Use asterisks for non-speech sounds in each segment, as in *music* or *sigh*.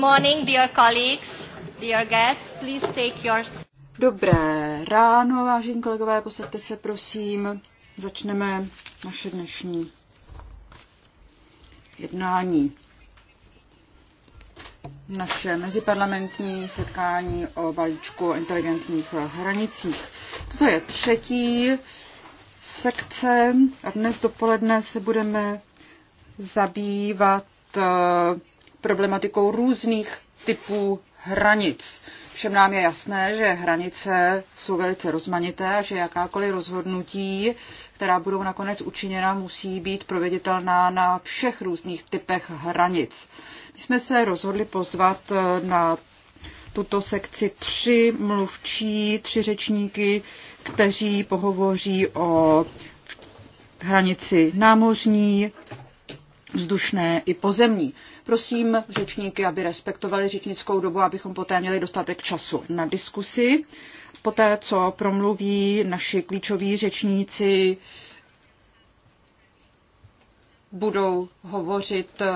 morning, dear colleagues, dear guests. Please take your... Dobré ráno, vážení kolegové, posaďte se prosím. Začneme naše dnešní jednání. Naše meziparlamentní setkání o balíčku inteligentních hranicích. Toto je třetí sekce a dnes dopoledne se budeme zabývat eh, problematikou různých typů hranic. Všem nám je jasné, že hranice jsou velice rozmanité a že jakákoliv rozhodnutí, která budou nakonec učiněna, musí být proveditelná na všech různých typech hranic. My jsme se rozhodli pozvat eh, na tuto sekci tři mluvčí, tři řečníky, kteří pohovoří o hranici námořní, vzdušné i pozemní. Prosím řečníky, aby respektovali řečnickou dobu, abychom poté měli dostatek času na diskusi. Poté, co promluví naši klíčoví řečníci, budou hovořit eh,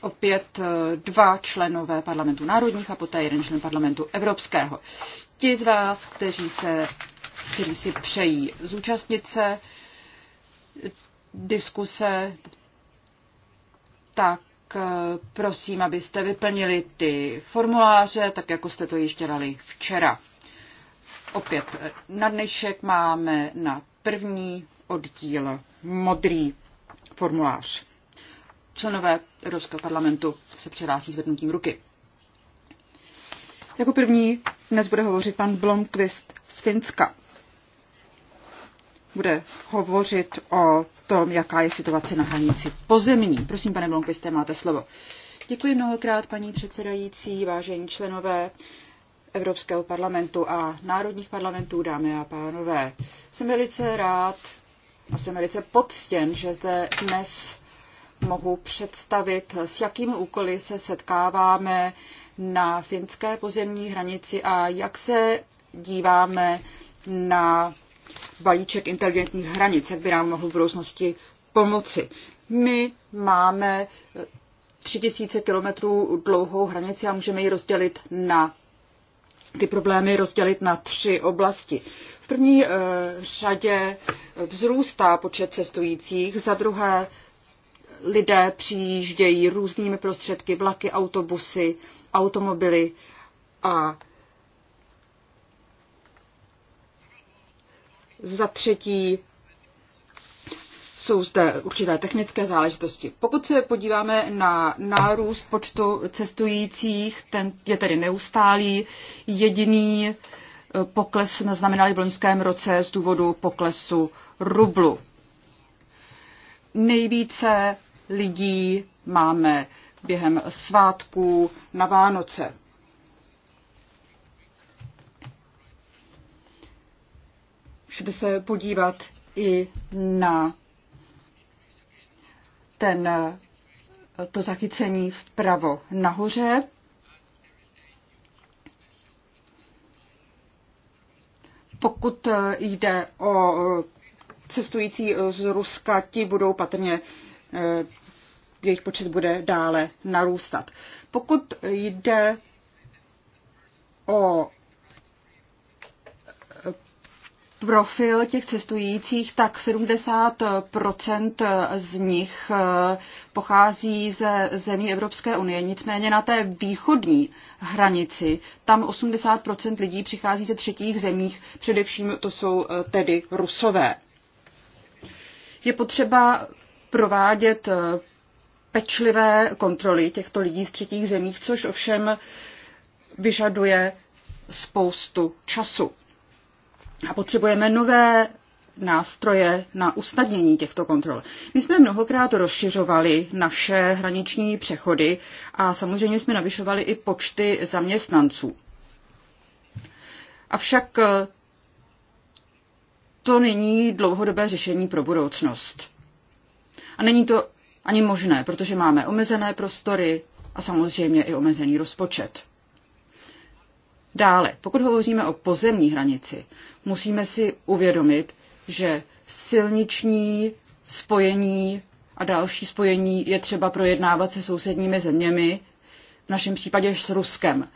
opět eh, dva členové parlamentu národních a poté jeden člen parlamentu evropského. Ti z vás, kteří, se, kteří si přejí zúčastnit se diskuse, tak eh, prosím, abyste vyplnili ty formuláře, tak jako jste to již dělali včera. Opět eh, na dnešek máme na první oddíl modrý formulář. Členové Evropského parlamentu se přihlásí zvednutím ruky. Jako první dnes bude hovořit pan Blomqvist z Finska bude hovořit o tom, jaká je situace na hranici pozemní. Prosím, pane Blomkviste, máte slovo. Děkuji mnohokrát, paní předsedající, vážení členové Evropského parlamentu a národních parlamentů, dámy a pánové. Jsem velice rád a jsem velice poctěn, že zde dnes mohu představit, s jakými úkoly se setkáváme na finské pozemní hranici a jak se díváme na balíček inteligentních hranic, jak by nám mohl v budoucnosti pomoci. My máme 3000 eh, kilometrů dlouhou hranici a můžeme ji rozdělit na ty problémy rozdělit na tři oblasti. V první eh, řadě eh, vzrůstá počet cestujících, za druhé lidé přijíždějí různými prostředky, vlaky, autobusy, automobily a Za třetí jsou zde určité technické záležitosti. Pokud se podíváme na nárůst počtu cestujících, ten je tedy neustálý. Jediný eh, pokles naznamenali v loňském roce z důvodu poklesu rublu. Nejvíce lidí máme během svátků na Vánoce. Můžete se podívat i na ten, to zachycení vpravo nahoře. Pokud jde o cestující z Ruska, ti budou patrně, eh, jejich počet bude dále narůstat. Pokud jde o profil těch cestujících, tak 70 z nich eh, pochází ze zemí Evropské unie. Nicméně na té východní hranici, tam 80 lidí přichází ze třetích zemích, především to jsou eh, tedy Rusové. Je potřeba provádět eh, pečlivé kontroly těchto lidí z třetích zemích, což ovšem vyžaduje spoustu času. A potřebujeme nové nástroje na usnadnění těchto kontrol. My jsme mnohokrát rozšiřovali naše hraniční přechody a samozřejmě jsme navyšovali i počty zaměstnanců. Avšak eh, to není dlouhodobé řešení pro budoucnost. A není to ani možné, protože máme omezené prostory a samozřejmě i omezený rozpočet. Dále, pokud hovoříme o pozemní hranici, musíme si uvědomit, že silniční spojení a další spojení je třeba projednávat se sousedními zeměmi, v našem případě s Ruskem.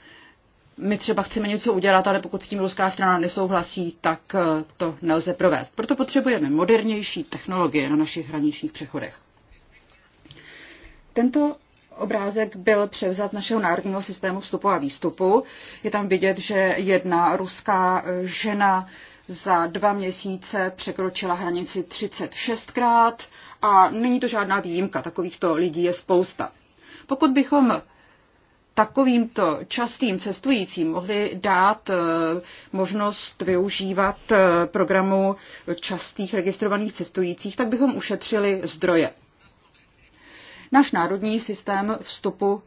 My třeba chceme něco udělat, ale pokud s tím ruská strana nesouhlasí, tak eh, to nelze provést. Proto potřebujeme modernější technologie na našich hraničních přechodech. Tento obrázek byl převzat z našeho národního systému vstupu a výstupu. Je tam vidět, že jedna ruská eh, žena za dva měsíce překročila hranici 36krát a není to žádná výjimka, takovýchto lidí je spousta. Pokud bychom takovýmto častým cestujícím mohli dát eh, možnost využívat eh, programu častých registrovaných cestujících, tak bychom ušetřili zdroje náš národní systém vstupu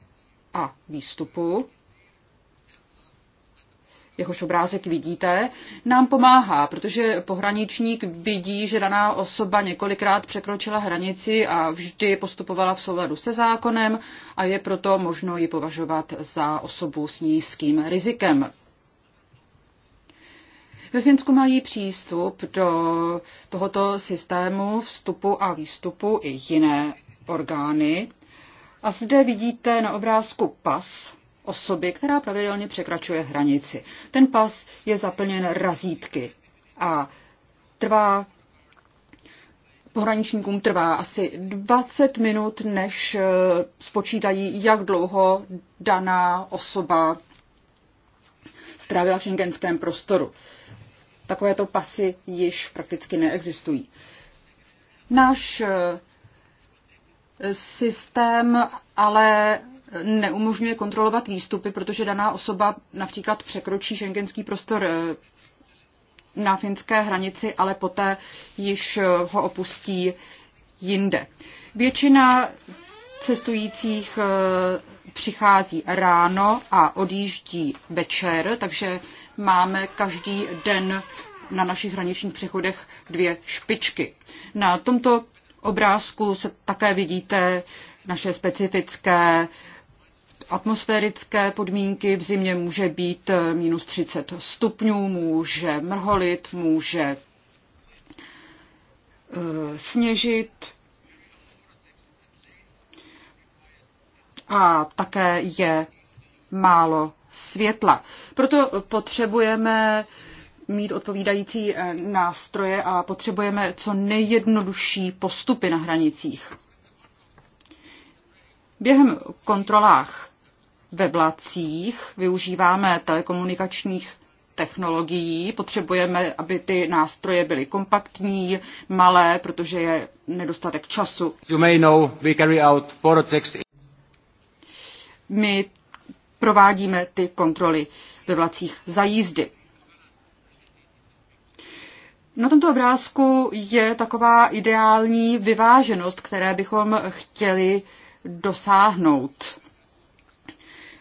a výstupu, jehož obrázek vidíte, nám pomáhá, protože pohraničník vidí, že daná osoba několikrát překročila hranici a vždy postupovala v souladu se zákonem a je proto možno ji považovat za osobu s nízkým rizikem. Ve Finsku mají přístup do tohoto systému vstupu a výstupu i jiné orgány. A zde vidíte na obrázku pas osoby, která pravidelně překračuje hranici. Ten pas je zaplněn razítky a trvá pohraničníkům trvá asi 20 minut, než eh, spočítají, jak dlouho daná osoba strávila v šengenském prostoru. Takovéto pasy již prakticky neexistují. Náš eh, systém ale neumožňuje kontrolovat výstupy, protože daná osoba například překročí šengenský prostor eh, na finské hranici, ale poté již eh, ho opustí jinde. Většina cestujících eh, přichází ráno a odjíždí večer, takže máme každý den na našich hraničních přechodech dvě špičky. Na tomto obrázku se také vidíte naše specifické atmosférické podmínky. V zimě může být minus 30 stupňů, může mrholit, může eh, sněžit. A také je málo světla. Proto potřebujeme uh, mít odpovídající eh, nástroje a potřebujeme co nejjednodušší postupy na hranicích. Během kontrolách ve vlacích využíváme telekomunikačních technologií. Potřebujeme, aby ty nástroje byly kompaktní, malé, protože je nedostatek času. You may know, we carry out My provádíme ty kontroly ve vlacích za jízdy. Na tomto obrázku je taková ideální vyváženost, které bychom chtěli dosáhnout.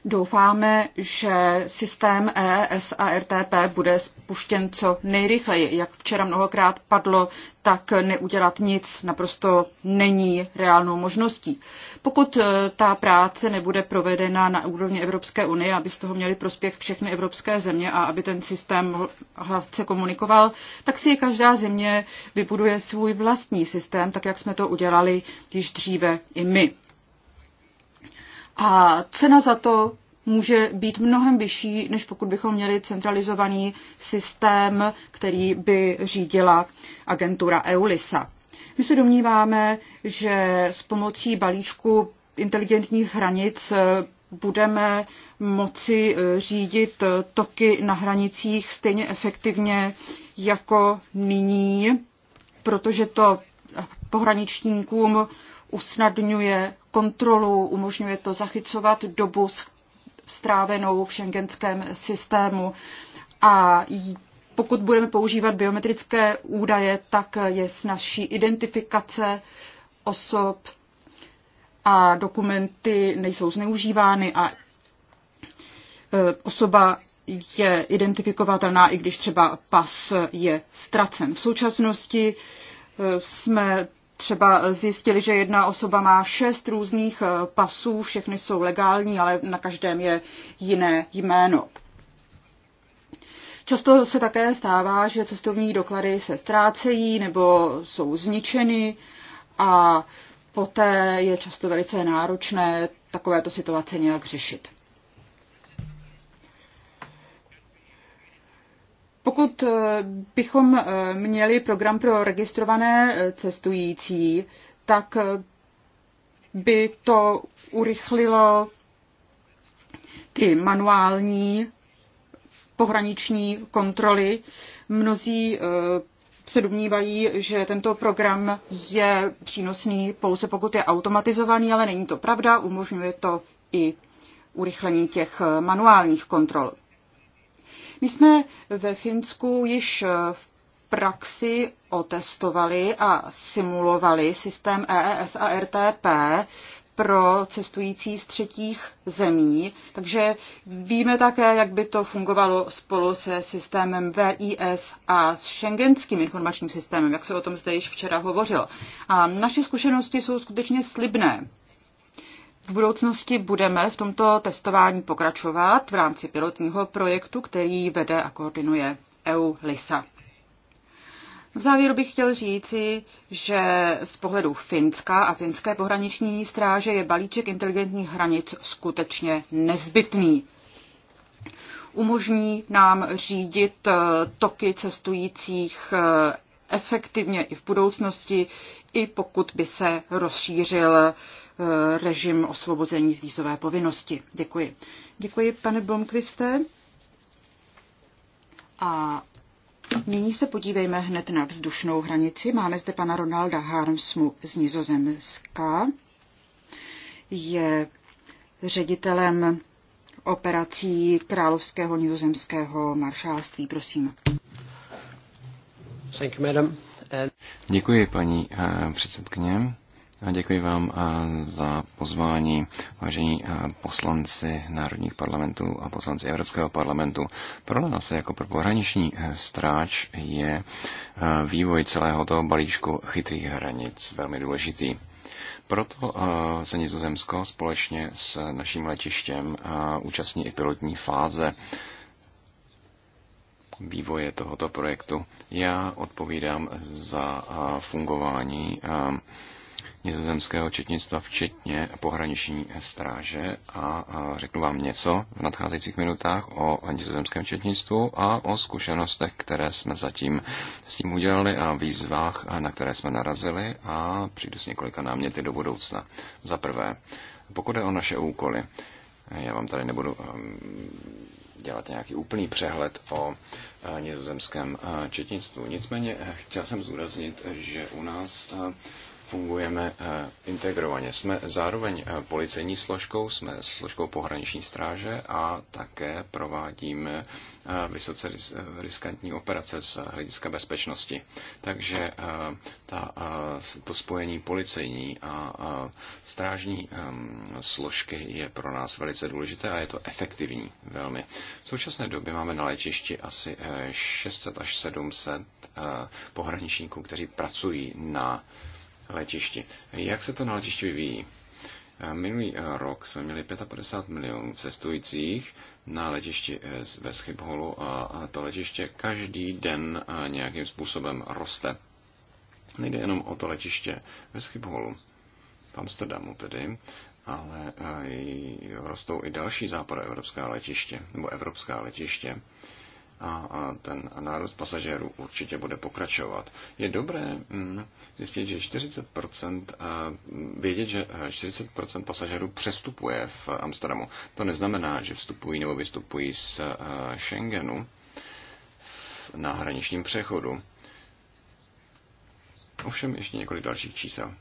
Doufáme, že systém EES a RTP bude spuštěn co nejrychleji. Jak včera mnohokrát padlo, tak neudělat nic naprosto není reálnou možností. Pokud e, ta práce nebude provedena na úrovni Evropské unie, aby z toho měli prospěch všechny evropské země a aby ten systém hladce komunikoval, tak si každá země vybuduje svůj vlastní systém, tak jak jsme to udělali již dříve i my. A cena za to může být mnohem vyšší, než pokud bychom měli centralizovaný systém, který by řídila agentura EULISA. My se domníváme, že s pomocí balíčku inteligentních hranic eh, budeme moci eh, řídit eh, toky na hranicích stejně efektivně jako nyní, protože to pohraničníkům usnadňuje kontrolu, umožňuje to zachycovat dobu strávenou v šengenském systému a pokud budeme používat biometrické údaje, tak je snažší identifikace osob a dokumenty nejsou zneužívány a e, osoba je identifikovatelná, i když třeba pas je ztracen. V současnosti e, jsme třeba zjistili, že jedna osoba má šest různých eh, pasů, všechny jsou legální, ale na každém je jiné jméno. Často se také stává, že cestovní doklady se ztrácejí nebo jsou zničeny a poté je často velice náročné takovéto situace nějak řešit. Pokud eh, bychom eh, měli program pro registrované eh, cestující, tak by to urychlilo ty manuální pohraniční kontroly. Mnozí se domnívají, že tento program je přínosný pouze pokud je automatizovaný, ale není to pravda, umožňuje to i urychlení těch manuálních kontrol. My jsme ve Finsku již v praxi otestovali a simulovali systém EES a RTP pro cestující z třetích zemí, takže víme také, jak by to fungovalo spolu se systémem VIS a s šengenským informačním systémem, jak se o tom zde již včera hovořilo. A naše zkušenosti jsou skutečně slibné. V budoucnosti budeme v tomto testování pokračovat v rámci pilotního projektu, který vede a koordinuje EU LISA. V závěru bych chtěl říci, že z pohledu Finska a finské pohraniční stráže je balíček inteligentních hranic skutečně nezbytný. Umožní nám řídit eh, toky cestujících eh, efektivně i v budoucnosti, i pokud by se rozšířil režim osvobození z vízové povinnosti. Děkuji. Děkuji, pane Blomqviste. A nyní se podívejme hned na vzdušnou hranici. Máme zde pana Ronalda Harmsmu z Nizozemska. Je ředitelem operací Královského nizozemského maršálství. Prosím. madam. Děkuji, paní eh, předsedkyně. Děkuji vám za pozvání, vážení poslanci národních parlamentů a poslanci Evropského parlamentu. Pro nás jako pro pohraniční eh, stráč je eh, vývoj celého toho balíčku chytrých hranic velmi důležitý. Proto eh, se Nizozemsko společně s naším letištěm účastní i pilotní fáze vývoje tohoto projektu. Já odpovídám za fungování nizozemského četnictva, včetně pohraniční stráže a řeknu vám něco v nadcházejících minutách o nizozemském četnictvu a o zkušenostech, které jsme zatím s tím udělali a výzvách, na které jsme narazili a přijdu s několika náměty do budoucna. Za prvé, pokud je o naše úkoly, já vám tady nebudu um, dělat nějaký úplný přehled o uh, nizozemském uh, četnictvu. Nicméně eh, chtěl jsem zúraznit, že u nás uh, fungujeme eh, integrovaně. Jsme zároveň eh, policejní složkou, jsme složkou pohraniční stráže a také provádíme eh, vysoce riskantní operace z hlediska bezpečnosti. Takže ta, to spojení policejní a strážní ehm, složky je pro nás velice důležité a je to efektivní velmi. V současné době máme na léčišti asi 600 až 700 pohraničníků, kteří pracují na letišti. Jak se to na letišti vyvíjí? Minulý eh, rok jsme měli 55 milionů cestujících na letišti eh, ve Schipholu a to letiště každý den eh, nějakým způsobem roste. Nejde jenom o to letiště ve Schipholu, v Amsterdamu tedy, ale rostou i další západoevropská letiště, nebo evropská letiště a ten nárůst pasažérů určitě bude pokračovat. Je dobré mm, zjistit, že 40%, vědět, že 40% e, pasažérů přestupuje v Amsterdamu. To neznamená, že vstupují nebo vystupují z e, Schengenu na hraničním přechodu. Ovšem ještě několik dalších čísel.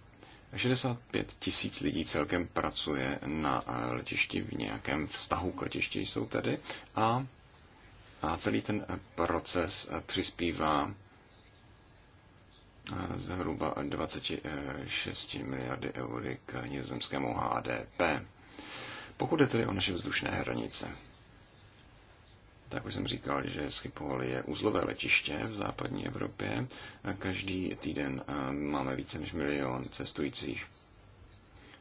65 tisíc lidí celkem pracuje na e, letišti v nějakém vztahu k letišti jsou tedy a a celý ten eh, proces eh, přispívá eh, zhruba 26 miliardy eur k nizozemskému HDP. Pokud je tedy o naše vzdušné hranice, tak už jsem říkal, že Schiphol je uzlové letiště v západní Evropě. Každý týden máme více než milion cestujících.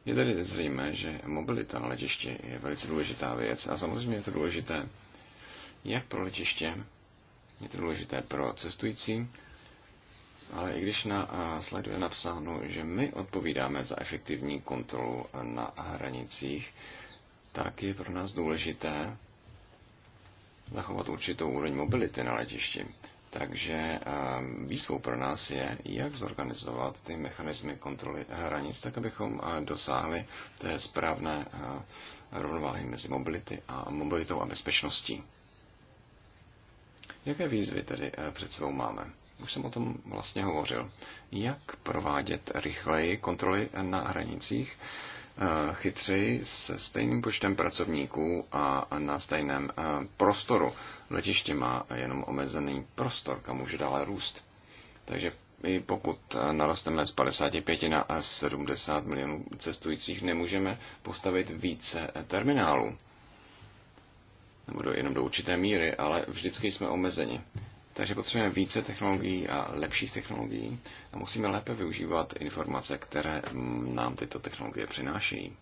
Je tedy zřejmé, že mobilita na letišti je velice důležitá věc a samozřejmě je to důležité jak pro letiště, je to důležité pro cestující, ale i když na slajdu je napsáno, že my odpovídáme za efektivní kontrolu na hranicích, tak je pro nás důležité zachovat určitou úroveň mobility na letišti. Takže výzvou pro nás je, jak zorganizovat ty mechanismy kontroly hranic, tak abychom dosáhli té správné rovnováhy mezi mobility a mobilitou a bezpečností. Jaké výzvy tedy eh, před sebou máme? Už jsem o tom vlastně hovořil. Jak provádět rychleji kontroly eh, na hranicích, eh, chytřeji se stejným počtem pracovníků a na stejném prostoru. Letiště má jenom omezený prostor, kam může dále růst. Takže i pokud narosteme z 55 na 70 milionů cestujících, nemůžeme postavit více terminálů nebo do, jenom do určité míry, ale vždycky jsme omezeni. Takže potřebujeme více technologií a lepších technologií a musíme lépe využívat informace, které nám tyto technologie přinášejí.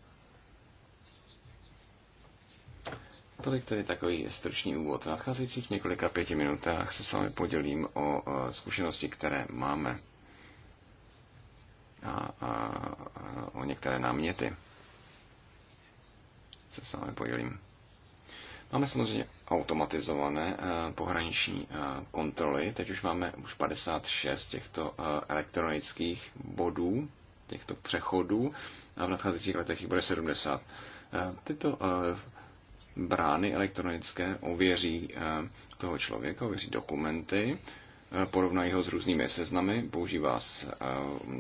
Tolik tedy takový stručný úvod. V nadcházejících několika pěti minutách se s vámi podělím o zkušenosti, které máme a, a, a o některé náměty. Se s vámi podělím. Máme samozřejmě automatizované eh, pohraniční eh, kontroly. Teď už máme už 56 těchto eh, elektronických bodů, těchto přechodů a v nadcházejících letech jich bude 70. Tyto brány elektronické ověří toho člověka, ověří dokumenty, porovnají ho s různými seznamy, používá s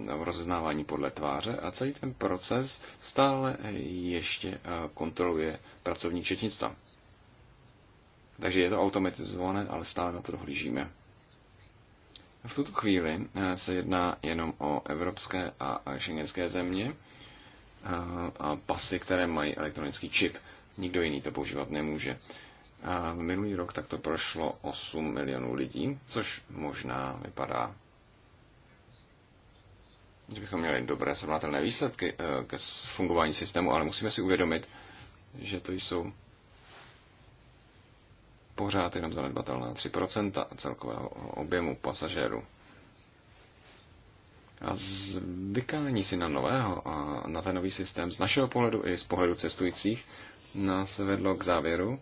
rozeznávání podle tváře a celý ten proces stále ještě kontroluje pracovní četnictva. Takže je to automatizované, ale stále na to dohlížíme. V tuto chvíli eh, se jedná jenom o evropské a šengenské země eh, a pasy, které mají elektronický čip. Nikdo jiný to používat nemůže. A minulý rok takto prošlo 8 milionů lidí, což možná vypadá, že bychom měli dobré srovnatelné výsledky eh, ke fungování systému, ale musíme si uvědomit, že to jsou pořád jenom zanedbatelná 3% celkového objemu pasažérů. A zvykání si na nového a na ten nový systém z našeho pohledu i z pohledu cestujících nás vedlo k závěru,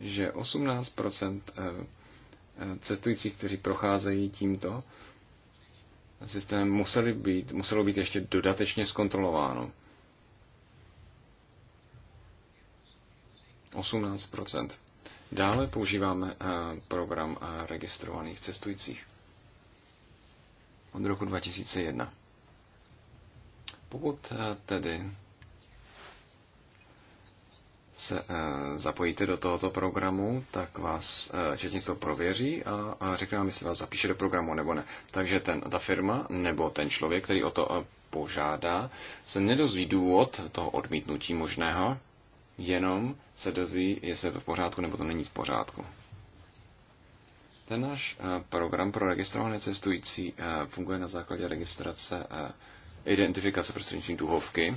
že 18% eh, eh, cestujících, kteří procházejí tímto systémem, museli být, muselo být ještě dodatečně zkontrolováno. Dále používáme eh, program eh, registrovaných cestujících od roku 2001. Pokud eh, tedy se zapojíte do tohoto programu, tak vás četnictvo prověří a, řekne vám, jestli vás zapíše do programu nebo ne. Takže ten, ta firma nebo ten člověk, který o to požádá, se nedozví důvod toho odmítnutí možného jenom se dozví, jestli je to v pořádku nebo to není v pořádku. Ten náš eh, program pro registrované cestující eh, funguje na základě registrace eh, identifikace prostřednictvím duhovky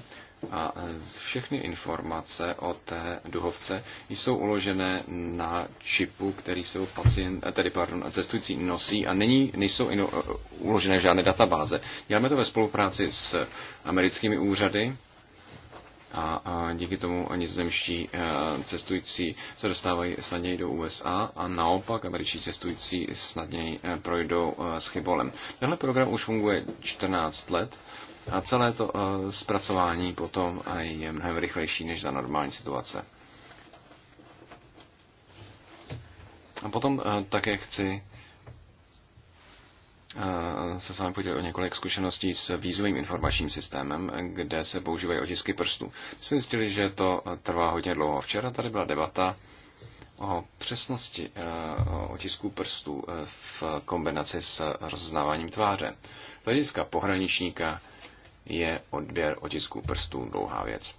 a všechny informace o té duhovce jsou uložené na čipu, který jsou pacient, tedy pardon, cestující nosí a není, nejsou ino, uložené v žádné databáze. Děláme to ve spolupráci s americkými úřady a, a díky tomu ani nizozemští eh, cestující se dostávají snadněji do USA a naopak američtí cestující snadněji eh, projdou eh, s chybolem. Tenhle program už funguje 14 let a celé to zpracování potom je mnohem rychlejší než za normální situace. A potom také chci Eh, se s vámi podělil o několik zkušeností s výzovým informačním systémem, kde se používají otisky prstů. Jsme zjistili, že to eh, trvá hodně dlouho. Včera tady byla debata o přesnosti eh, otisků prstů v kombinaci s rozznáváním tváře. Z hlediska pohraničníka je odběr otisků prstů dlouhá věc.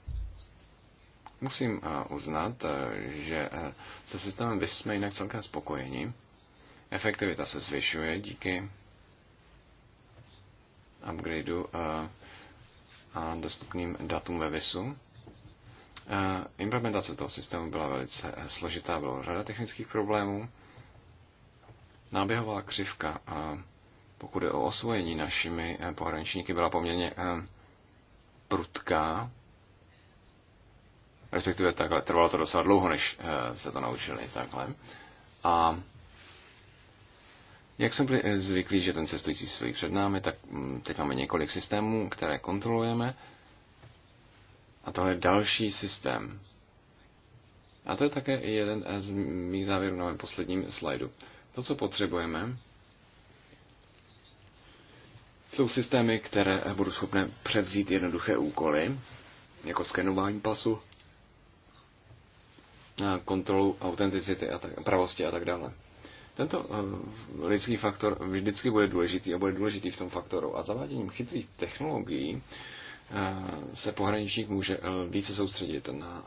Musím uznat, že se systémem VIS jsme jinak celkem spokojeni. Efektivita se zvyšuje díky upgradeu a dostupným datům ve VISu. Implementace toho systému byla velice eh, složitá, bylo řada technických problémů. Náběhová křivka, pokud je o osvojení našimi eh, pohraničníky, byla poměrně eh, prudká, respektive takhle, trvalo to docela dlouho, než se to naučili takhle. A jak jsme byli eh, zvyklí, že ten cestující stojí před námi, tak mm, teď máme několik systémů, které kontrolujeme. A tohle je další systém. A to je také jeden eh, z mých závěrů na mém posledním slajdu. To, co potřebujeme, jsou systémy, které eh, budou schopné převzít jednoduché úkoly, jako skenování pasu, kontrolu autenticity a tak, pravosti a tak dále. Tento eh, lidský faktor vždycky bude důležitý a bude důležitý v tom faktoru. A zaváděním chytrých technologií eh, se pohraničník může eh, více soustředit na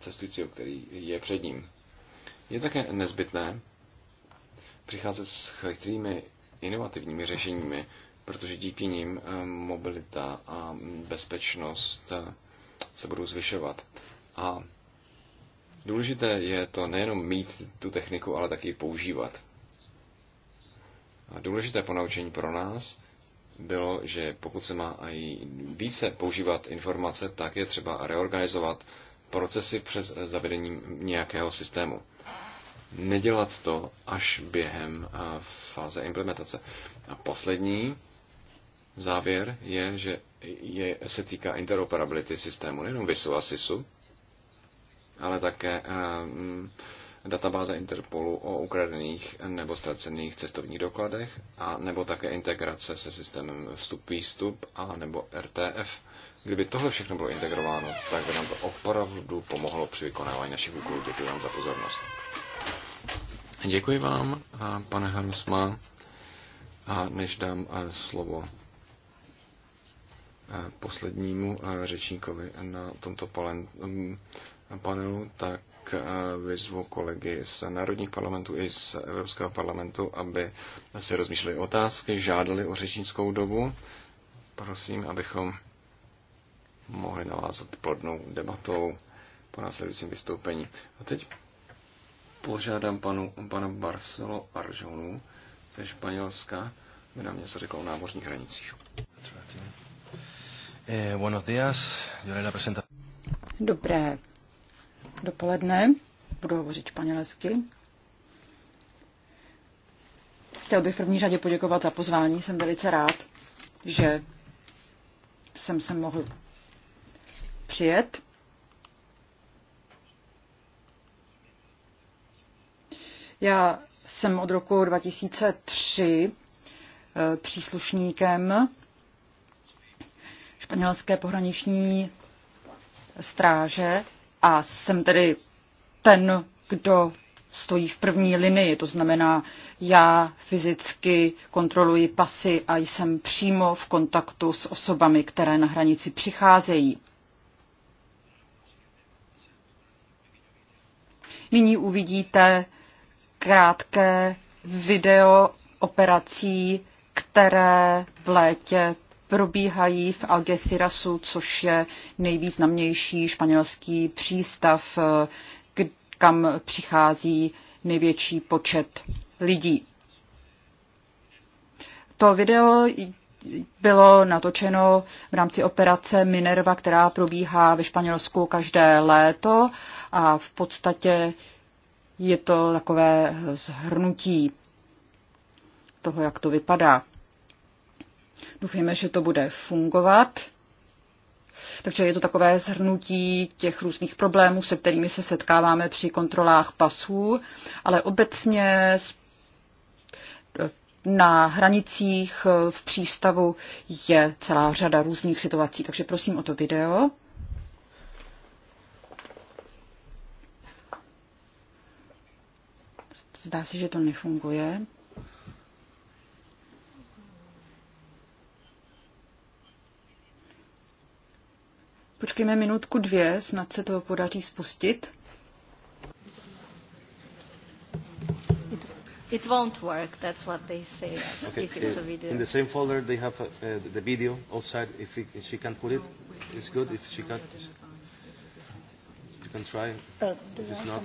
cestujícího, který je před ním. Je také nezbytné přicházet s chytrými inovativními řešeními, protože díky nim mobilita a bezpečnost se budou zvyšovat. A Důležité je to nejenom mít tu techniku, ale taky používat. A důležité ponaučení pro nás bylo, že pokud se má i více používat informace, tak je třeba reorganizovat procesy přes zavedením nějakého systému. Nedělat to až během fáze implementace. A poslední závěr je, že je, se týká interoperability systému, nejenom VISu a SISu, ale také eh, databáze Interpolu o ukradených nebo ztracených cestovních dokladech, a nebo také integrace se systémem vstup-výstup a nebo RTF. Kdyby tohle všechno bylo integrováno, tak by nám to opravdu pomohlo při vykonávání našich úkolů. Děkuji vám za pozornost. Děkuji vám, eh, pane Hanusma. A než dám eh, slovo poslednímu řečníkovi na tomto panelu, tak eh, vyzvu kolegy z národních parlamentů i z Evropského parlamentu, aby si rozmýšleli otázky, žádali o řečnickou dobu. Prosím, abychom mohli navázat plodnou debatou po následujícím vystoupení. A teď požádám panu, pana Barcelo Arjonu ze Španělska, aby nám něco řekl o námořních hranicích. Eh, buenos días. Yo le la Dobré dopoledne. Budu hovořit španělsky. Chtěl bych v první řadě poděkovat za pozvání. Jsem velice rád, že jsem se mohl přijet. Já jsem od roku 2003 eh, příslušníkem španělské pohraniční stráže a jsem tedy ten, kdo stojí v první linii, to znamená, já fyzicky kontroluji pasy a jsem přímo v kontaktu s osobami, které na hranici přicházejí. Nyní uvidíte krátké video operací, které v létě probíhají v Algecirasu, což je nejvýznamnější španělský přístav, kam přichází největší počet lidí. To video bylo natočeno v rámci operace Minerva, která probíhá ve Španělsku každé léto a v podstatě je to takové zhrnutí toho, jak to vypadá. Doufejme, že to bude fungovat. Takže je to takové zhrnutí těch různých problémů, se kterými se setkáváme při kontrolách pasů, ale obecně na hranicích v přístavu je celá řada různých situací. Takže prosím o to video. Zdá se, že to nefunguje. Počkejme minutku dvě, snad se to podaří spustit. It, won't work, that's what they say, okay. if it's a eh, video. In the same folder they have uh, the video outside, if, it, if she can put it, it's good, if she can, you can try, But if it's not.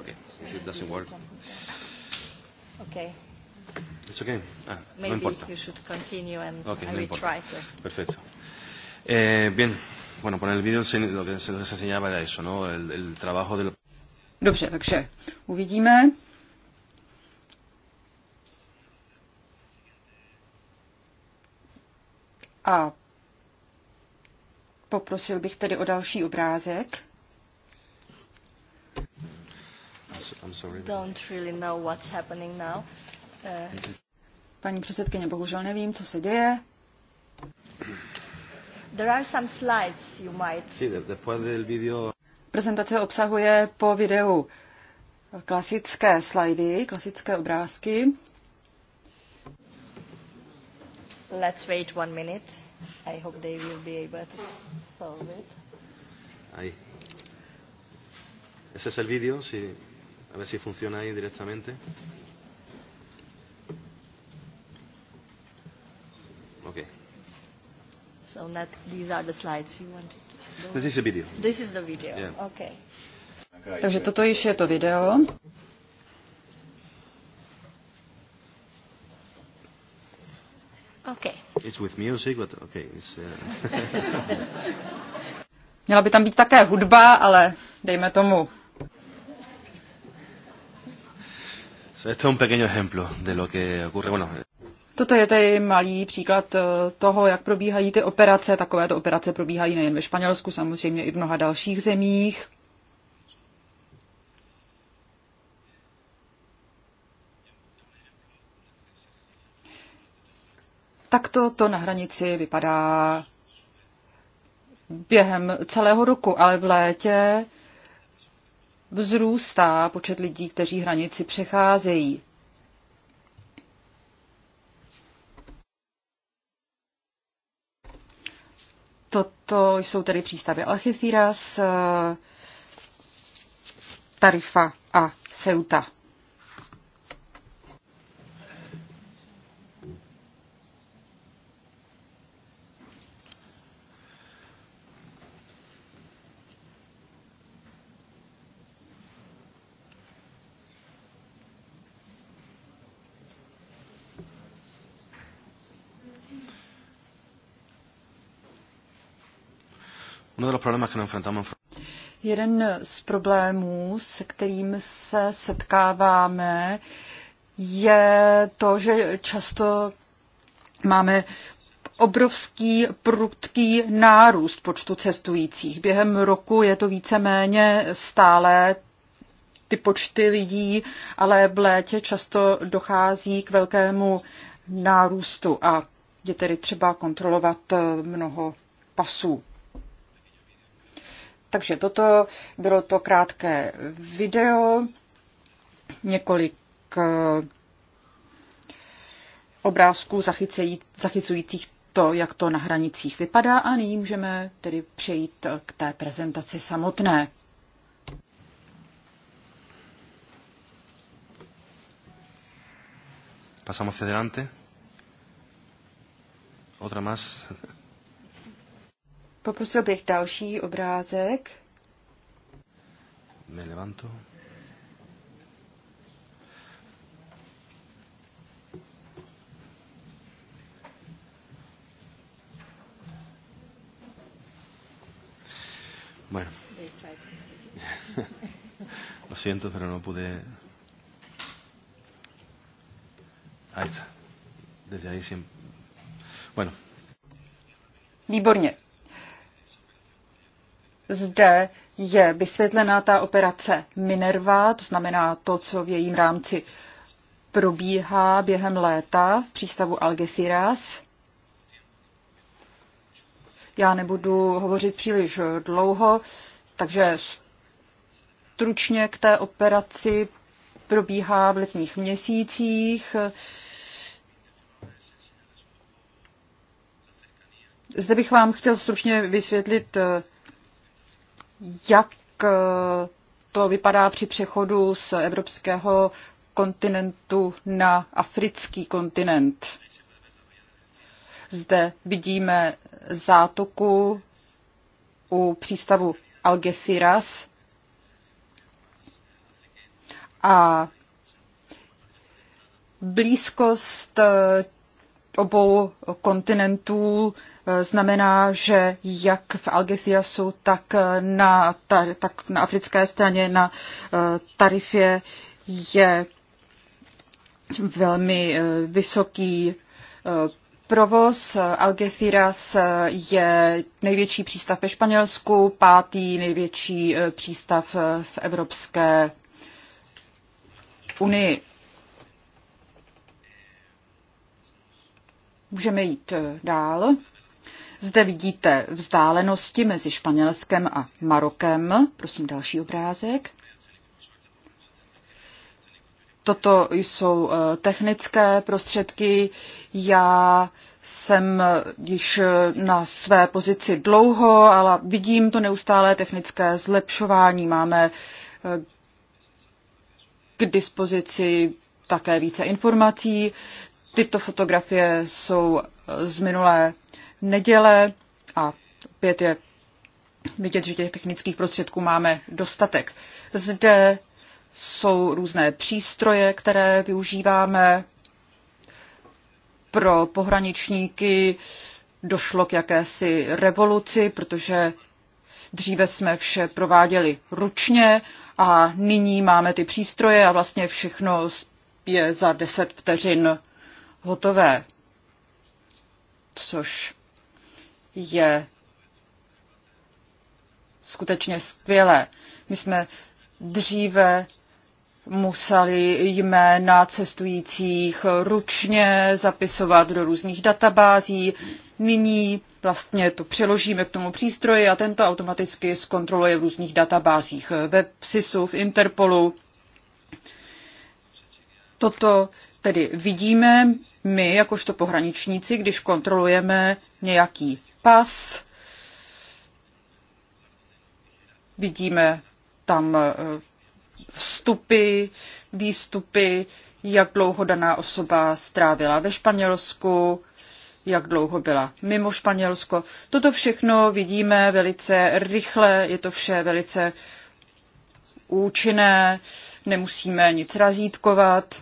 Okay, if it doesn't work. Okay. It's okay. Ah, no Maybe no you should continue and okay, I no try to. Perfecto. Eh, bien, bueno, por el vídeo lo que se, lo que se señalaba era eso, ¿no? El, el trabajo del... Dobře, takže uvidíme. A poprosil bych tedy o další obrázek. Don't really know what's happening now. Eh. Paní předsedkyně, bohužel nevím, co se děje. There are some slides you might... Sí, después del video... Prezentace obsahuje po videu klasické slajdy, klasické obrázky. Let's wait one minute. I hope they will be able to solve it. Ahí. Ese es el vídeo, si, a ver si funciona ahí directamente. Okay. So that, these are the slides you wanted to do. This is the video. This is the video. Yeah. Okay. Takže toto již je to video. Okay. It's with music, but okay, it's, uh... *laughs* Měla by tam být také hudba, ale dejme tomu. So, esto es un pequeño ejemplo de lo que ocurre. Bueno, Toto je tady malý příklad eh, toho, jak probíhají ty operace. Takovéto operace probíhají nejen ve Španělsku, samozřejmě i v mnoha dalších zemích. Takto to na hranici vypadá během celého roku, ale v létě vzrůstá počet lidí, kteří hranici přecházejí. Toto jsou tedy přístavy Algeciras, eh, Tarifa a Ceuta. Jeden z problémů, se kterým se setkáváme, je to, že často máme obrovský prudký nárůst počtu cestujících. Během roku je to víceméně stále ty počty lidí, ale v létě často dochází k velkému nárůstu a je tedy třeba kontrolovat mnoho pasů. Takže toto bylo to krátké video, několik eh, obrázků zachycujících to, jak to na hranicích vypadá a nyní můžeme tedy přejít k té prezentaci samotné. Pasamos hacia adelante. Otra más. Poprosil bych další obrázek. Me levanto. Bueno. *laughs* Lo siento, pero no pude. Ahí está. Desde ahí siempre. Bueno. Výborně zde je vysvětlená ta operace Minerva, to znamená to, co v jejím rámci probíhá během léta v přístavu Algeciras. Já nebudu hovořit příliš dlouho, takže stručně k té operaci probíhá v letních měsících. Zde bych vám chtěl stručně vysvětlit jak eh, to vypadá při přechodu z evropského kontinentu na africký kontinent. Zde vidíme zátoku u přístavu Algeciras a blízkost eh, obou kontinentů eh, znamená, že jak v Algeciasu, tak na, tak na africké straně na eh, tarifě je velmi eh, vysoký provoz. Algeciras je největší přístav ve Španělsku, pátý největší přístav v Evropské unii. Můžeme jít eh, dál. Zde vidíte vzdálenosti mezi Španělskem a Marokem. Prosím další obrázek. Toto jsou eh, technické prostředky. Já jsem eh, již na své pozici dlouho, ale vidím to neustálé technické zlepšování. Máme k dispozici také více informací. Tyto fotografie jsou z minulé neděle a opět je vidět, že těch technických prostředků máme dostatek. Zde jsou různé přístroje, které využíváme pro pohraničníky. Došlo k jakési revoluci, protože dříve jsme vše prováděli ručně a nyní máme ty přístroje a vlastně všechno je za 10 vteřin hotové, což je skutečně skvělé. My jsme dříve museli jména cestujících ručně zapisovat do různých databází. Nyní vlastně to přeložíme k tomu přístroji a tento automaticky zkontroluje v různých databázích ve PSISu, v Interpolu. Toto tedy vidíme my, jakožto pohraničníci, když kontrolujeme nějaký pas, vidíme tam eh, vstupy, výstupy, jak dlouho daná osoba strávila ve Španělsku, jak dlouho byla mimo Španělsko. Toto všechno vidíme velice rychle, je to vše velice účinné nemusíme nic razítkovat.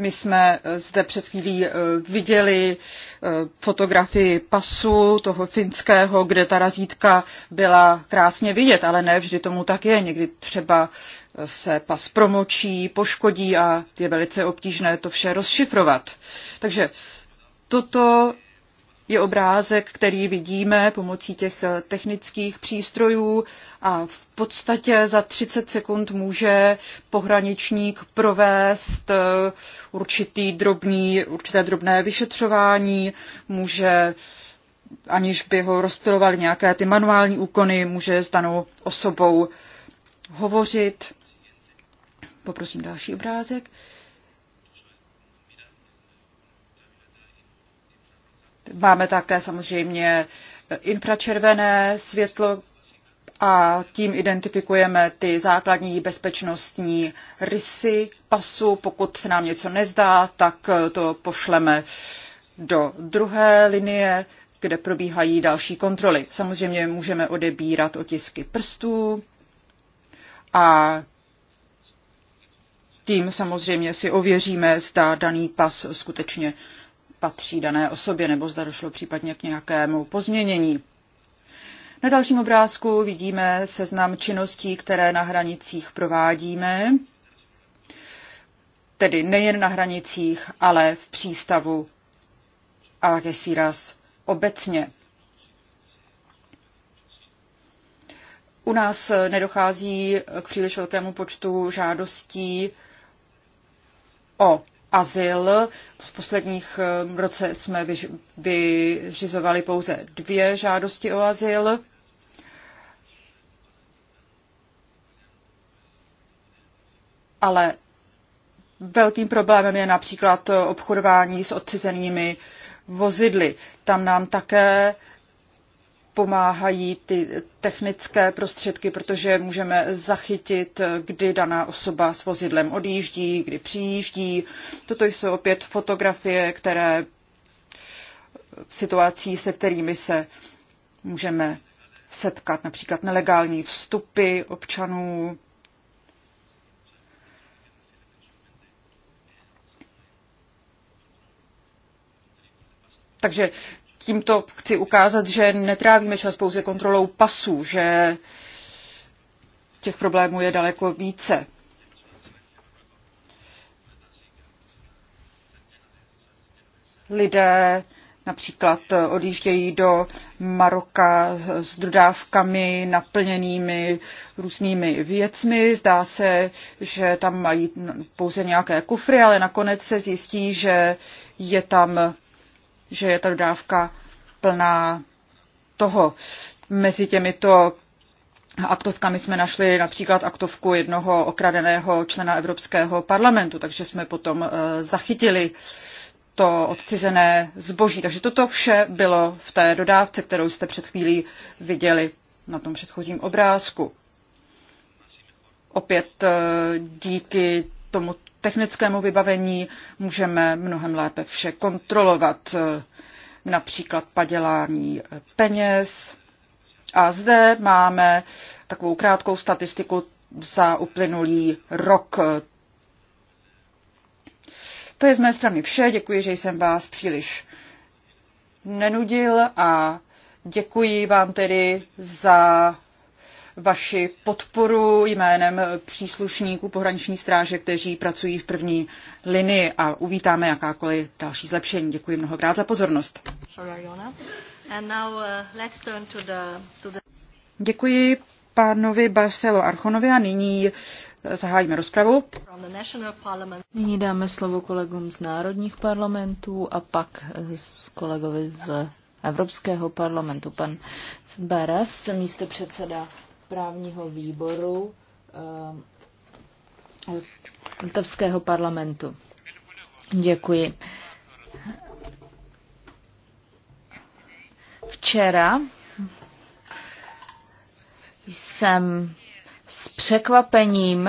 My jsme eh, zde před chvílí eh, viděli eh, fotografii pasu toho finského, kde ta razítka byla krásně vidět, ale ne vždy tomu tak je. Někdy třeba se pas promočí, poškodí a je velice obtížné to vše rozšifrovat. Takže toto je obrázek, který vidíme pomocí těch eh, technických přístrojů a v podstatě za 30 sekund může pohraničník provést eh, určitý drobný, určité drobné vyšetřování, může aniž by ho rozpilovali nějaké ty manuální úkony, může s danou osobou hovořit. Poprosím další obrázek. Máme také samozřejmě eh, infračervené světlo a tím identifikujeme ty základní bezpečnostní rysy pasu. Pokud se nám něco nezdá, tak eh, to pošleme do druhé linie, kde probíhají další kontroly. Samozřejmě můžeme odebírat otisky prstů a tím samozřejmě si ověříme, zda daný pas skutečně patří dané osobě, nebo zda došlo případně k nějakému pozměnění. Na dalším obrázku vidíme seznam činností, které na hranicích provádíme, tedy nejen na hranicích, ale v přístavu Algeciras obecně. U nás nedochází k příliš velkému počtu žádostí o azyl. V posledních eh, roce jsme vyřizovali pouze dvě žádosti o azyl. Ale velkým problémem je například obchodování s odcizenými vozidly. Tam nám také pomáhají ty technické prostředky, protože můžeme zachytit, kdy daná osoba s vozidlem odjíždí, kdy přijíždí. Toto jsou opět fotografie, které situací, se kterými se můžeme setkat, například nelegální vstupy občanů. Takže tímto chci ukázat, že netrávíme čas pouze kontrolou pasů, že těch problémů je daleko více. Lidé například odjíždějí do Maroka s dodávkami naplněnými různými věcmi. Zdá se, že tam mají pouze nějaké kufry, ale nakonec se zjistí, že je tam že je ta dodávka plná toho. Mezi těmito aktovkami jsme našli například aktovku jednoho okradeného člena Evropského parlamentu, takže jsme potom eh, zachytili to odcizené zboží. Takže toto vše bylo v té dodávce, kterou jste před chvílí viděli na tom předchozím obrázku. Opět eh, díky tomu technickému vybavení můžeme mnohem lépe vše kontrolovat, například padělání peněz. A zde máme takovou krátkou statistiku za uplynulý rok. To je z mé strany vše. Děkuji, že jsem vás příliš nenudil a děkuji vám tedy za vaši podporu jménem příslušníků pohraniční stráže, kteří pracují v první linii a uvítáme jakákoliv další zlepšení. Děkuji mnohokrát za pozornost. Uh, Děkuji pánovi Barcelo Archonovi a nyní uh, zahájíme rozpravu. Nyní dáme slovo kolegům z národních parlamentů a pak uh, z kolegovi z Evropského parlamentu. Pan Beres, místo předseda právního výboru eh, litovského parlamentu. Děkuji. Včera jsem s překvapením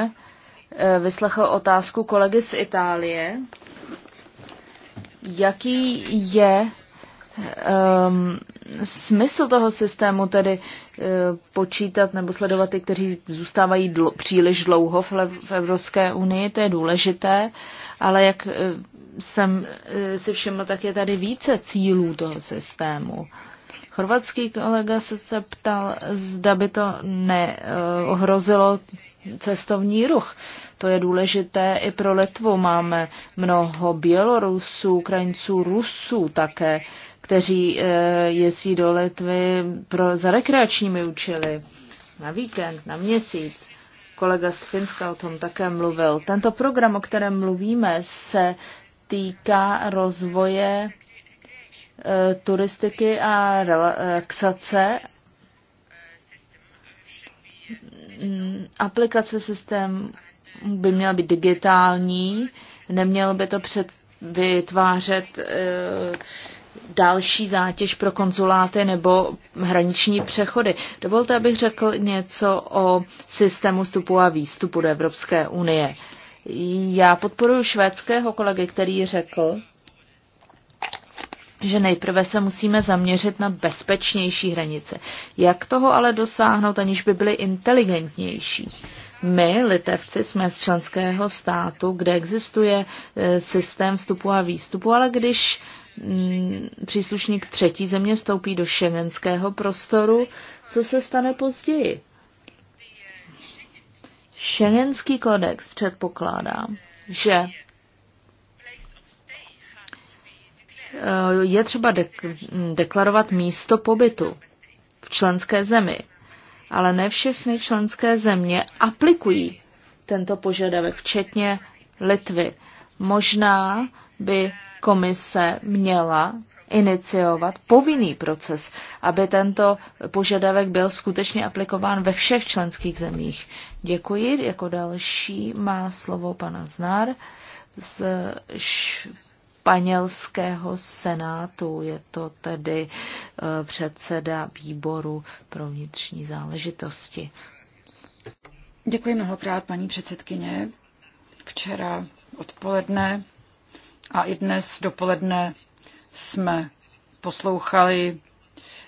eh, vyslechl otázku kolegy z Itálie, jaký je um, smysl toho systému, tedy uh, počítat nebo sledovat ty, kteří zůstávají dl- příliš dlouho v, v Evropské unii, to je důležité, ale jak uh, jsem uh, si všiml, tak je tady více cílů toho systému. Chorvatský kolega se, se ptal, zda by to neohrozilo uh, cestovní ruch. To je důležité i pro Letvu. Máme mnoho Bělorusů, Ukrajinců, Rusů také. Uh, kteří eh, jezdí do Litvy pro, za rekreačními účely na víkend, na měsíc. Kolega z Finska o tom také mluvil. Tento program, o kterém mluvíme, se týká rozvoje e, turistiky a relaxace, mm, aplikace systém by měla být digitální, nemělo by to před vytvářet e, další zátěž pro konzuláty nebo hraniční přechody. Dovolte, abych řekl něco o systému vstupu a výstupu do Evropské unie. Já podporuji švédského kolegy, který řekl, že nejprve se musíme zaměřit na bezpečnější hranice. Jak toho ale dosáhnout, aniž by byly inteligentnější? My, litevci, jsme z členského státu, kde existuje e, systém vstupu a výstupu, ale když Mm, příslušník třetí země vstoupí do šengenského prostoru, co se stane později? Šengenský kodex předpokládá, že eh, je třeba deklarovat místo pobytu v členské zemi, ale ne všechny členské země aplikují tento požadavek, včetně Litvy. Možná by komise měla iniciovat povinný proces, aby tento požadavek byl skutečně aplikován ve všech členských zemích. Děkuji. Jako další má slovo pana Znár z španělského senátu. Je to tedy eh, předseda výboru pro vnitřní záležitosti. Děkuji mnohokrát, paní předsedkyně. Včera odpoledne a i dnes dopoledne jsme poslouchali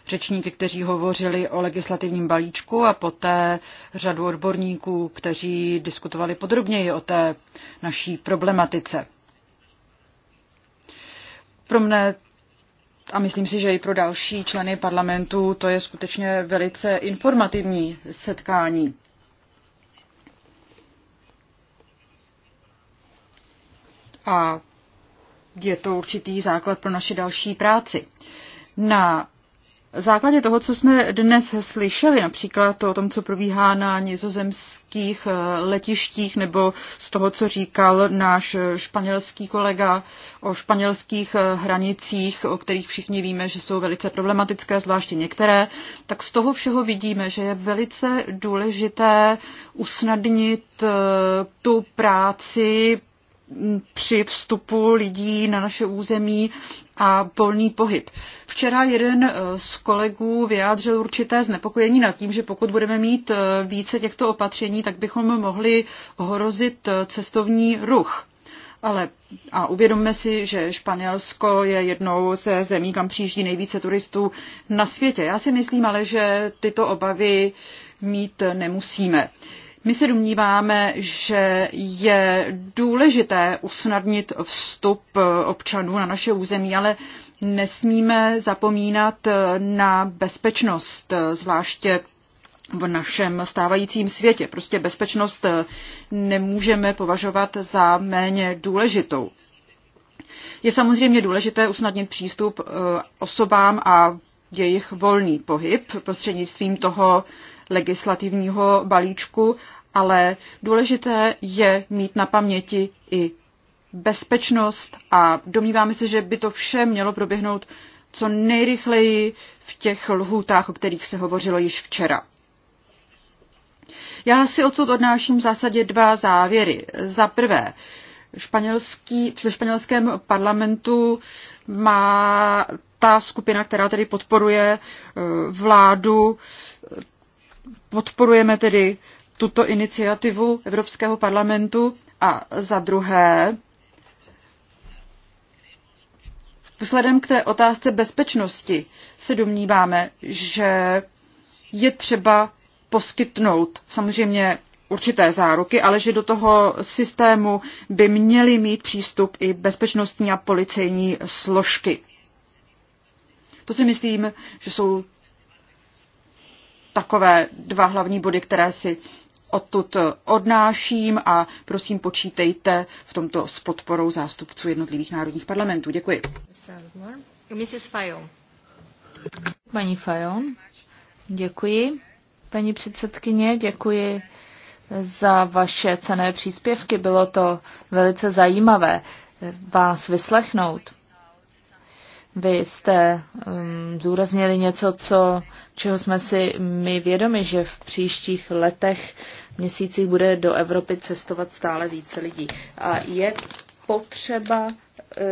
řečníky, kteří hovořili o legislativním balíčku a poté řadu odborníků, kteří diskutovali podrobněji o té naší problematice. Pro mne a myslím si, že i pro další členy parlamentu to je skutečně velice informativní setkání. A je to určitý základ pro naši další práci. Na základě toho, co jsme dnes slyšeli, například to o tom, co probíhá na nizozemských eh, letištích, nebo z toho, co říkal náš eh, španělský kolega o španělských eh, hranicích, o kterých všichni víme, že jsou velice problematické, zvláště některé, tak z toho všeho vidíme, že je velice důležité usnadnit tu práci při vstupu lidí na naše území a volný pohyb. Včera jeden e, z kolegů vyjádřil určité znepokojení nad tím, že pokud budeme mít e, více těchto opatření, tak bychom mohli ohrozit e, cestovní ruch. Ale a uvědomme si, že Španělsko je jednou ze zemí, kam přijíždí nejvíce turistů na světě. Já si myslím ale, že tyto obavy mít nemusíme. My se domníváme, že je důležité usnadnit vstup eh, občanů na naše území, ale nesmíme zapomínat eh, na bezpečnost, eh, zvláště v našem stávajícím světě. Prostě bezpečnost nemůžeme považovat za méně důležitou. Je samozřejmě důležité usnadnit přístup osobám a jejich volný pohyb prostřednictvím toho legislativního balíčku, ale důležité je mít na paměti i bezpečnost a domníváme se, že by to vše mělo proběhnout co nejrychleji v těch lhůtách, o kterých se hovořilo již včera. Já si odsud odnáším v zásadě dva závěry. Za prvé, španělský, ve španělském parlamentu má ta skupina, která tedy podporuje eh, vládu, podporujeme tedy tuto iniciativu Evropského parlamentu a za druhé, vzhledem k té otázce bezpečnosti se domníváme, že je třeba poskytnout samozřejmě určité záruky, ale že do toho systému by měly mít přístup i bezpečnostní a policejní složky. To si myslím, že jsou takové dva hlavní body, které si odtud odnáším a prosím počítejte v tomto s podporou zástupců jednotlivých národních parlamentů. Děkuji. Mrs. Fajon. Paní Fajon, děkuji. Paní předsedkyně, děkuji za vaše cené příspěvky. Bylo to velice zajímavé vás vyslechnout. Vy jste um, zúraznili něco, co, čeho jsme si my vědomi, že v příštích letech, měsících bude do Evropy cestovat stále více lidí. A je potřeba Eh,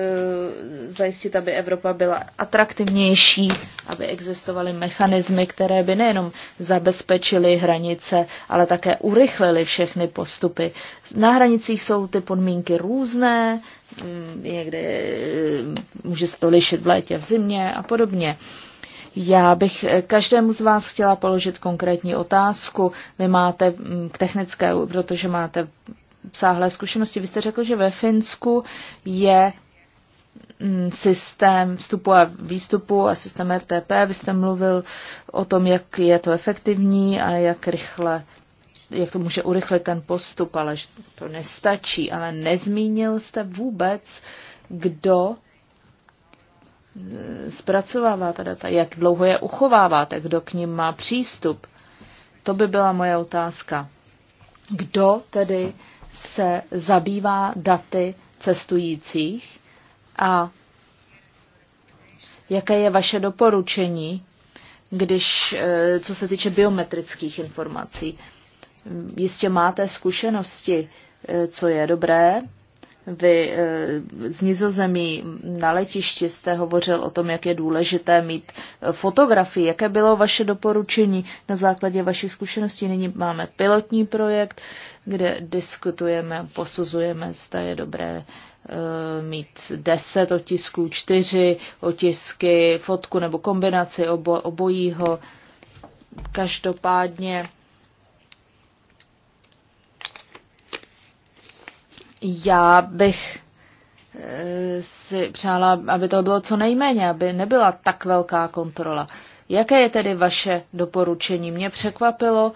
zajistit, aby Evropa byla atraktivnější, aby existovaly mechanismy, které by nejenom zabezpečily hranice, ale také urychlily všechny postupy. Na hranicích jsou ty podmínky různé, mm, někde eh, může se to lišit v létě, v zimě a podobně. Já bych eh, každému z vás chtěla položit konkrétní otázku. Vy máte mm, k technické, protože máte sáhlé zkušenosti. Vy jste řekl, že ve Finsku je Mm, systém vstupu a výstupu a systém RTP. Vy jste mluvil o tom, jak je to efektivní a jak rychle, jak to může urychlit ten postup, ale to nestačí. Ale nezmínil jste vůbec, kdo eh, zpracovává ta data, jak dlouho je uchováváte, kdo k ním má přístup. To by byla moje otázka. Kdo tedy se zabývá daty cestujících a jaké je vaše doporučení, když, eh, co se týče biometrických informací? Jistě máte zkušenosti, eh, co je dobré, vy eh, z Nizozemí na letišti jste hovořil o tom, jak je důležité mít eh, fotografii. Jaké bylo vaše doporučení na základě vašich zkušeností? Nyní máme pilotní projekt, kde diskutujeme, posuzujeme, zda je dobré eh, mít deset otisků, čtyři otisky, fotku nebo kombinaci obo, obojího. Každopádně Já bych eh, si přála, aby to bylo co nejméně, aby nebyla tak velká kontrola. Jaké je tedy vaše doporučení? Mě překvapilo,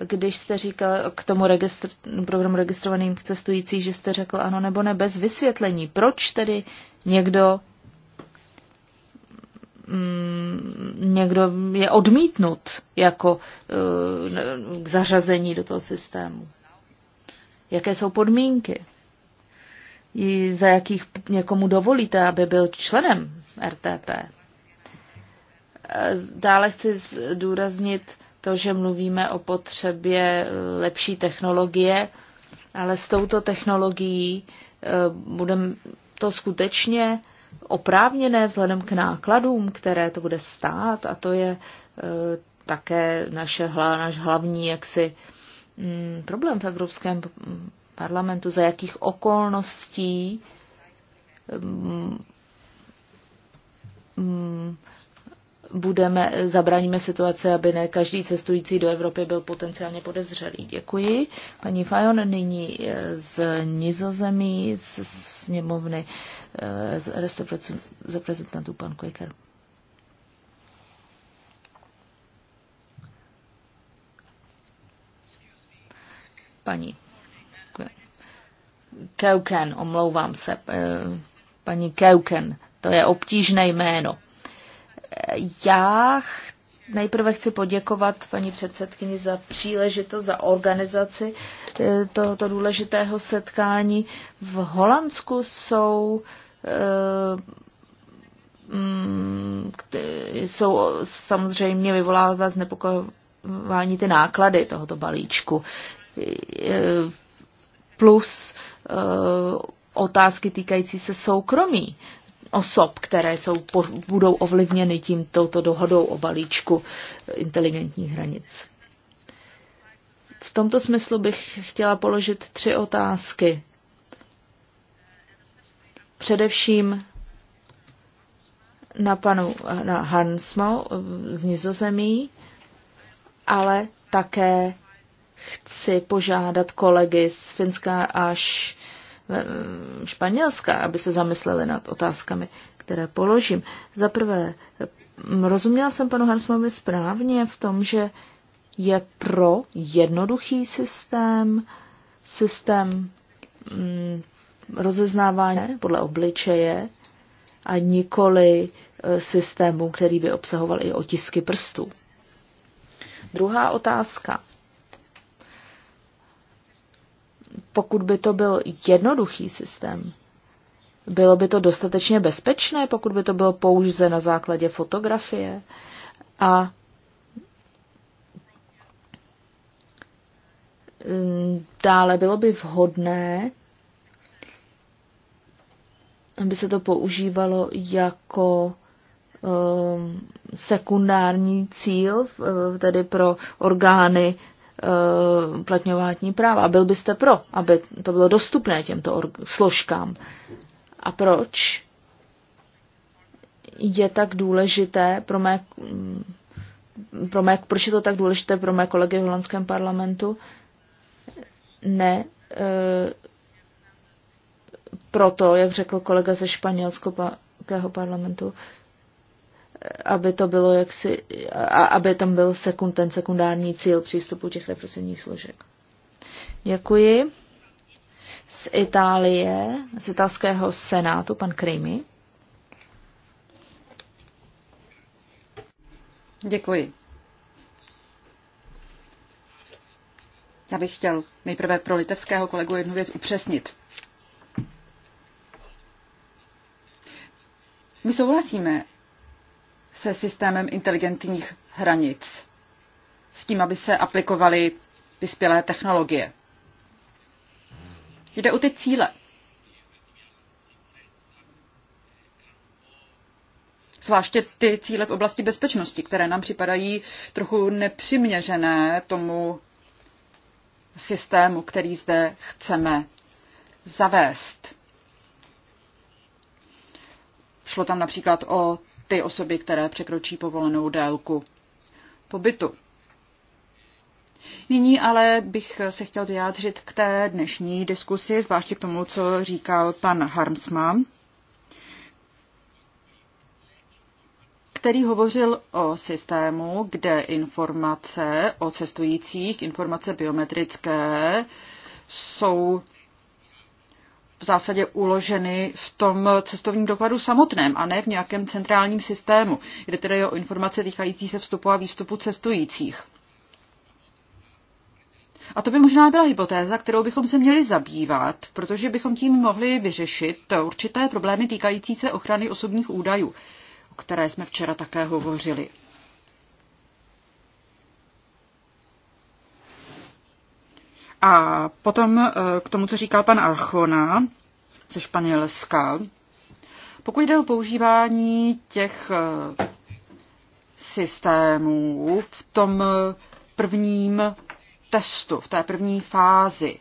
když jste říkal k tomu registr, programu registrovaným cestující, že jste řekl ano nebo ne bez vysvětlení. Proč tedy někdo mm, někdo je odmítnut jako uh, k zařazení do toho systému? Jaké jsou podmínky? i za jakých někomu dovolíte, aby byl členem RTP. Dále chci zdůraznit to, že mluvíme o potřebě lepší technologie, ale s touto technologií eh, budeme to skutečně oprávněné vzhledem k nákladům, které to bude stát a to je eh, také naše, náš hlavní jaksi mm, problém v Evropském parlamentu, za jakých okolností mm, mm, budeme, zabraníme situaci, aby ne každý cestující do Evropy byl potenciálně podezřelý. Děkuji. Paní Fajon nyní eh, z Nizozemí, z sněmovny eh, reprezentantů pan Quaker. Paní Keuken, omlouvám se, eh, paní Keuken, to je obtížné jméno. Já nejprve chci poděkovat paní předsedkyni za příležitost, za organizaci eh, tohoto důležitého setkání. V Holandsku jsou eh, mm, jsou samozřejmě vyvolává znepokojování ty náklady tohoto balíčku. Plus Eh, otázky týkající se soukromí osob, které jsou, budou ovlivněny tím touto dohodou o balíčku inteligentních hranic. V tomto smyslu bych chtěla položit tři otázky. Především na panu na Hansmo z Nizozemí, ale také chci požádat kolegy z Finska až eh, Španělska, aby se zamysleli nad otázkami, které položím. Za prvé, hm, rozuměla jsem panu Hansmovi správně v tom, že je pro jednoduchý systém, systém mm, rozeznávání podle obličeje a nikoli eh, systému, který by obsahoval i otisky prstů. Druhá otázka. pokud by to byl jednoduchý systém, bylo by to dostatečně bezpečné, pokud by to bylo pouze na základě fotografie a mm, dále bylo by vhodné, aby se to používalo jako um, sekundární cíl, tedy pro orgány Eh, uplatňování práva. A byl byste pro, aby to bylo dostupné těmto složkám. A proč je tak důležité pro mé, mm, pro mé, proč je to tak důležité pro mé kolegy v holandském parlamentu? Ne, Uh, proto, jak řekl kolega ze španělského parlamentu, uh, aby to bylo jaksi, a, aby tam byl sekund, ten sekundární cíl přístupu těch represivních složek. Děkuji. Z Itálie, z italského senátu, pan Krejmi. Děkuji. Já bych chtěl nejprve pro litevského kolegu jednu věc upřesnit. My souhlasíme se systémem inteligentních hranic, s tím, aby se aplikovaly vyspělé technologie. Jde o ty cíle. Zvláště ty cíle v oblasti bezpečnosti, které nám připadají trochu nepřiměřené tomu systému, který zde chceme zavést. Šlo tam například o ty osoby, které překročí povolenou délku pobytu. Nyní ale bych se chtěl vyjádřit k té dnešní diskusi, zvláště k tomu, co říkal pan Harmsman, který hovořil o systému, kde informace o cestujících, informace biometrické, jsou v zásadě uloženy v tom cestovním dokladu samotném a ne v nějakém centrálním systému. kde tedy je o informace týkající se vstupu a výstupu cestujících. A to by možná byla hypotéza, kterou bychom se měli zabývat, protože bychom tím mohli vyřešit určité problémy týkající se ochrany osobních údajů, o které jsme včera také hovořili. A potom e, k tomu, co říkal pan Archona ze Španělska. Pokud jde o používání těch e, systémů v tom prvním testu, v té první fázi,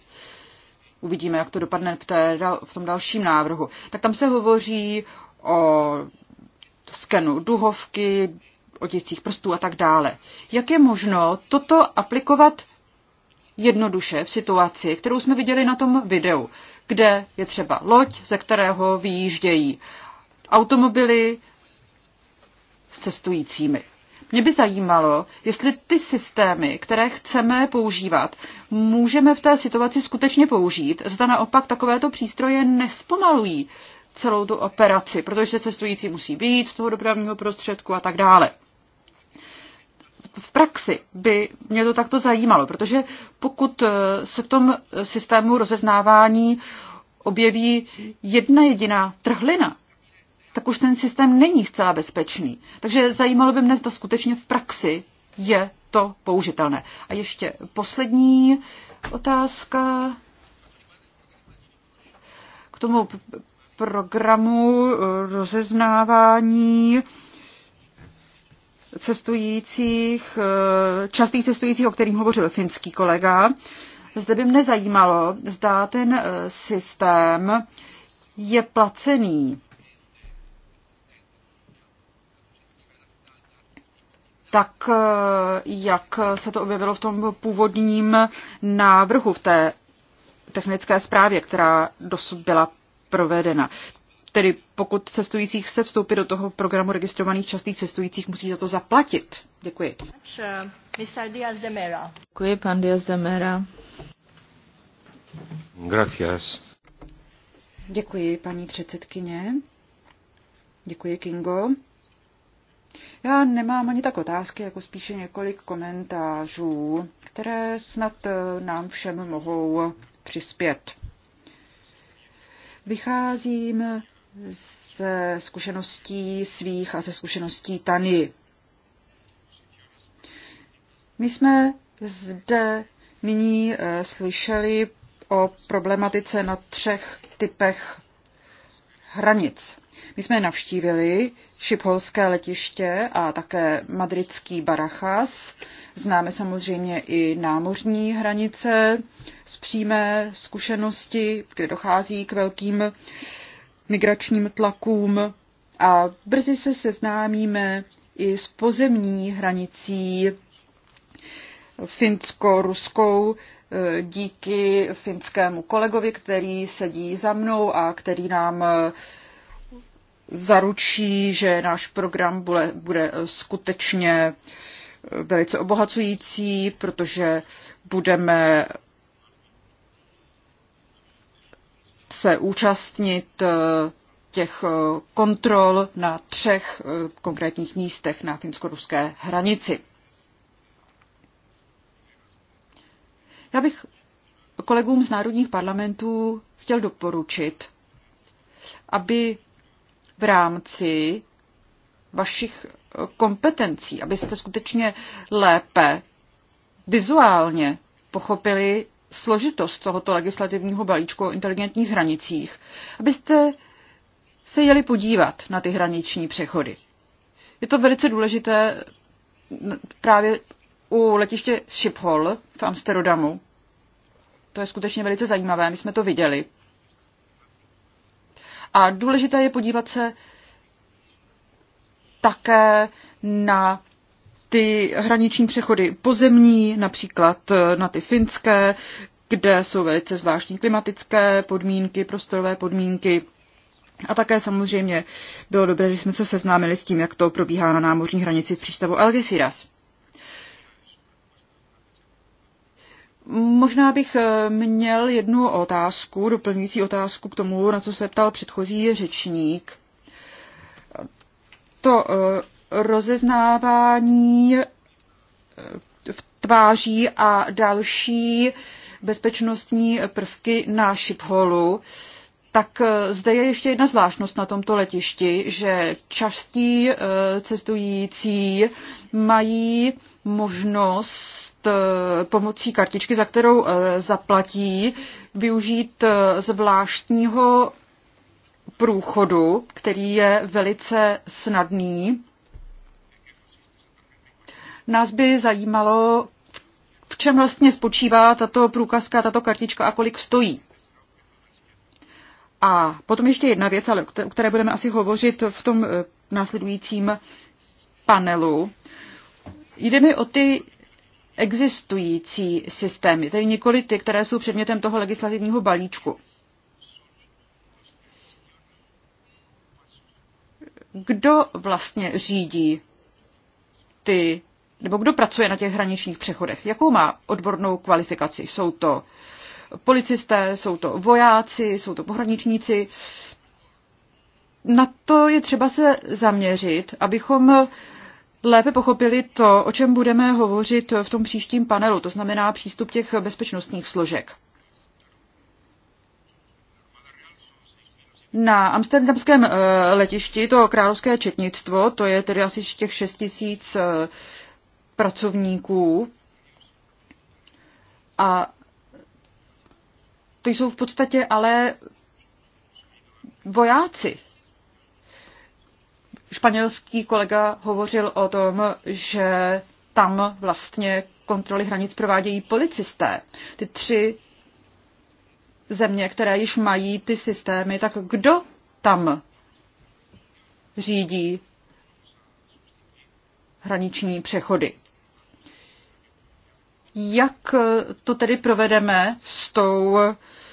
uvidíme, jak to dopadne v, té, v tom dalším návrhu, tak tam se hovoří o skenu duhovky, otiscích prstů a tak dále. Jak je možno toto aplikovat jednoduše v situaci, kterou jsme viděli na tom videu, kde je třeba loď, ze kterého vyjíždějí automobily s cestujícími. Mě by zajímalo, jestli ty systémy, které chceme používat, můžeme v té situaci skutečně použít, zda naopak takovéto přístroje nespomalují celou tu operaci, protože cestující musí být z toho dopravního prostředku a tak dále v praxi by mě to takto zajímalo, protože pokud eh, se v tom systému rozeznávání objeví jedna jediná trhlina, tak už ten systém není zcela bezpečný. Takže zajímalo by mě, zda skutečně v praxi je to použitelné. A ještě poslední otázka k tomu programu eh, rozeznávání cestujících, eh, častých cestujících, o kterým hovořil finský kolega. Zde by mne zajímalo, zda ten eh, systém je placený tak eh, jak se to objevilo v tom původním návrhu, v té technické zprávě, která dosud byla provedena tedy pokud cestujících se vstoupí do toho programu registrovaných častých cestujících, musí za to zaplatit. Děkuji. Děkuji, pan Díaz de Mera. Gracias. Děkuji, paní předsedkyně. Děkuji, Kingo. Já nemám ani tak otázky, jako spíše několik komentářů, které snad eh, nám všem mohou přispět. Vycházím ze zkušeností svých a ze zkušeností Tany. My jsme zde nyní eh, slyšeli o problematice na třech typech hranic. My jsme navštívili Šipholské letiště a také madridský Barachas. Známe samozřejmě i námořní hranice z přímé zkušenosti, kde dochází k velkým migračním tlakům a brzy se seznámíme i s pozemní hranicí finsko-ruskou eh, díky finskému kolegovi, který sedí za mnou a který nám eh, zaručí, že náš program bude, bude skutečně eh, velice obohacující, protože budeme se účastnit eh, těch eh, kontrol na třech eh, konkrétních místech na finsko-ruské hranici. Já bych kolegům z národních parlamentů chtěl doporučit, aby v rámci vašich kompetencí, abyste skutečně lépe vizuálně pochopili, složitost tohoto legislativního balíčku o inteligentních hranicích, abyste se jeli podívat na ty hraniční přechody. Je to velice důležité právě u letiště Schiphol v Amsterdamu. To je skutečně velice zajímavé, my jsme to viděli. A důležité je podívat se také na ty hraniční přechody pozemní, například eh, na ty finské, kde jsou velice zvláštní klimatické podmínky, prostorové podmínky. A také samozřejmě bylo dobré, že jsme se seznámili s tím, jak to probíhá na námořní hranici v přístavu Algeciras. Možná bych eh, měl jednu otázku, doplňující otázku k tomu, na co se ptal předchozí řečník. To eh, rozeznávání eh, v tváří a další bezpečnostní prvky na Šipholu, tak eh, zde je ještě jedna zvláštnost na tomto letišti, že častí eh, cestující mají možnost pomocí kartičky, za kterou zaplatí, využít zvláštního průchodu, který je velice snadný Nás by zajímalo, v čem vlastně spočívá tato průkazka, tato kartička a kolik stojí. A potom ještě jedna věc, ale o které budeme asi hovořit v tom eh, následujícím panelu. Jde mi o ty existující systémy, tedy nikoli ty, které jsou předmětem toho legislativního balíčku. Kdo vlastně řídí ty nebo kdo pracuje na těch hraničních přechodech? Jakou má odbornou kvalifikaci? Jsou to policisté, jsou to vojáci, jsou to pohraničníci? Na to je třeba se zaměřit, abychom lépe pochopili to, o čem budeme hovořit v tom příštím panelu, to znamená přístup těch bezpečnostních složek. Na amsterdamském eh, letišti to královské četnictvo, to je tedy asi těch 6 tisíc eh, pracovníků a to jsou v podstatě ale vojáci. Španělský kolega hovořil o tom, že tam vlastně kontroly hranic provádějí policisté. Ty tři země, které již mají ty systémy, tak kdo tam řídí hraniční přechody? Jak eh, to tedy provedeme s, tou,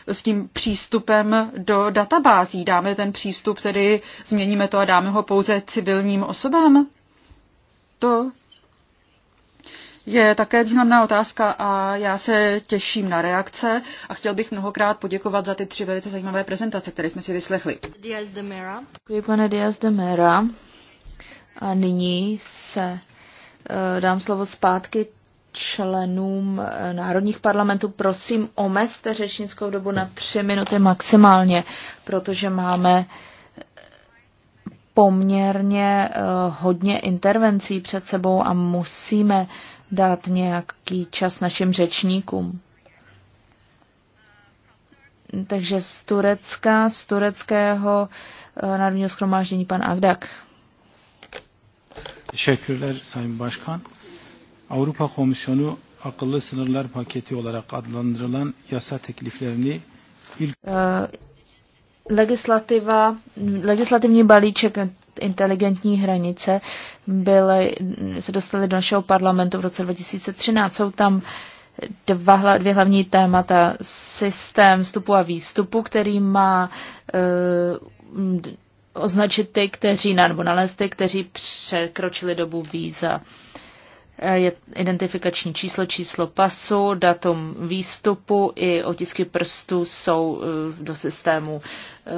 s tím přístupem do databází? Dáme ten přístup, tedy změníme to a dáme ho pouze civilním osobám? To je také významná otázka a já se těším na reakce a chtěl bych mnohokrát poděkovat za ty tři velice zajímavé prezentace, které jsme si vyslechli. Diaz de Mera. Děkuji, pane Diaz de Mera. A nyní se uh, dám slovo zpátky členům eh, národních parlamentů, prosím, omezte řečnickou dobu na tři minuty maximálně, protože máme eh, poměrně eh, hodně intervencí před sebou a musíme dát nějaký čas našim řečníkům. Takže z Turecka, z tureckého národního schromáždění pan Agdak. Děkuji, Sayın Başkan. Avrupa Komisyonu akıllı sınırlar paketi olarak adlandırılan yasa tekliflerini ilk legislativa, legislativní balíček inteligentní hranice byly, se dostaly do našeho parlamentu v roce 2013. Jsou tam dva, dvě hlavní témata. Systém vstupu a výstupu, který má uh, označit ty, kteří, nebo nalézt ty, kteří překročili dobu víza. Uh, Eh, je identifikační číslo, číslo pasu, datum výstupu i otisky prstů jsou eh, do systému eh,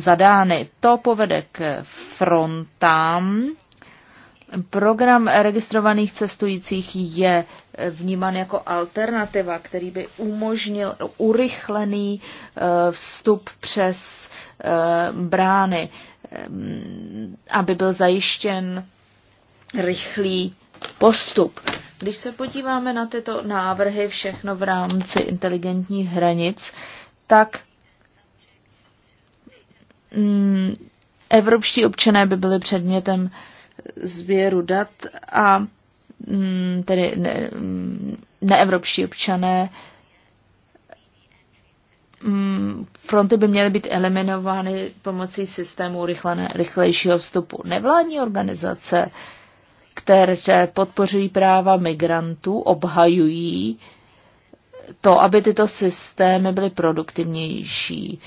zadány. To povede k frontám. Program registrovaných cestujících je vnímán jako alternativa, který by umožnil urychlený vstup přes brány, aby byl zajištěn rychlý postup. Když se podíváme na tyto návrhy všechno v rámci inteligentních hranic, tak mm, evropští občané by byli předmětem sběru dat a mm, tedy ne, mm, neevropští občané mm, fronty by měly být eliminovány pomocí systému rychle, rychlejšího vstupu. Nevládní organizace které podpořují práva migrantů, obhajují to, aby tyto systémy byly produktivnější.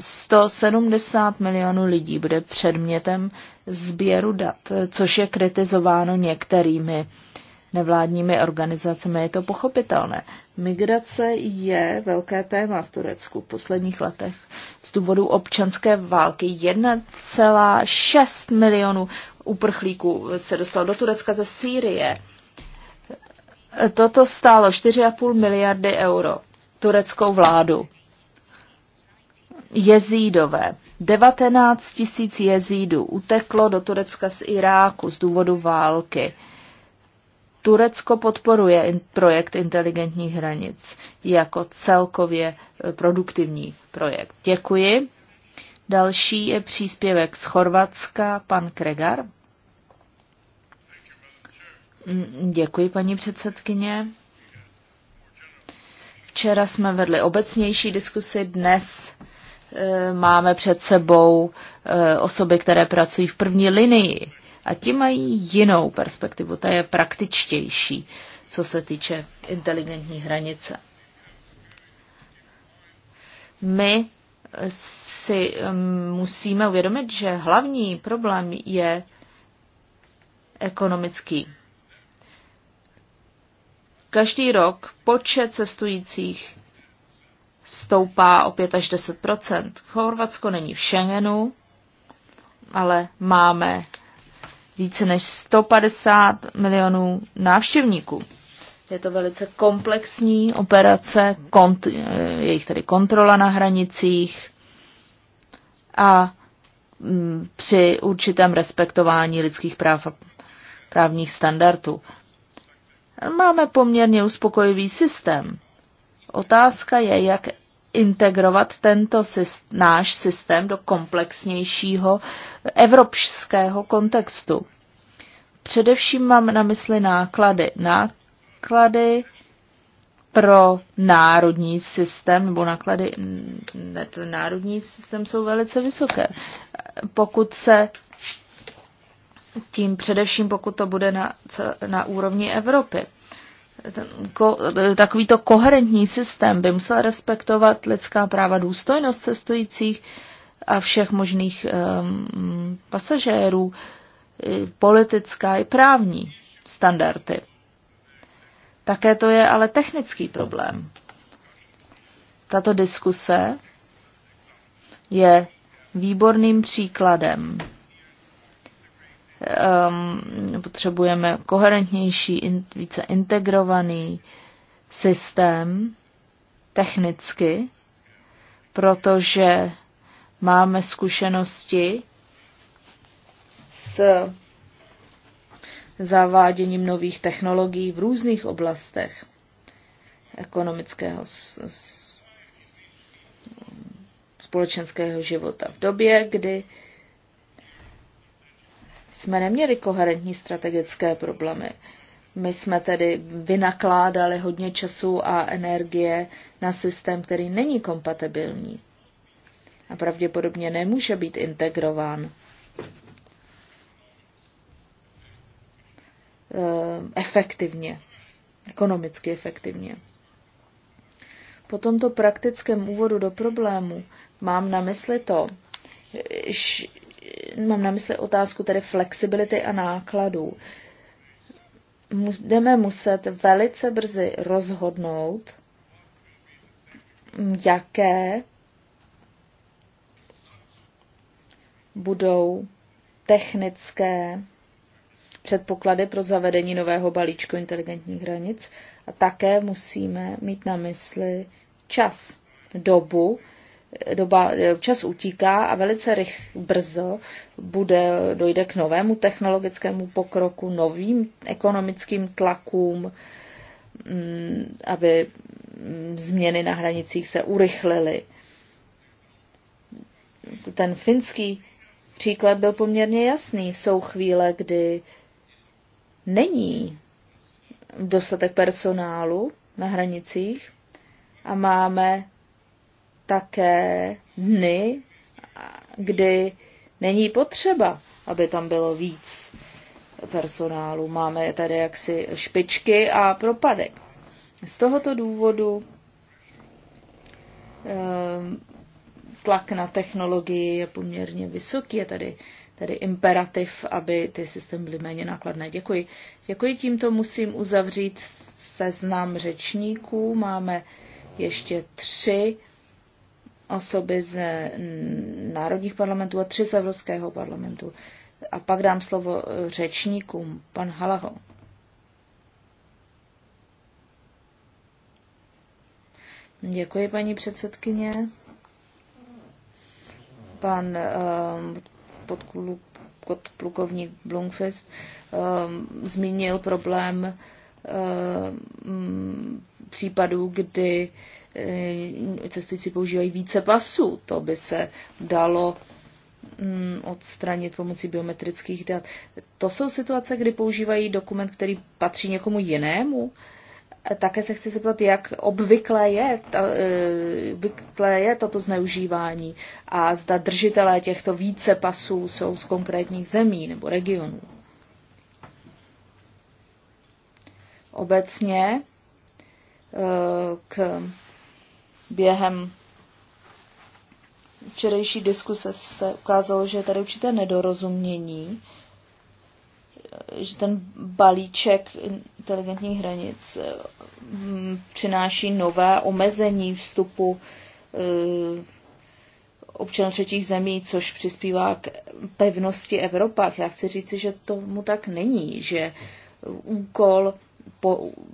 170 milionů lidí bude předmětem sběru dat, což je kritizováno některými nevládními organizacemi, je to pochopitelné. Migrace je velké téma v Turecku v posledních letech. Z důvodu občanské války 1,6 milionů uprchlíků se dostalo do Turecka ze Sýrie. Toto stálo 4,5 miliardy euro tureckou vládu. Jezídové. 19 tisíc jezídů uteklo do Turecka z Iráku z důvodu války. Turecko podporuje projekt inteligentních hranic jako celkově e, produktivní projekt. Děkuji. Další je příspěvek z Chorvatska, pan Kregar. Mm, děkuji, paní předsedkyně. Včera jsme vedli obecnější diskusi, dnes e, máme před sebou e, osoby, které pracují v první linii a ti mají jinou perspektivu, ta je praktičtější, co se týče inteligentní hranice. My si um, musíme uvědomit, že hlavní problém je ekonomický. Každý rok počet cestujících stoupá o 5 až 10 Chorvatsko není v Schengenu, ale máme více než 150 milionů návštěvníků. Je to velice komplexní operace, kont, eh, jejich tedy kontrola na hranicích a mm, při určitém respektování lidských práv a právních standardů. Máme poměrně uspokojivý systém. Otázka je, jak integrovat tento systém, náš systém do komplexnějšího evropského kontextu. Především mám na mysli náklady. Náklady pro národní systém, nebo náklady, ne, ten národní systém jsou velice vysoké. Pokud se tím především, pokud to bude na, na úrovni Evropy ko, takovýto koherentní systém by musel respektovat lidská práva, důstojnost cestujících a všech možných um, pasažérů, politická i právní standardy. Také to je ale technický problém. Tato diskuse je výborným příkladem um, potřebujeme koherentnější, in, více integrovaný systém technicky, protože máme zkušenosti s zaváděním nových technologií v různých oblastech ekonomického společenského života. V době, kdy jsme neměli koherentní strategické problémy. My jsme tedy vynakládali hodně času a energie na systém, který není kompatibilní a pravděpodobně nemůže být integrován eh, efektivně, ekonomicky efektivně. Po tomto praktickém úvodu do problému mám na mysli to, mám na mysli otázku tedy flexibility a nákladů. Budeme muset velice brzy rozhodnout, jaké budou technické předpoklady pro zavedení nového balíčku inteligentních hranic a také musíme mít na mysli čas, dobu, doba, čas utíká a velice rych, brzo bude, dojde k novému technologickému pokroku, novým ekonomickým tlakům, mm, aby mm, změny na hranicích se urychlily. Ten finský příklad byl poměrně jasný. Jsou chvíle, kdy není dostatek personálu na hranicích a máme také dny, kdy není potřeba, aby tam bylo víc personálu. Máme tady jaksi špičky a propadek. Z tohoto důvodu ehm, tlak na technologii je poměrně vysoký. Je tady, tady imperativ, aby ty systémy byly méně nákladné. Děkuji. Děkuji, tímto musím uzavřít seznam řečníků. Máme ještě tři osoby z mm, národních parlamentů a tři z Evropského parlamentu. A pak dám slovo eh, řečníkům. Pan Halaho. Děkuji, paní předsedkyně. Pan um, podplukovník Blumfest um, ehm, zmínil problém uh, Eh, mm, případů, kdy eh, cestující používají více pasů. To by se dalo mm, odstranit pomocí biometrických dat. To jsou situace, kdy používají dokument, který patří někomu jinému. Eh, také se chci zeptat, jak obvyklé je, ta, obvyklé je toto zneužívání a zda držitelé těchto více pasů jsou z konkrétních zemí nebo regionů. obecně eh, k během včerejší diskuse se ukázalo, že je tady určité nedorozumění, že ten balíček inteligentních hranic eh, hm, přináší nové omezení vstupu eh, občanů třetích zemí, což přispívá k pevnosti Evropách. Já chci říci, že tomu tak není, že úkol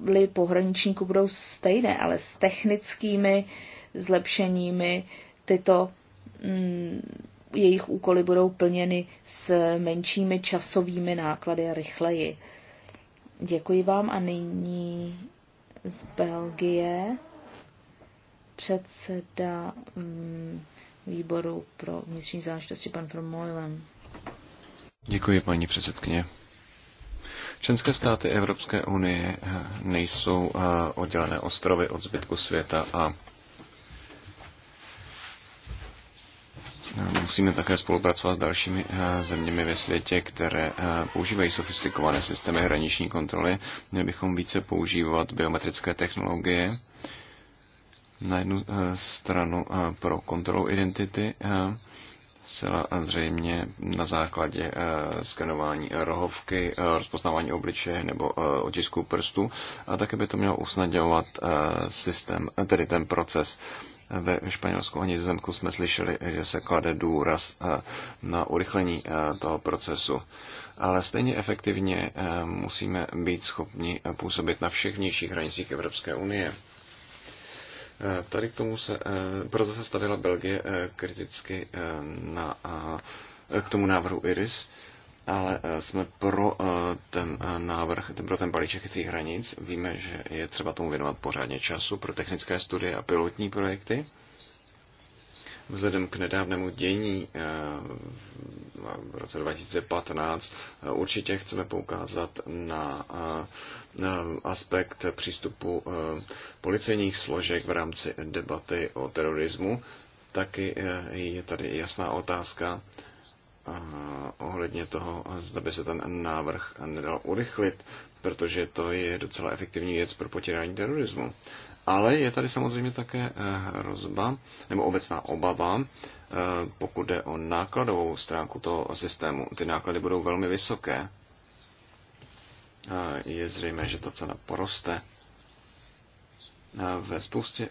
li pohraničníků budou stejné, ale s technickými zlepšeními tyto mm, jejich úkoly budou plněny s menšími časovými náklady a rychleji. Děkuji vám a nyní z Belgie předseda mm, výboru pro vnitřní záležitosti pan Vermeulen. Děkuji, paní předsedkyně. Členské státy Evropské unie eh, nejsou eh, oddělené ostrovy od zbytku světa a eh, Musíme také spolupracovat s dalšími zeměmi ve světě, které používají sofistikované systémy hraniční kontroly. Měli bychom více používat biometrické technologie na jednu stranu pro kontrolu identity zcela zřejmě na základě eh, skenování rohovky, eh, rozpoznávání obličeje nebo eh, otisku prstů a také by to mělo usnadňovat systém, tedy ten proces. Ve Španělsku a Nizozemku jsme slyšeli, že se klade důraz na urychlení toho procesu. Ale stejně efektivně musíme být schopni působit na všech nižších hranicích Evropské unie. Tady k tomu se, eh, proto se stavila Belgie eh, kriticky eh, na, k tomu návrhu IRIS, ale jsme pro ten návrh, ten, pro ten balíček těch hranic. Víme, že je třeba tomu věnovat pořádně času pro technické studie a pilotní projekty. Vzhledem k nedávnému dění eh, v roce 2015 eh, určitě chceme poukázat na eh, aspekt přístupu policejních složek v rámci debaty o terorismu. Taky je tady jasná otázka ohledně toho, zda by se ten návrh nedal urychlit, protože to je docela efektivní věc pro potírání terorismu. Ale je tady samozřejmě také eh, hrozba, nebo obecná obava, eh, pokud jde o nákladovou stránku toho systému. Ty náklady budou velmi vysoké. Eh, je zřejmé, že ta cena poroste. Ve spoustě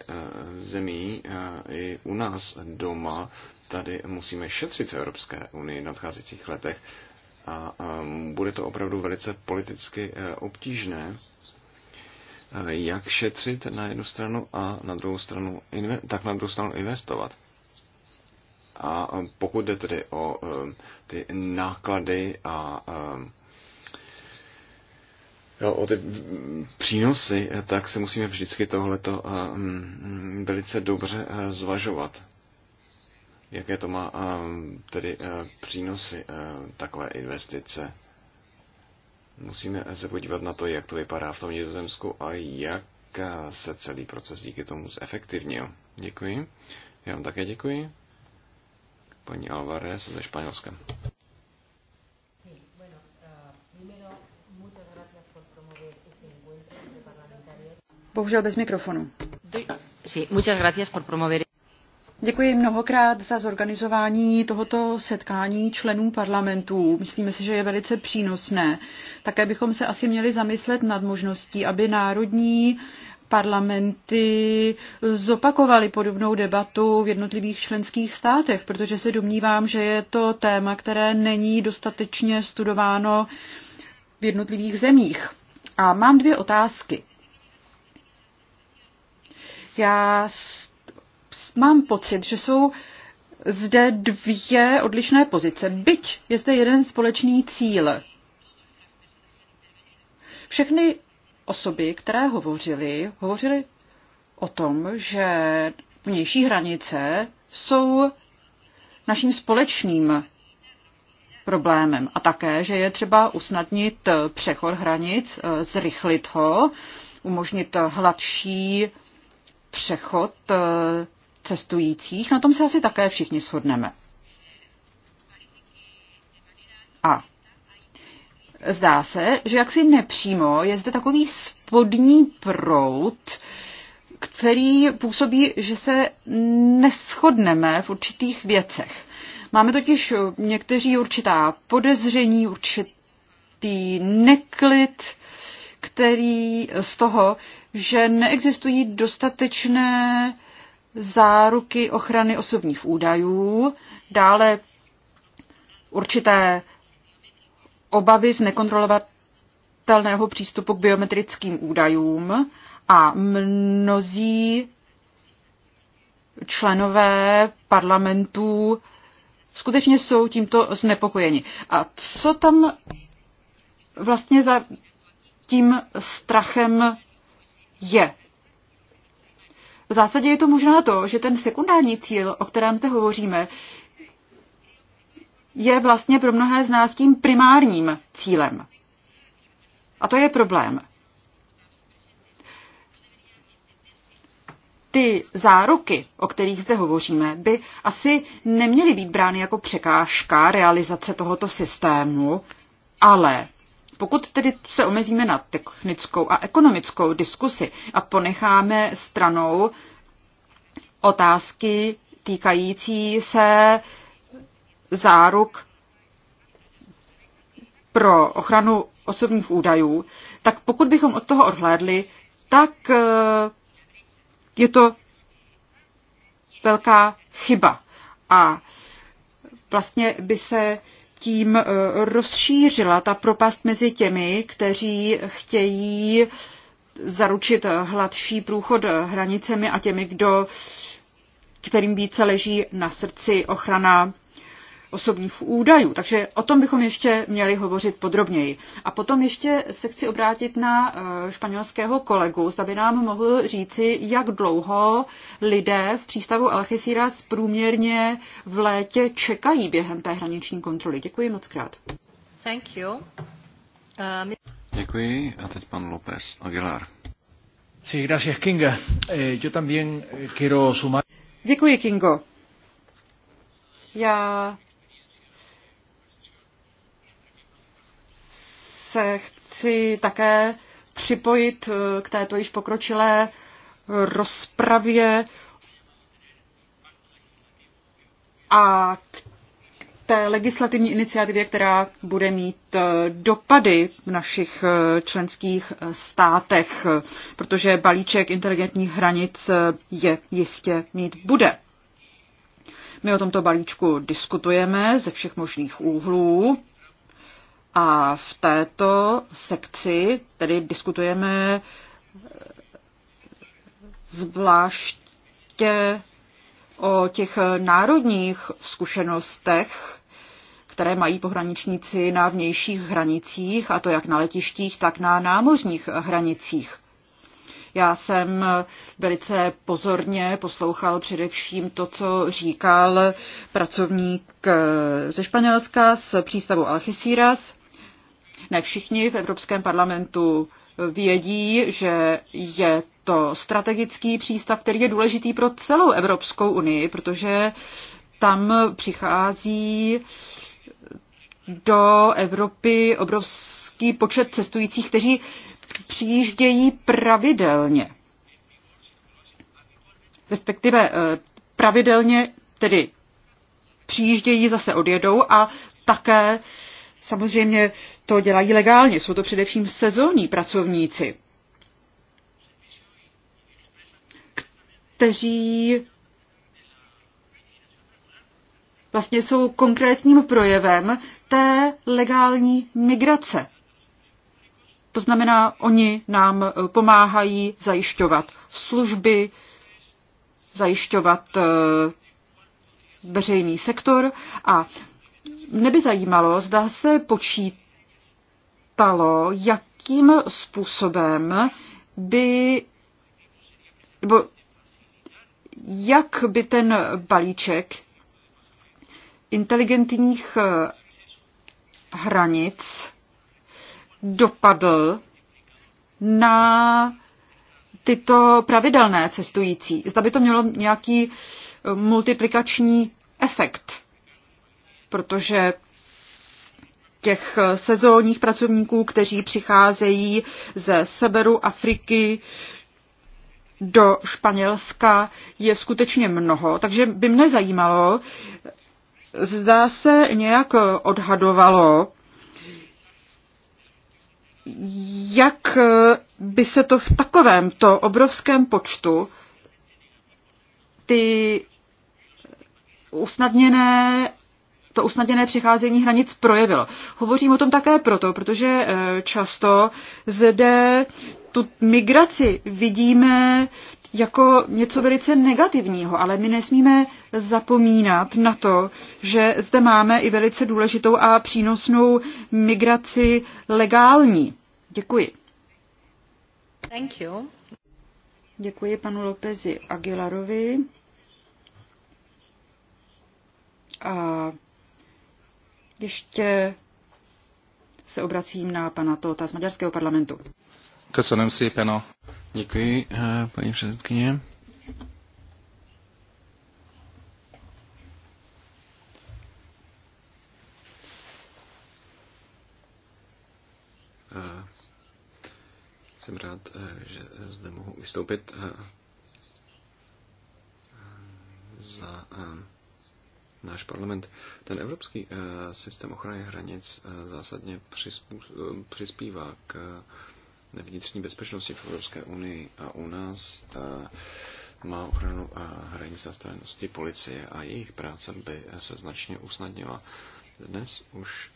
zemí i u nás doma tady musíme šetřit v Evropské unii v nadcházejících letech a bude to opravdu velice politicky obtížné jak šetřit na jednu stranu a na druhou stranu, tak na druhou stranu investovat. A pokud jde tedy o eh, ty náklady a eh, o ty přínosy, tak se musíme vždycky tohleto eh, mm, velice dobře zvažovat. Jaké to má tedy přínosy takové investice Musíme se podívat na to, jak to vypadá v tom Nizozemsku a jak se celý proces díky tomu zefektivnil. Děkuji. Já vám také děkuji. Paní Alvarez ze Španělska. Bohužel bez mikrofonu. Sí, muchas gracias por promover. Děkuji mnohokrát za zorganizování tohoto setkání členů parlamentů. Myslíme si, že je velice přínosné. Také bychom se asi měli zamyslet nad možností, aby národní parlamenty zopakovaly podobnou debatu v jednotlivých členských státech, protože se domnívám, že je to téma, které není dostatečně studováno v jednotlivých zemích. A mám dvě otázky. Já mám pocit, že jsou zde dvě odlišné pozice. Byť je zde jeden společný cíl. Všechny osoby, které hovořily, hovořily o tom, že vnější hranice jsou naším společným problémem a také, že je třeba usnadnit přechod hranic, eh, zrychlit ho, umožnit hladší přechod eh, cestujících, na tom se asi také všichni shodneme. A zdá se, že jaksi nepřímo je zde takový spodní prout, který působí, že se neschodneme v určitých věcech. Máme totiž někteří určitá podezření, určitý neklid, který z toho, že neexistují dostatečné záruky ochrany osobních údajů, dále určité obavy z nekontrolovatelného přístupu k biometrickým údajům a mnozí členové parlamentů skutečně jsou tímto znepokojeni. A co tam vlastně za tím strachem je? V zásadě je to možná to, že ten sekundární cíl, o kterém zde hovoříme, je vlastně pro mnohé z nás tím primárním cílem. A to je problém. Ty záruky, o kterých zde hovoříme, by asi neměly být brány jako překážka realizace tohoto systému, ale pokud tedy se omezíme na technickou a ekonomickou diskusi a ponecháme stranou otázky týkající se záruk pro ochranu osobních údajů, tak pokud bychom od toho odhlédli, tak eh, je to velká chyba. A vlastně by se tím eh, rozšířila ta propast mezi těmi, kteří chtějí zaručit hladší průchod hranicemi a těmi, kdo, kterým více leží na srdci ochrana osobních údajů. Takže o tom bychom ještě měli hovořit podrobněji. A potom ještě se chci obrátit na eh, španělského kolegu, zda by nám mohl říci, jak dlouho lidé v přístavu Algeciras průměrně v létě čekají během té hraniční kontroly. Děkuji moc krát. Thank you. Uh, my... Děkuji. A teď pan López Aguilar. Sí, gracias, Kinga. Eh, yo también eh, quiero sumar... Děkuji, Kingo. Já se chci také připojit eh, k této již pokročilé rozpravě a k té legislativní iniciativě, která bude mít eh, dopady v našich eh, členských státech, protože balíček inteligentních hranic je jistě mít bude. My o tomto balíčku diskutujeme ze všech možných úhlů. A v této sekci tedy diskutujeme eh, zvláště o těch národních zkušenostech, které mají pohraničníci na vnějších hranicích, a to jak na letištích, tak na námořních hranicích. Já jsem velice pozorně poslouchal především to, co říkal pracovník eh, ze Španělska z přístavu Alchisíras, ne všichni v Evropském parlamentu vědí, že je to strategický přístav, který je důležitý pro celou Evropskou unii, protože tam přichází do Evropy obrovský počet cestujících, kteří přijíždějí pravidelně. Respektive eh, pravidelně tedy přijíždějí, zase odjedou a také Samozřejmě to dělají legálně, jsou to především sezónní pracovníci, kteří vlastně jsou konkrétním projevem té legální migrace. To znamená, oni nám eh, pomáhají zajišťovat služby, zajišťovat eh, veřejný sektor a mě by zajímalo, zda se počítalo, jakým způsobem by, nebo jak by ten balíček inteligentních eh, hranic dopadl na tyto pravidelné cestující. Zda by to mělo nějaký eh, multiplikační efekt protože těch sezónních pracovníků, kteří přicházejí ze severu Afriky do Španělska, je skutečně mnoho. Takže by mne zajímalo, zdá se nějak odhadovalo, jak by se to v takovémto obrovském počtu ty usnadněné to usnadněné přecházení hranic projevilo. Hovořím o tom také proto, protože eh, často zde tu migraci vidíme jako něco velice negativního, ale my nesmíme zapomínat na to, že zde máme i velice důležitou a přínosnou migraci legální. Děkuji. Thank you. Děkuji panu Lopezi Aguilarovi. A ještě se obracím na pana Tota z Maďarského parlamentu. Köszönöm si, peno? Děkuji, eh, paní předsedkyně. Eh, jsem rád, eh, že zde mohu vystoupit za náš parlament. Ten evropský eh, systém ochrany hranic eh, zásadně eh, přispívá k vnitřní bezpečnosti v Evropské unii a u nás má ochranu a hranic zastavenosti policie a jejich práce by se značně usnadnila. Dnes už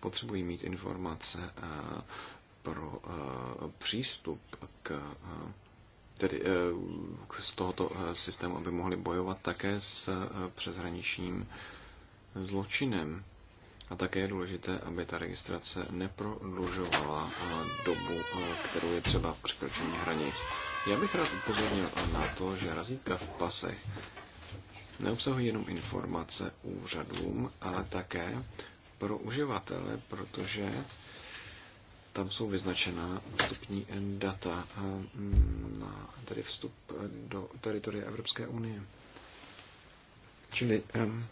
potřebují mít informace pro přístup k tedy eh, z tohoto eh, systému, aby mohli bojovat také s eh, přeshraničním zločinem. A také je důležité, aby ta registrace neprodlužovala dobu, kterou je třeba překročení hranic. Já bych rád upozornil na to, že razítka v pasech neobsahují jenom informace úřadům, ale také pro uživatele, protože tam jsou vyznačena vstupní data eh, na tady vstup eh, do teritorie Evropské unie. Čili ehm,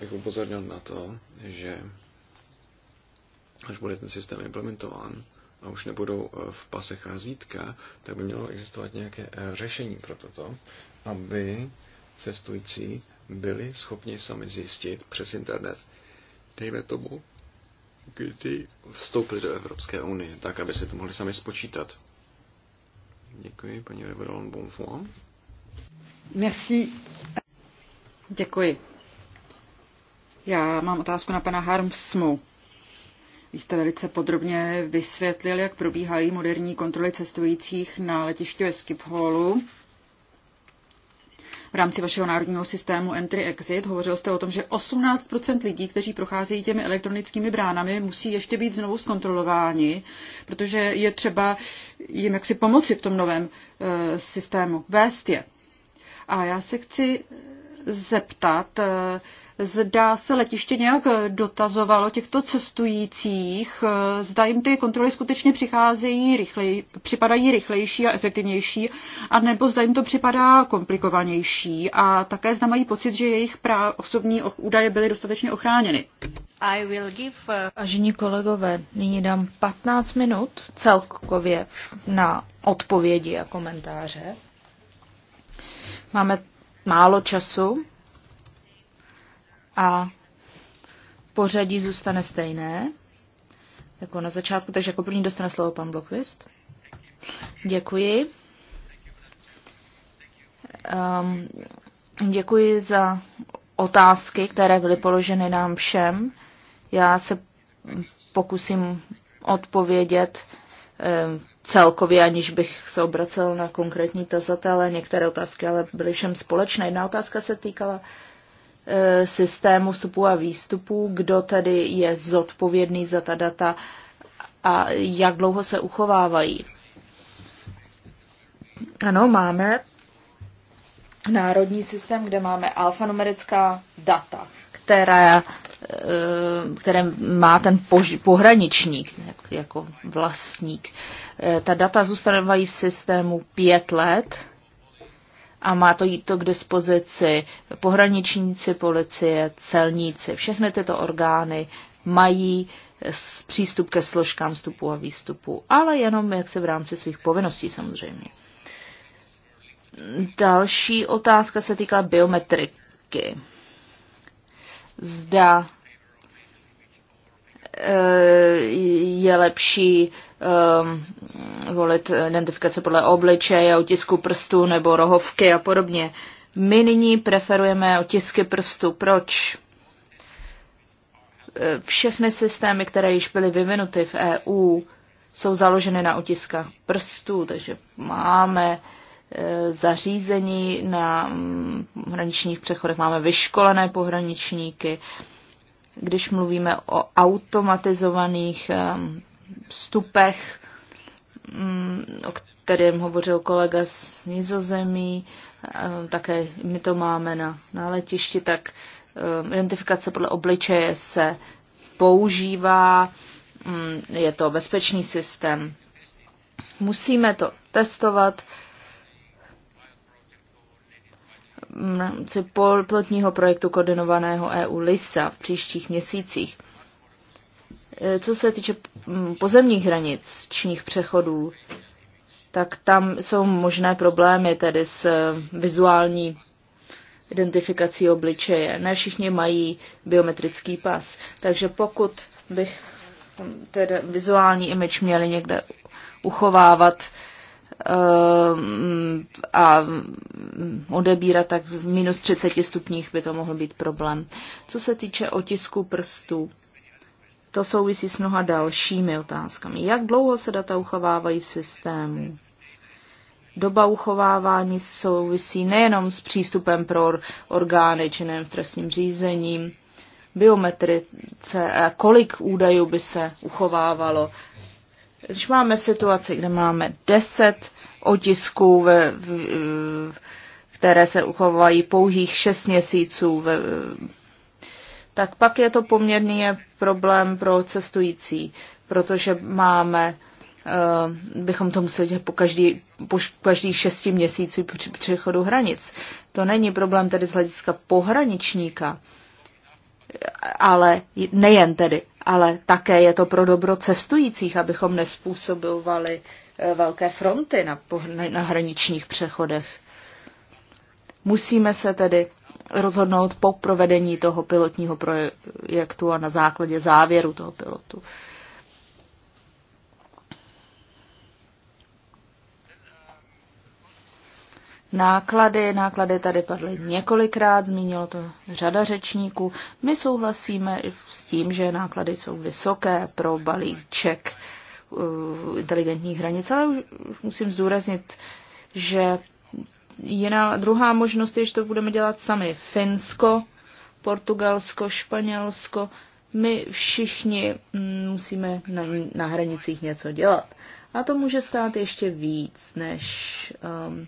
bych upozornil na to, že až bude ten systém implementován a už nebudou eh, v pasech razítka, tak by mělo existovat nějaké řešení pro toto, aby cestující byli schopni sami zjistit přes internet, dejme tomu, kdy vstoupili do Evropské unie, tak aby si to mohli sami spočítat. Děkuji, paní Reverend Bonfoy. Merci. Děkuji. Já mám otázku na pana Harmsmu. Vy jste velice podrobně vysvětlil, jak probíhají moderní kontroly cestujících na letišti ve Skiphallu v rámci vašeho národního systému Entry-Exit. Hovořil jste o tom, že 18% lidí, kteří procházejí těmi elektronickými bránami, musí ještě být znovu zkontrolováni, protože je třeba jim jaksi pomoci v tom novém eh, systému, vést je. A já se chci zeptat, eh, zda se letiště nějak dotazovalo těchto cestujících, eh, zda jim ty kontroly skutečně přicházejí rychleji, připadají rychlejší a efektivnější, anebo zda jim to připadá komplikovanější a také zda mají pocit, že jejich práv, osobní údaje byly dostatečně ochráněny. I will give a... Eh, Vážení kolegové, nyní dám 15 minut celkově na odpovědi a komentáře. Máme málo času a pořadí zůstane stejné, jako na začátku, takže jako první dostane slovo pan Blokvist. Děkuji. Um, děkuji za otázky, které byly položeny nám všem. Já se pokusím odpovědět ehm, celkově, aniž bych se obracel na konkrétní tazatele, některé otázky ale byly všem společné. Jedna otázka se týkala e, systému vstupu a výstupu, kdo tedy je zodpovědný za ta data a jak dlouho se uchovávají. Ano, máme národní systém, kde máme alfanumerická data, která Eh, které má ten pohraničník jako vlastník. Eh, ta data zůstávají v systému pět let a má to jít to k dispozici pohraničníci, policie, celníci. Všechny tyto orgány mají přístup ke složkám vstupu a výstupu, ale jenom se v rámci svých povinností samozřejmě. Další otázka se týká biometriky zda e, je lepší volit identifikace podle obličeje, otisku prstů nebo rohovky a podobně. My nyní preferujeme otisky prstů. Proč? E, všechny systémy, které již byly vyvinuty v EU, jsou založeny na otiskách prstů, takže máme uh, E, zařízení na mm, hraničních přechodech, máme vyškolené pohraničníky. Když mluvíme o automatizovaných vstupech, e, mm, o kterém hovořil kolega z Nizozemí, e, také my to máme na, na letišti, tak identifikace podle obličeje se používá, mm, je to bezpečný systém. Musíme to testovat, v rámci plotního projektu koordinovaného EU LISA v příštích měsících. E, co se týče pozemních hranic, čních přechodů, tak tam jsou možné problémy tedy s e, vizuální identifikací obličeje. Ne všichni mají biometrický pas. Takže pokud bych tedy vizuální image měli někde uchovávat, Ehm, a odebírat, tak v minus 30 stupních by to mohl být problém. Co se týče otisku prstů, to souvisí s mnoha dalšími otázkami. Jak dlouho se data uchovávají v systému? Doba uchovávání souvisí nejenom s přístupem pro orgány činným v trestním řízení, biometrice, kolik údajů by se uchovávalo když máme situaci, kde máme 10 otisků, ve, v, v, které se uchovají pouhých 6 měsíců, ve, tak pak je to poměrně problém pro cestující, protože máme, uh, bychom to museli dělat po, každý, po každých šesti měsíců při přechodu hranic. To není problém tedy z hlediska pohraničníka, ale nejen tedy ale také je to pro dobro cestujících, abychom nespůsobovali eh, velké fronty na, na hraničních přechodech. Musíme se tedy rozhodnout po provedení toho pilotního projektu a na základě závěru toho pilotu Náklady, náklady tady padly několikrát, zmínilo to řada řečníků. My souhlasíme s tím, že náklady jsou vysoké pro balíček uh, inteligentních hranic, ale musím zdůraznit, že jiná, druhá možnost je, že to budeme dělat sami. Finsko, Portugalsko, Španělsko, my všichni mm, musíme na, na hranicích něco dělat. A to může stát ještě víc, než um,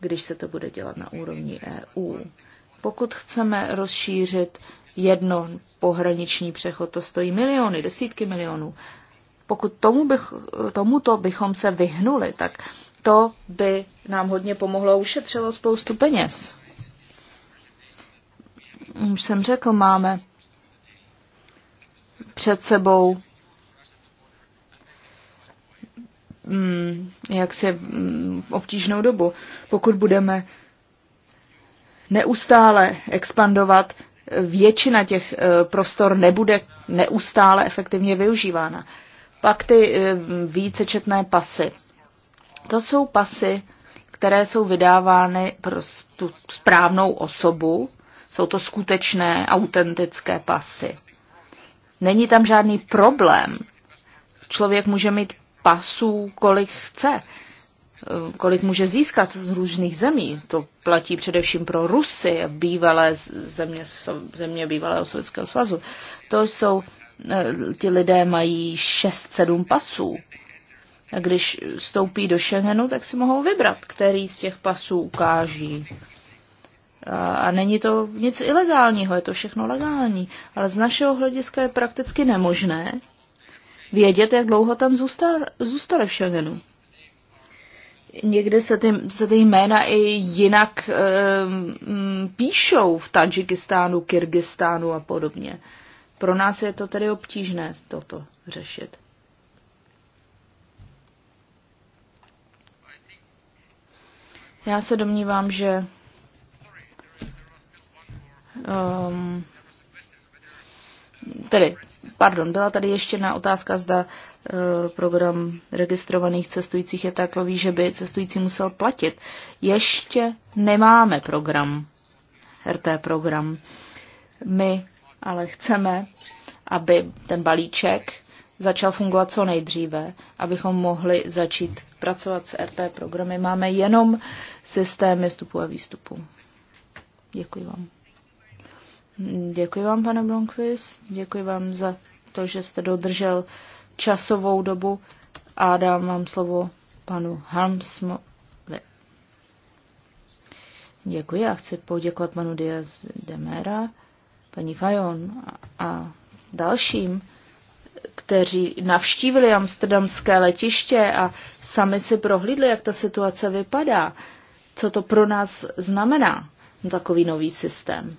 když se to bude dělat na úrovni EU. Pokud chceme rozšířit jedno pohraniční přechod, to stojí miliony, desítky milionů. Pokud tomu bych, tomuto bychom se vyhnuli, tak to by nám hodně pomohlo a ušetřilo spoustu peněz. Už jsem řekl, máme před sebou Mm, jak si mm, obtížnou dobu. Pokud budeme neustále expandovat, většina těch e, prostor nebude neustále efektivně využívána. Pak ty e, vícečetné pasy. To jsou pasy, které jsou vydávány pro tu správnou osobu. Jsou to skutečné, autentické pasy. Není tam žádný problém. Člověk může mít pasů, kolik chce, eh, kolik může získat z různých zemí. To platí především pro Rusy, bývalé země, země bývalého Sovětského svazu. To jsou, eh, ti lidé mají 6-7 pasů. A když vstoupí do Schengenu, tak si mohou vybrat, který z těch pasů ukáží. A není to nic ilegálního, je to všechno legální. Ale z našeho hlediska je prakticky nemožné vědět, jak dlouho tam zůstane, v Schengenu. Někde se ty, se ty jména i jinak um, píšou v Tadžikistánu, Kyrgyzstánu a podobně. Pro nás je to tedy obtížné toto řešit. Já se domnívám, že um, tedy Pardon, byla tady ještě na otázka, zda eh, program registrovaných cestujících je takový, že by cestující musel platit. Ještě nemáme program, RT program. My ale chceme, aby ten balíček začal fungovat co nejdříve, abychom mohli začít pracovat s RT programy. Máme jenom systémy vstupu a výstupu. Děkuji vám. Děkuji vám, pane Blomqvist, děkuji vám za to, že jste dodržel časovou dobu a dám vám slovo panu Hamsmo. Děkuji a chci poděkovat panu Diaz Demera, paní Fajon a dalším, kteří navštívili amsterdamské letiště a sami si prohlídli, jak ta situace vypadá, co to pro nás znamená, takový nový systém.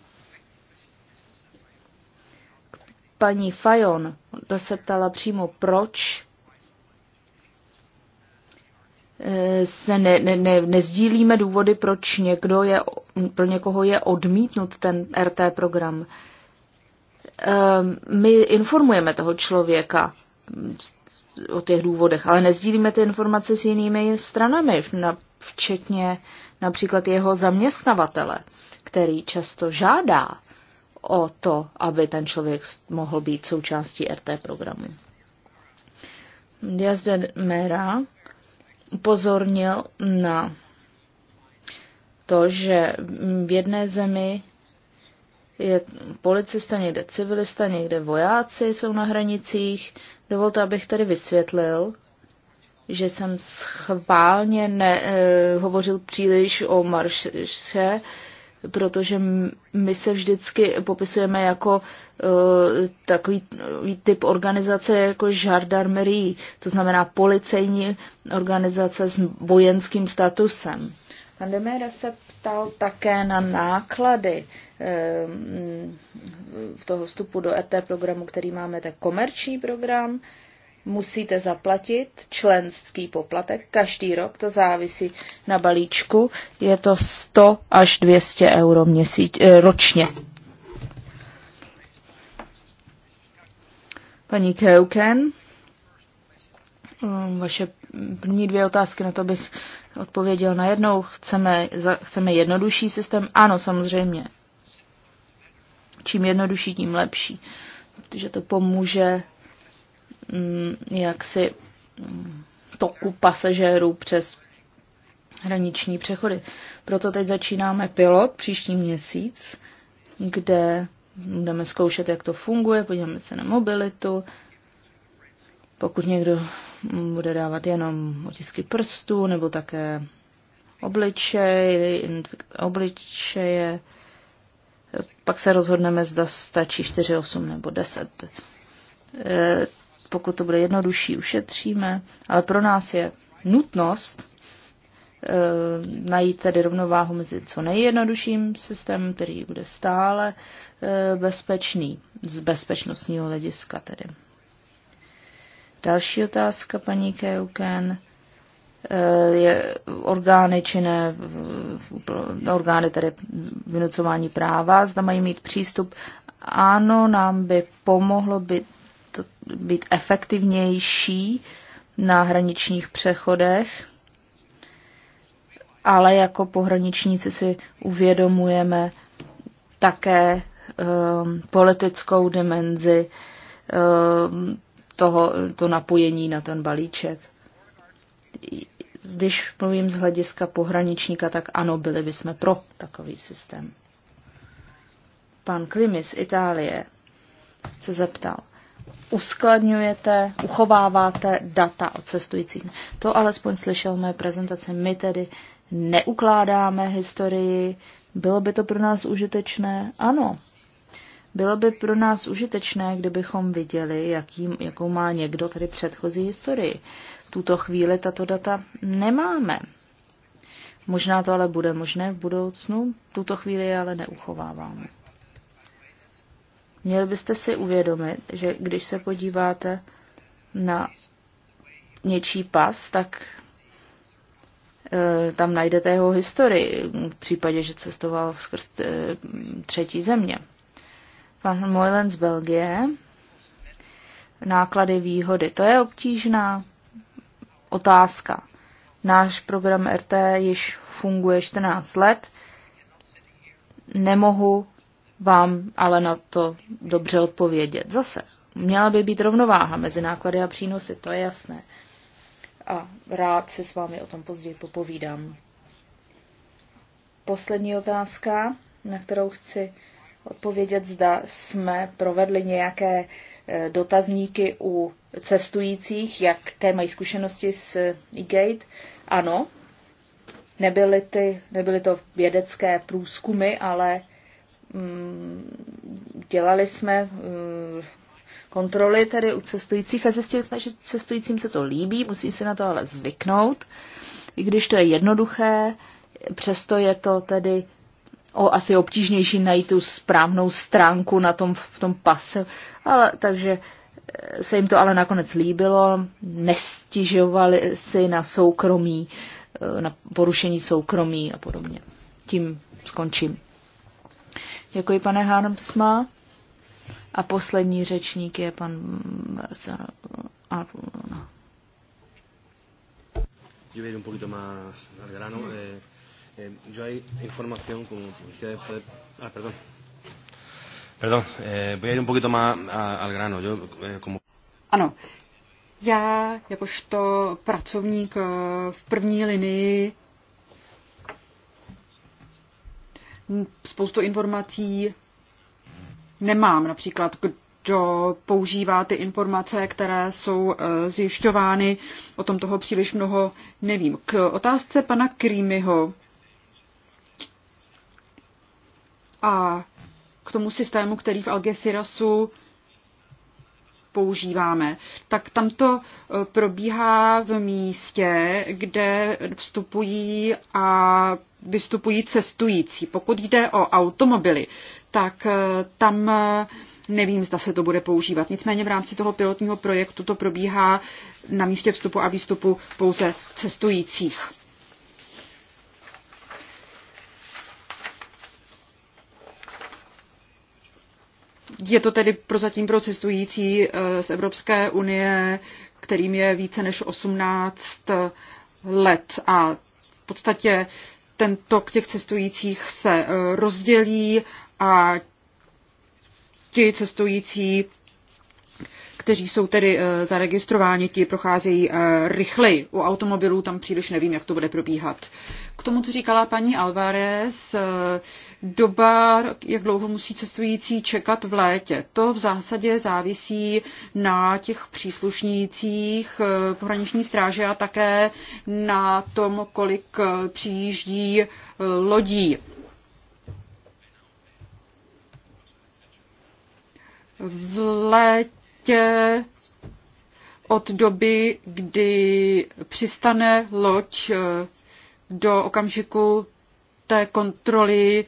paní Fajon, ta se ptala přímo, proč eh, se ne, ne, ne, nezdílíme důvody, proč někdo je, pro někoho je odmítnut ten RT program. Ehm, my informujeme toho člověka o těch důvodech, ale nezdílíme ty informace s jinými stranami, včetně například jeho zaměstnavatele, který často žádá o to, aby ten člověk mohl být součástí RT programu. Diaz de Mera upozornil na to, že v jedné zemi je policista, někde civilista, někde vojáci jsou na hranicích. Dovolte, abych tady vysvětlil, že jsem schválně ne, eh, hovořil příliš o marše, protože my se vždycky popisujeme jako uh, takový e, typ organizace jako žardarmerie, to znamená policejní organizace s vojenským statusem. Pan Demera se ptal také na náklady uh, toho vstupu do ET programu, který máme, tak komerční program, musíte zaplatit členský poplatek každý rok, to závisí na balíčku, je to 100 až 200 euro měsíč, eh, ročně. Paní Keuken, eh, vaše první dvě otázky, na to bych odpověděl najednou. Chceme, chceme jednodušší systém? Ano, samozřejmě. Čím jednodušší, tím lepší, protože to pomůže Mm, jaksi mm, toku pasažérů přes hraniční přechody. Proto teď začínáme pilot příští měsíc, kde budeme zkoušet, jak to funguje, podíváme se na mobilitu. Pokud někdo mm, bude dávat jenom otisky prstů nebo také obličej, obličeje, pak se rozhodneme, zda stačí 4, 8 nebo 10 pokud to bude jednodušší, ušetříme, ale pro nás je nutnost e, najít tedy rovnováhu mezi co nejjednodušším systémem, který bude stále e, bezpečný z bezpečnostního hlediska tedy. Další otázka, paní Keuken. Eh, je orgány činné, orgány tedy vynucování práva, zda mají mít přístup. Ano, nám by pomohlo by to být efektivnější na hraničních přechodech, ale jako pohraničníci si uvědomujeme také um, politickou dimenzi um, toho, to napojení na ten balíček. Když mluvím z hlediska pohraničníka, tak ano, byli bychom pro takový systém. Pan Klimis z Itálie se zeptal uskladňujete, uchováváte data o cestujících. To alespoň slyšel mé prezentace. My tedy neukládáme historii. Bylo by to pro nás užitečné? Ano. Bylo by pro nás užitečné, kdybychom viděli, jaký, jakou má někdo tady předchozí historii. V tuto chvíli tato data nemáme. Možná to ale bude možné v budoucnu, v tuto chvíli je ale neuchováváme. Měli byste si uvědomit, že když se podíváte na něčí pas, tak e, tam najdete jeho historii, v případě, že cestoval skrz e, třetí země. Pan Moylen z Belgie, náklady, výhody. To je obtížná otázka. Náš program RT již funguje 14 let. Nemohu vám ale na to dobře odpovědět. Zase, měla by být rovnováha mezi náklady a přínosy, to je jasné. A rád se s vámi o tom později popovídám. Poslední otázka, na kterou chci odpovědět, zda jsme provedli nějaké e, dotazníky u cestujících, té mají zkušenosti s e-gate. Ano, nebyly, ty, nebyly to vědecké průzkumy, ale Mm, dělali jsme mm, kontroly tedy u cestujících a zjistili jsme, že cestujícím se to líbí, musí se na to ale zvyknout. I když to je jednoduché, přesto je to tedy o asi obtížnější najít tu správnou stránku na tom, v tom pase. Ale, takže eh, se jim to ale nakonec líbilo, nestižovali si na soukromí, eh, na porušení soukromí a podobně. Tím skončím. Děkuji, pane Harmsma. A poslední řečník je pan Aruna. Yo voy a ir un poquito más al grano. Eh, eh, yo hay información, como Ah, perdón. Perdón, eh, voy a ir un poquito más a, al grano. Yo, eh, como... Ano, já jakožto pracovník eh, v první linii spoustu informací nemám. Například, kdo používá ty informace, které jsou eh, zjišťovány, o tom toho příliš mnoho nevím. K otázce pana Krýmyho a k tomu systému, který v Algecirasu používáme, tak tam to eh, probíhá v místě, kde vstupují a vystupují cestující. Pokud jde o automobily, tak eh, tam eh, nevím, zda se to bude používat. Nicméně v rámci toho pilotního projektu to probíhá na místě vstupu a výstupu pouze cestujících. Je to tedy prozatím pro cestující eh, z Evropské unie, kterým je více než 18 eh, let a v podstatě ten tok těch cestujících se eh, rozdělí a ti cestující kteří jsou tedy eh, zaregistrováni, ti procházejí eh, rychleji. U automobilů tam příliš nevím, jak to bude probíhat. K tomu, co říkala paní Alvarez, eh, doba, jak dlouho musí cestující čekat v létě, to v zásadě závisí na těch příslušnících pohraniční stráže a také na tom, kolik přijíždí lodí. V létě místě prostě od doby, kdy přistane loď eh, do okamžiku té kontroly,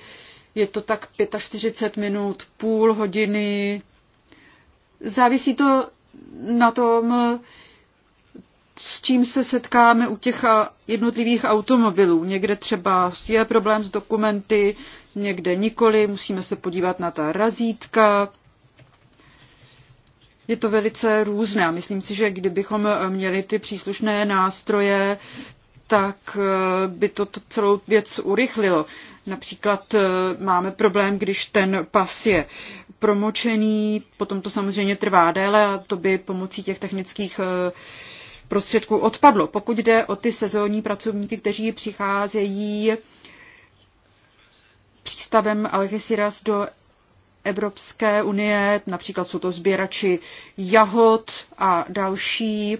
je to tak 45 minut, půl hodiny. Závisí to na tom, s čím se setkáme u těch jednotlivých automobilů. Někde třeba je problém s dokumenty, někde nikoli, musíme se podívat na ta razítka je to velice různé. Myslím si, že kdybychom měli ty příslušné nástroje, tak eh, by to celou věc urychlilo. Například eh, máme problém, když ten pas je promočený, potom to samozřejmě trvá déle a to by pomocí těch technických eh, prostředků odpadlo. Pokud jde o ty sezónní pracovníky, kteří přicházejí přístavem Algeciras do Evropské unie, například jsou to sběrači jahod a další.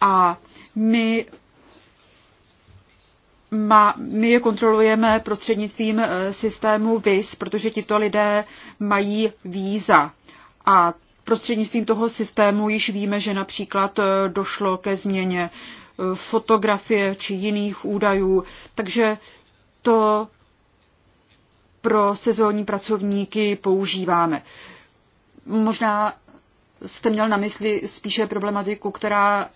A my, ma, my je kontrolujeme prostřednictvím eh, systému VIS, protože tito lidé mají víza. A prostřednictvím toho systému již víme, že například eh, došlo ke změně eh, fotografie či jiných údajů. Takže to pro sezónní pracovníky používáme. Možná jste měl na mysli spíše problematiku, která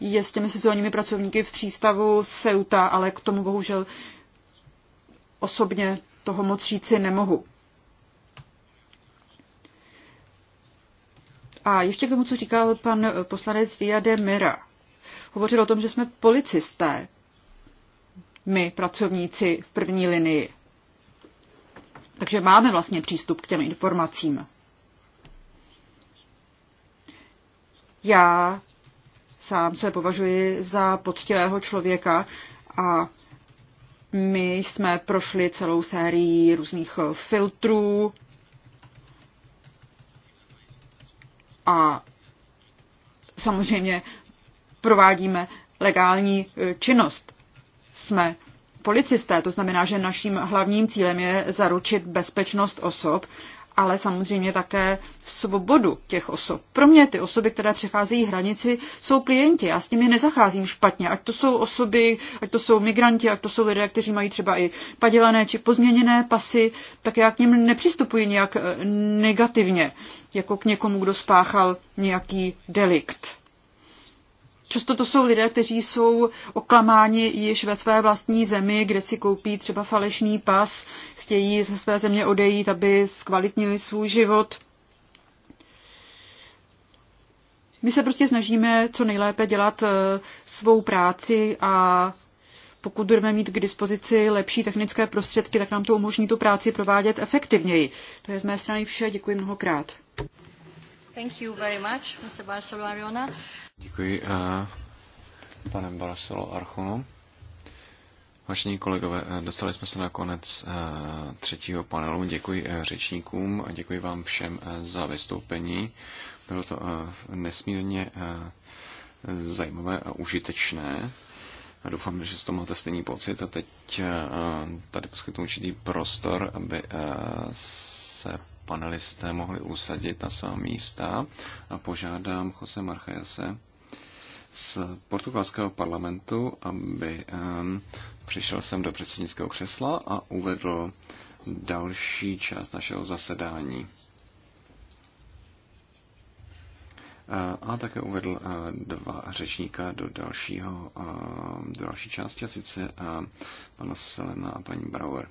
je s těmi sezónními pracovníky v přístavu seuta, ale k tomu bohužel osobně toho moc říci nemohu. A ještě k tomu, co říkal pan poslanec Diade Mira. Hovořil o tom, že jsme policisté, my, pracovníci v první linii. Takže máme vlastně přístup k těm informacím. Já sám se považuji za poctivého člověka a my jsme prošli celou sérii různých filtrů a samozřejmě provádíme legální činnost. Jsme policisté. To znamená, že naším hlavním cílem je zaručit bezpečnost osob, ale samozřejmě také svobodu těch osob. Pro mě ty osoby, které přecházejí hranici, jsou klienti. Já s nimi nezacházím špatně. Ať to jsou osoby, ať to jsou migranti, ať to jsou lidé, kteří mají třeba i padělané či pozměněné pasy, tak já k ním nepřistupuji nějak eh, negativně, jako k někomu, kdo spáchal nějaký delikt. Často to jsou lidé, kteří jsou oklamáni již ve své vlastní zemi, kde si koupí třeba falešný pas, chtějí ze své země odejít, aby zkvalitnili svůj život. My se prostě snažíme co nejlépe dělat eh, svou práci a pokud budeme mít k dispozici lepší technické prostředky, tak nám to umožní tu práci provádět efektivněji. To je z mé strany vše, děkuji mnohokrát. Thank you very much, Mr. Barcelona. Děkuji eh, panem Barcelo Archonu. Vážení kolegové, eh, dostali jsme se na konec eh, třetího panelu. Děkuji řečníkům a děkuji vám všem za vystoupení. Bylo to nesmírně zajímavé a užitečné. A doufám, že z toho máte stejný pocit. A teď tady poskytnu určitý prostor, aby se panelisté mohli usadit na svá místa. A požádám Jose Marchajase, z portugalského parlamentu, aby přišel sem do předsednického křesla a uvedl další část našeho zasedání. Eh, a také uvedl eh, dva řečníka do, dalšího, eh, do další části, a sice pana Selena a paní Brower.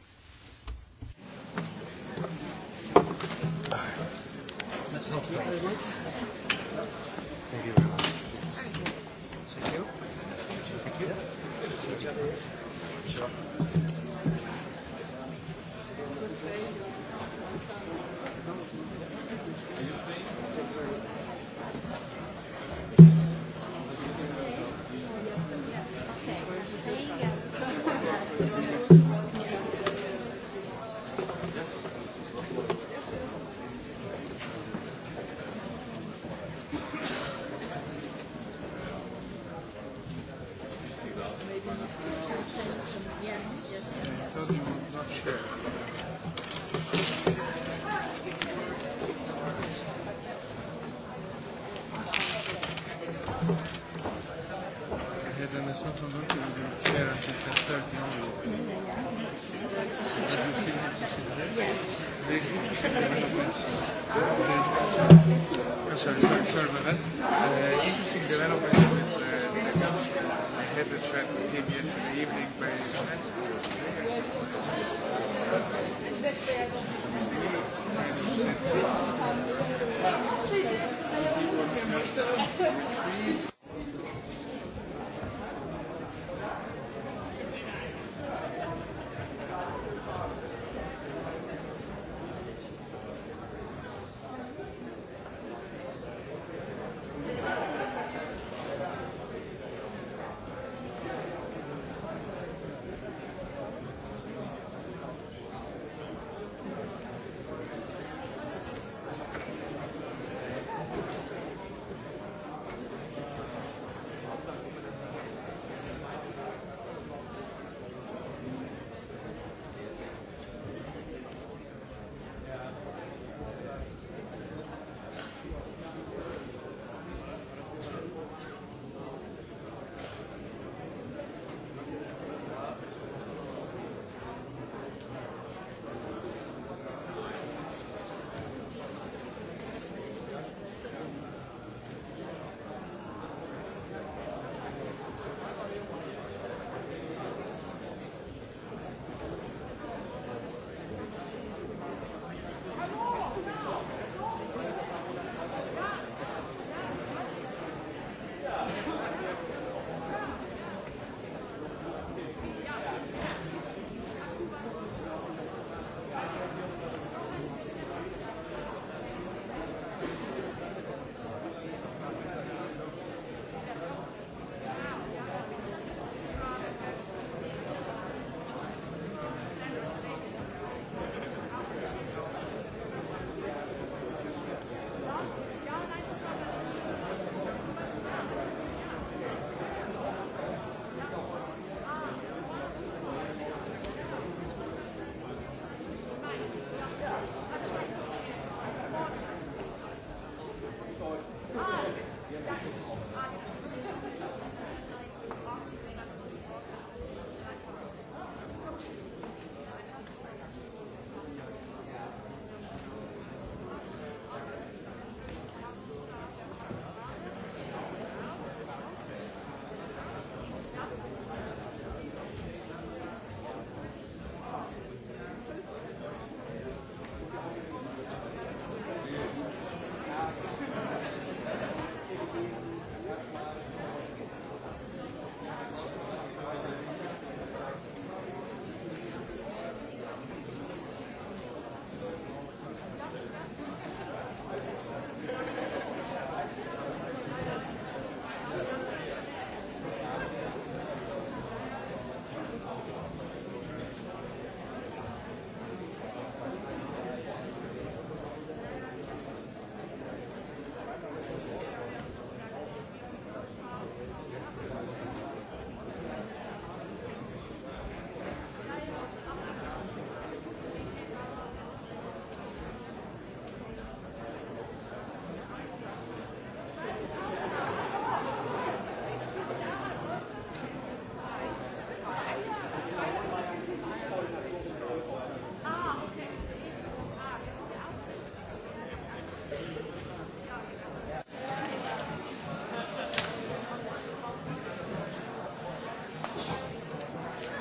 Thank you.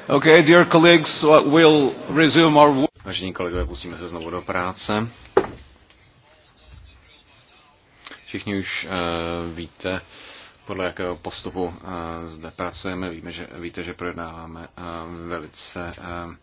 Okay, dear colleagues, uh, we'll resume our work. Vážení kolegové, pustíme se znovu do práce. Všichni už uh, víte, podle jakého postupu uh, zde pracujeme. Víme, že, víte, že projednáváme uh, velice uh,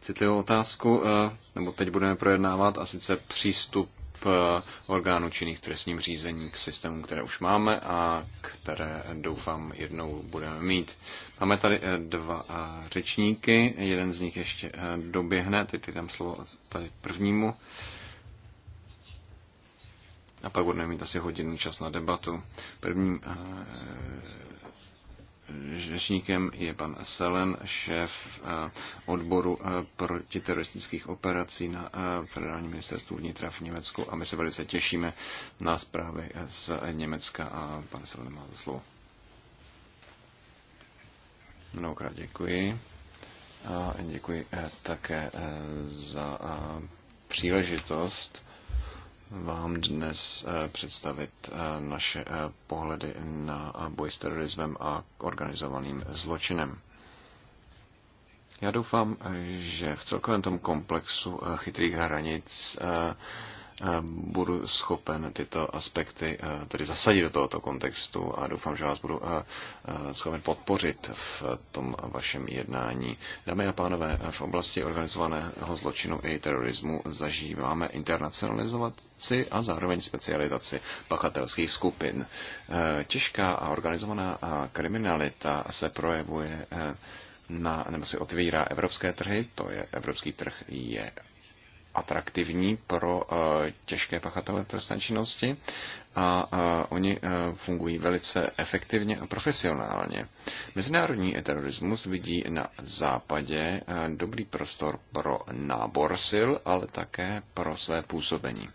citlivou otázku, uh, nebo teď budeme projednávat, a sice přístup Eh, orgánů činných trestním řízení k systémům, které už máme a které doufám jednou budeme mít. Máme tady eh, dva eh, řečníky, jeden z nich ještě doběhne, teď dám slovo tady prvnímu. A pak budeme mít asi hodinu čas na debatu. Prvním řečníkem je pan Selen, šéf eh, odboru eh, protiteroristických operací na eh, Federálním ministerstvu vnitra v Německu a my se velice těšíme na zprávy z Německa a pan Selen má za slovo. Mnohokrát děkuji. A děkuji také za příležitost vám dnes eh, představit eh, naše eh, pohledy na boj s terorismem a organizovaným zločinem. Já doufám, že v celkovém tom komplexu chytrých hranic budu schopen tyto aspekty tedy zasadit do tohoto kontextu a doufám, že vás budu schopen podpořit v tom vašem jednání. Dámy a pánové, v oblasti organizovaného zločinu i terorismu zažíváme internacionalizaci a zároveň specializaci pachatelských skupin. E, těžká a organizovaná kriminalita se projevuje e, na, nebo se otvírá evropské trhy, to je evropský trh je atraktivní pro eh, těžké pachatele trestné činnosti a eh, oni eh, fungují velice efektivně a profesionálně. Mezinárodní terorismus vidí na západě dobrý prostor pro nábor sil, ale také pro své působení.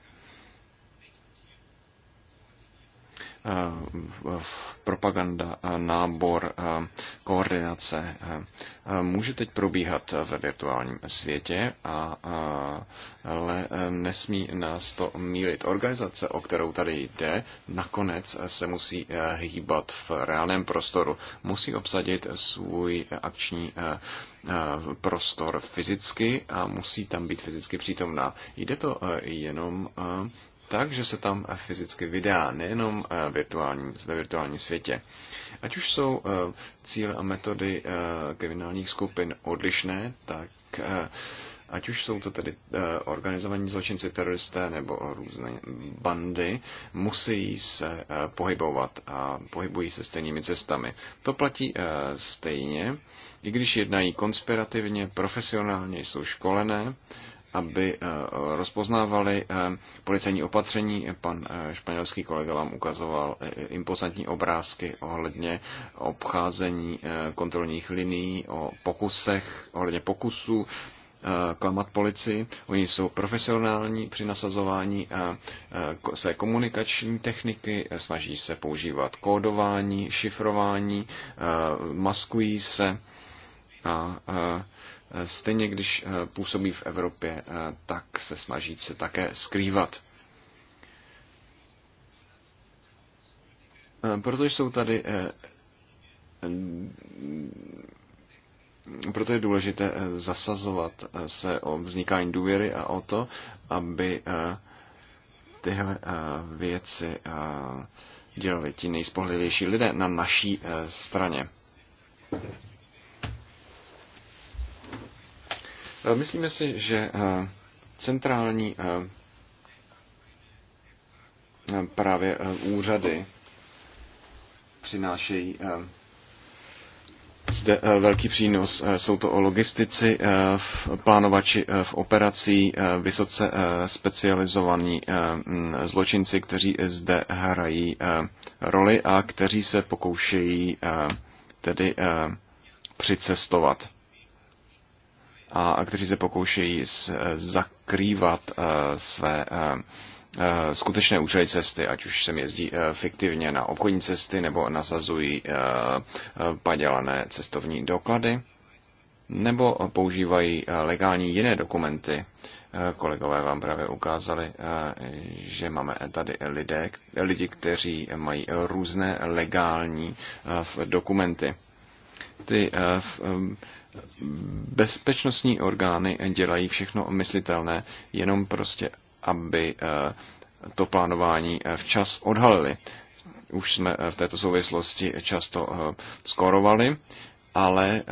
Eh, propaganda, eh, nábor, eh, koordinace může teď probíhat ve virtuálním světě, a, ale nesmí nás to mílit. Organizace, o kterou tady jde, nakonec se musí hýbat v reálném prostoru. Musí obsadit svůj akční prostor fyzicky a musí tam být fyzicky přítomná. Jde to jenom tak, že se tam fyzicky vydá, nejenom eh, virtuální, ve virtuálním světě. Ať už jsou eh, cíle a metody eh, kriminálních skupin odlišné, tak ať už jsou to tedy organizovaní zločinci, teroristé nebo různé bandy, musí se pohybovat a pohybují se stejnými cestami. To platí stejně, i když jednají konspirativně, profesionálně jsou školené aby eh, rozpoznávali eh, policejní opatření. Pan eh, španělský kolega vám ukazoval impozantní obrázky ohledně obcházení kontrolních linií, o pokusech, ohledně pokusů klamat policii. Oni jsou profesionální při nasazování své komunikační techniky, snaží se používat kódování, šifrování, maskují se a Stejně když eh, působí v Evropě, eh, tak se snaží se také skrývat. Eh, Protože jsou tady proto je důležité zasazovat se o vznikání důvěry a o to, aby tyhle věci dělali ti nejspohlivější lidé na naší straně. Eh, myslíme si, že eh, centrální eh, právě úřady přinášejí zde velký přínos. Jsou to o logistici, plánovači v operací, vysoce specializovaní zločinci, kteří zde hrají roli a kteří se pokoušejí tedy přicestovat a kteří se pokoušejí eh, zakrývat eh, své eh, skutečné účely cesty, ať už sem jezdí fiktivně na obchodní cesty nebo nasazují padělané cestovní doklady nebo používají legální jiné dokumenty. Kolegové vám právě ukázali, že máme tady lidé, lidi, kteří mají různé legální dokumenty. Ty Bezpečnostní orgány dělají všechno myslitelné, jenom prostě, aby eh, to plánování eh, včas odhalili. Už jsme eh, v této souvislosti často skorovali, ale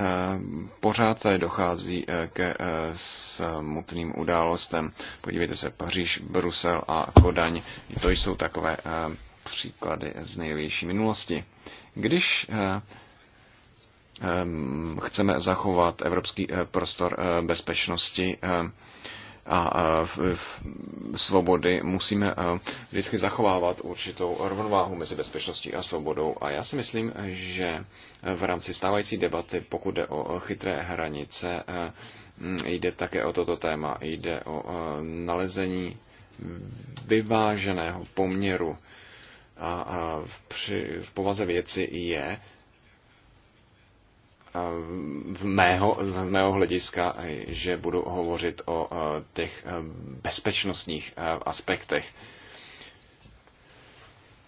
pořád tady dochází ke smutným událostem. Podívejte se, Paříž, Brusel a Kodaň, to jsou takové příklady z největší minulosti. Když Ehm, chceme zachovat evropský eh, prostor eh, bezpečnosti eh, a svobody, musíme vždycky zachovávat určitou rovnováhu mezi bezpečností a svobodou. A já si myslím, že v rámci stávající debaty, pokud jde o chytré hranice, hm, jde také o toto téma. Jde o nalezení vyváženého poměru a v, při, v povaze věci je, v mého, z mého hlediska, že budu hovořit o e, těch e, bezpečnostních e, aspektech.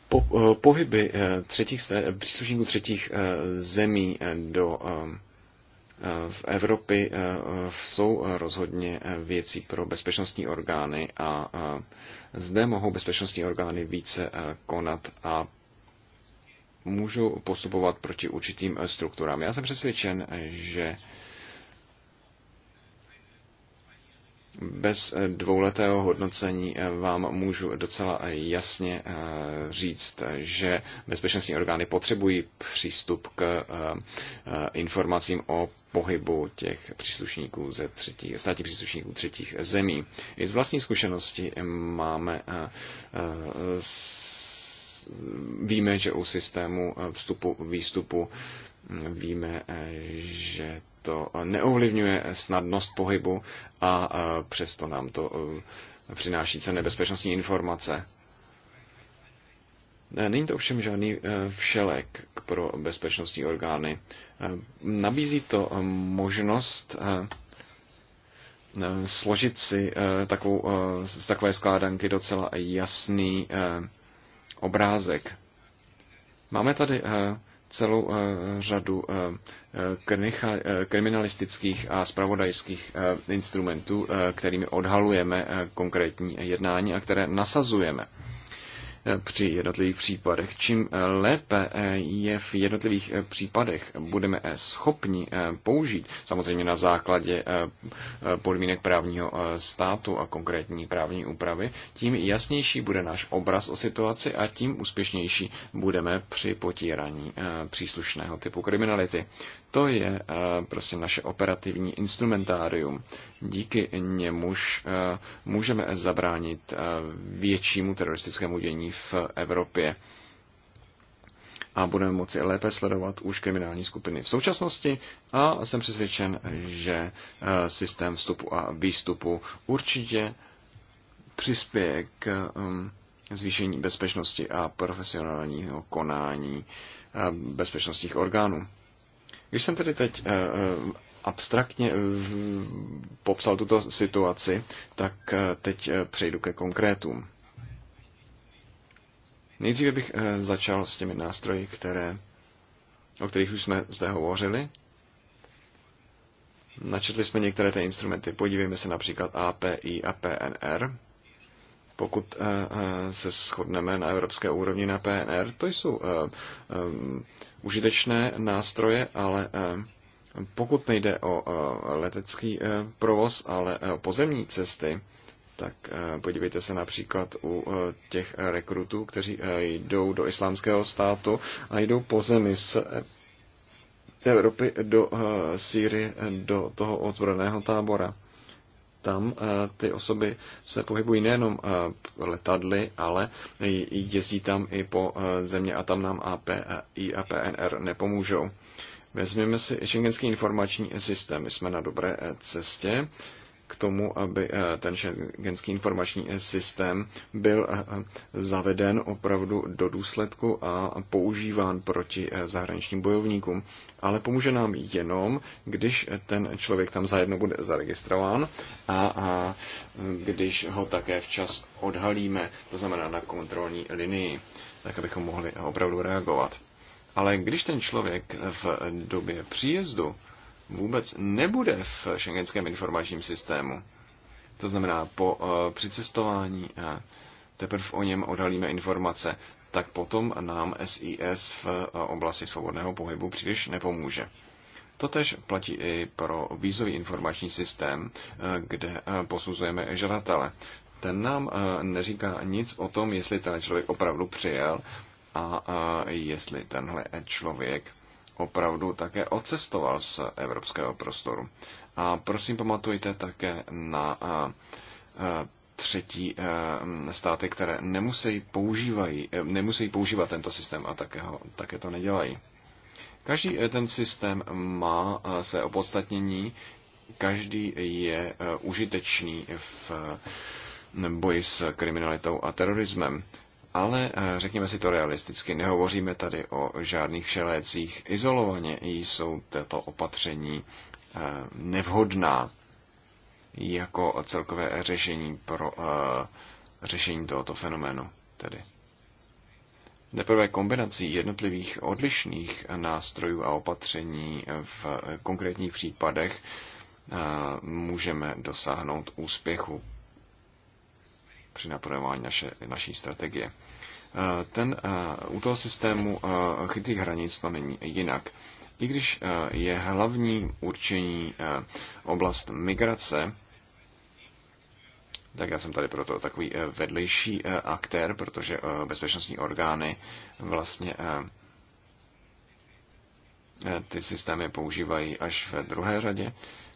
Po, pohyby třetích, příslušníků třetích zemí do v Evropy jsou rozhodně věcí pro bezpečnostní orgány a zde mohou bezpečnostní orgány více konat a můžu postupovat proti určitým eh, strukturám. Já jsem přesvědčen, eh, že bez eh, dvouletého hodnocení vám můžu docela jasně říct, že bezpečnostní orgány potřebují přístup k informacím o pohybu těch příslušníků ze třetích, státních příslušníků třetích zemí. I z vlastní zkušenosti máme s víme, že u systému eh, vstupu, výstupu hm, víme, eh, že to neovlivňuje snadnost pohybu a eh, přesto nám to přináší se bezpečnostní informace. Není to ovšem žádný všelek pro bezpečnostní orgány. Nabízí to možnost složit si takovou, z takové skládanky docela jasný obrázek. Máme tady eh, celou eh, řadu eh, kriminalistických a spravodajských instrumentů, kterými odhalujeme konkrétní jednání a které nasazujeme při jednotlivých případech. Čím lépe eh, je v jednotlivých eh, případech budeme eh, schopni použít, samozřejmě na základě podmínek právního státu a konkrétní právní úpravy, tím jasnější bude náš obraz o situaci a tím úspěšnější budeme při potírání příslušného typu kriminality. To je eh, prostě naše operativní instrumentárium. Díky němuž eh, můžeme zabránit eh, většímu teroristickému dění v Evropě a budeme moci lépe sledovat už kriminální skupiny v současnosti a jsem přesvědčen, že systém vstupu a výstupu určitě přispěje k zvýšení bezpečnosti a profesionálního konání bezpečnostních orgánů. Když jsem tedy teď eh, eh, abstraktně eh, popsal tuto situaci, tak teď přejdu ke konkrétům. Nejdříve bych začal s těmi nástroji, které, o kterých už jsme zde hovořili. Načetli jsme některé ty instrumenty. Podívejme se například API a PNR pokud eh, eh, se shodneme na evropské úrovni na PNR. To jsou eh, užitečné nástroje, ale pokud nejde o letecký provoz, ale o pozemní cesty, tak podívejte se například u těch rekrutů, kteří jdou do islámského státu a jdou po zemi z Evropy do Sýrie, do toho ozbrojeného tábora tam eh, ty osoby se pohybují nejenom eh, letadly, ale jezdí tam i po eh, země a tam nám AP, I a PNR nepomůžou. Vezměme si Schengenský informační systém. My jsme na dobré cestě k tomu, aby eh, ten šengenský informační eh, systém byl eh, zaveden opravdu do důsledku a používán proti zahraničním bojovníkům. Ale pomůže nám jenom, když ten člověk tam zajedno bude zaregistrován a, a když ho také včas odhalíme, to znamená na kontrolní linii, tak abychom mohli opravdu reagovat. Ale když ten člověk v době příjezdu vůbec nebude v šengenském informačním systému. To znamená, po eh, přicestování eh, teprve o něm odhalíme informace, tak potom nám SIS v eh, oblasti svobodného pohybu příliš nepomůže. Totež platí i pro vízový informační systém, kde posuzujeme žadatele. Ten nám neříká nic o tom, jestli ten člověk opravdu přijel a jestli tenhle člověk opravdu také odcestoval z evropského prostoru. A prosím pamatujte také na třetí státy, které nemusí, používají, nemusí používat tento systém a také, ho, také to nedělají. Každý ten systém má své opodstatnění, každý je užitečný v boji s kriminalitou a terorismem. Ale eh, řekněme si to realisticky, nehovoříme tady o žádných všelécích. Izolovaně jsou tato opatření eh, nevhodná jako celkové řešení pro eh, řešení tohoto fenoménu. Tedy. Neprve kombinací jednotlivých odlišných nástrojů a opatření v konkrétních případech můžeme dosáhnout úspěchu při naplňování naše, naší strategie. Eh, ten, eh, u toho systému eh, chytých hranic to není jinak. I když je hlavní určení oblast migrace, tak já jsem tady proto takový vedlejší aktér, protože bezpečnostní orgány vlastně ty systémy používají až ve druhé řadě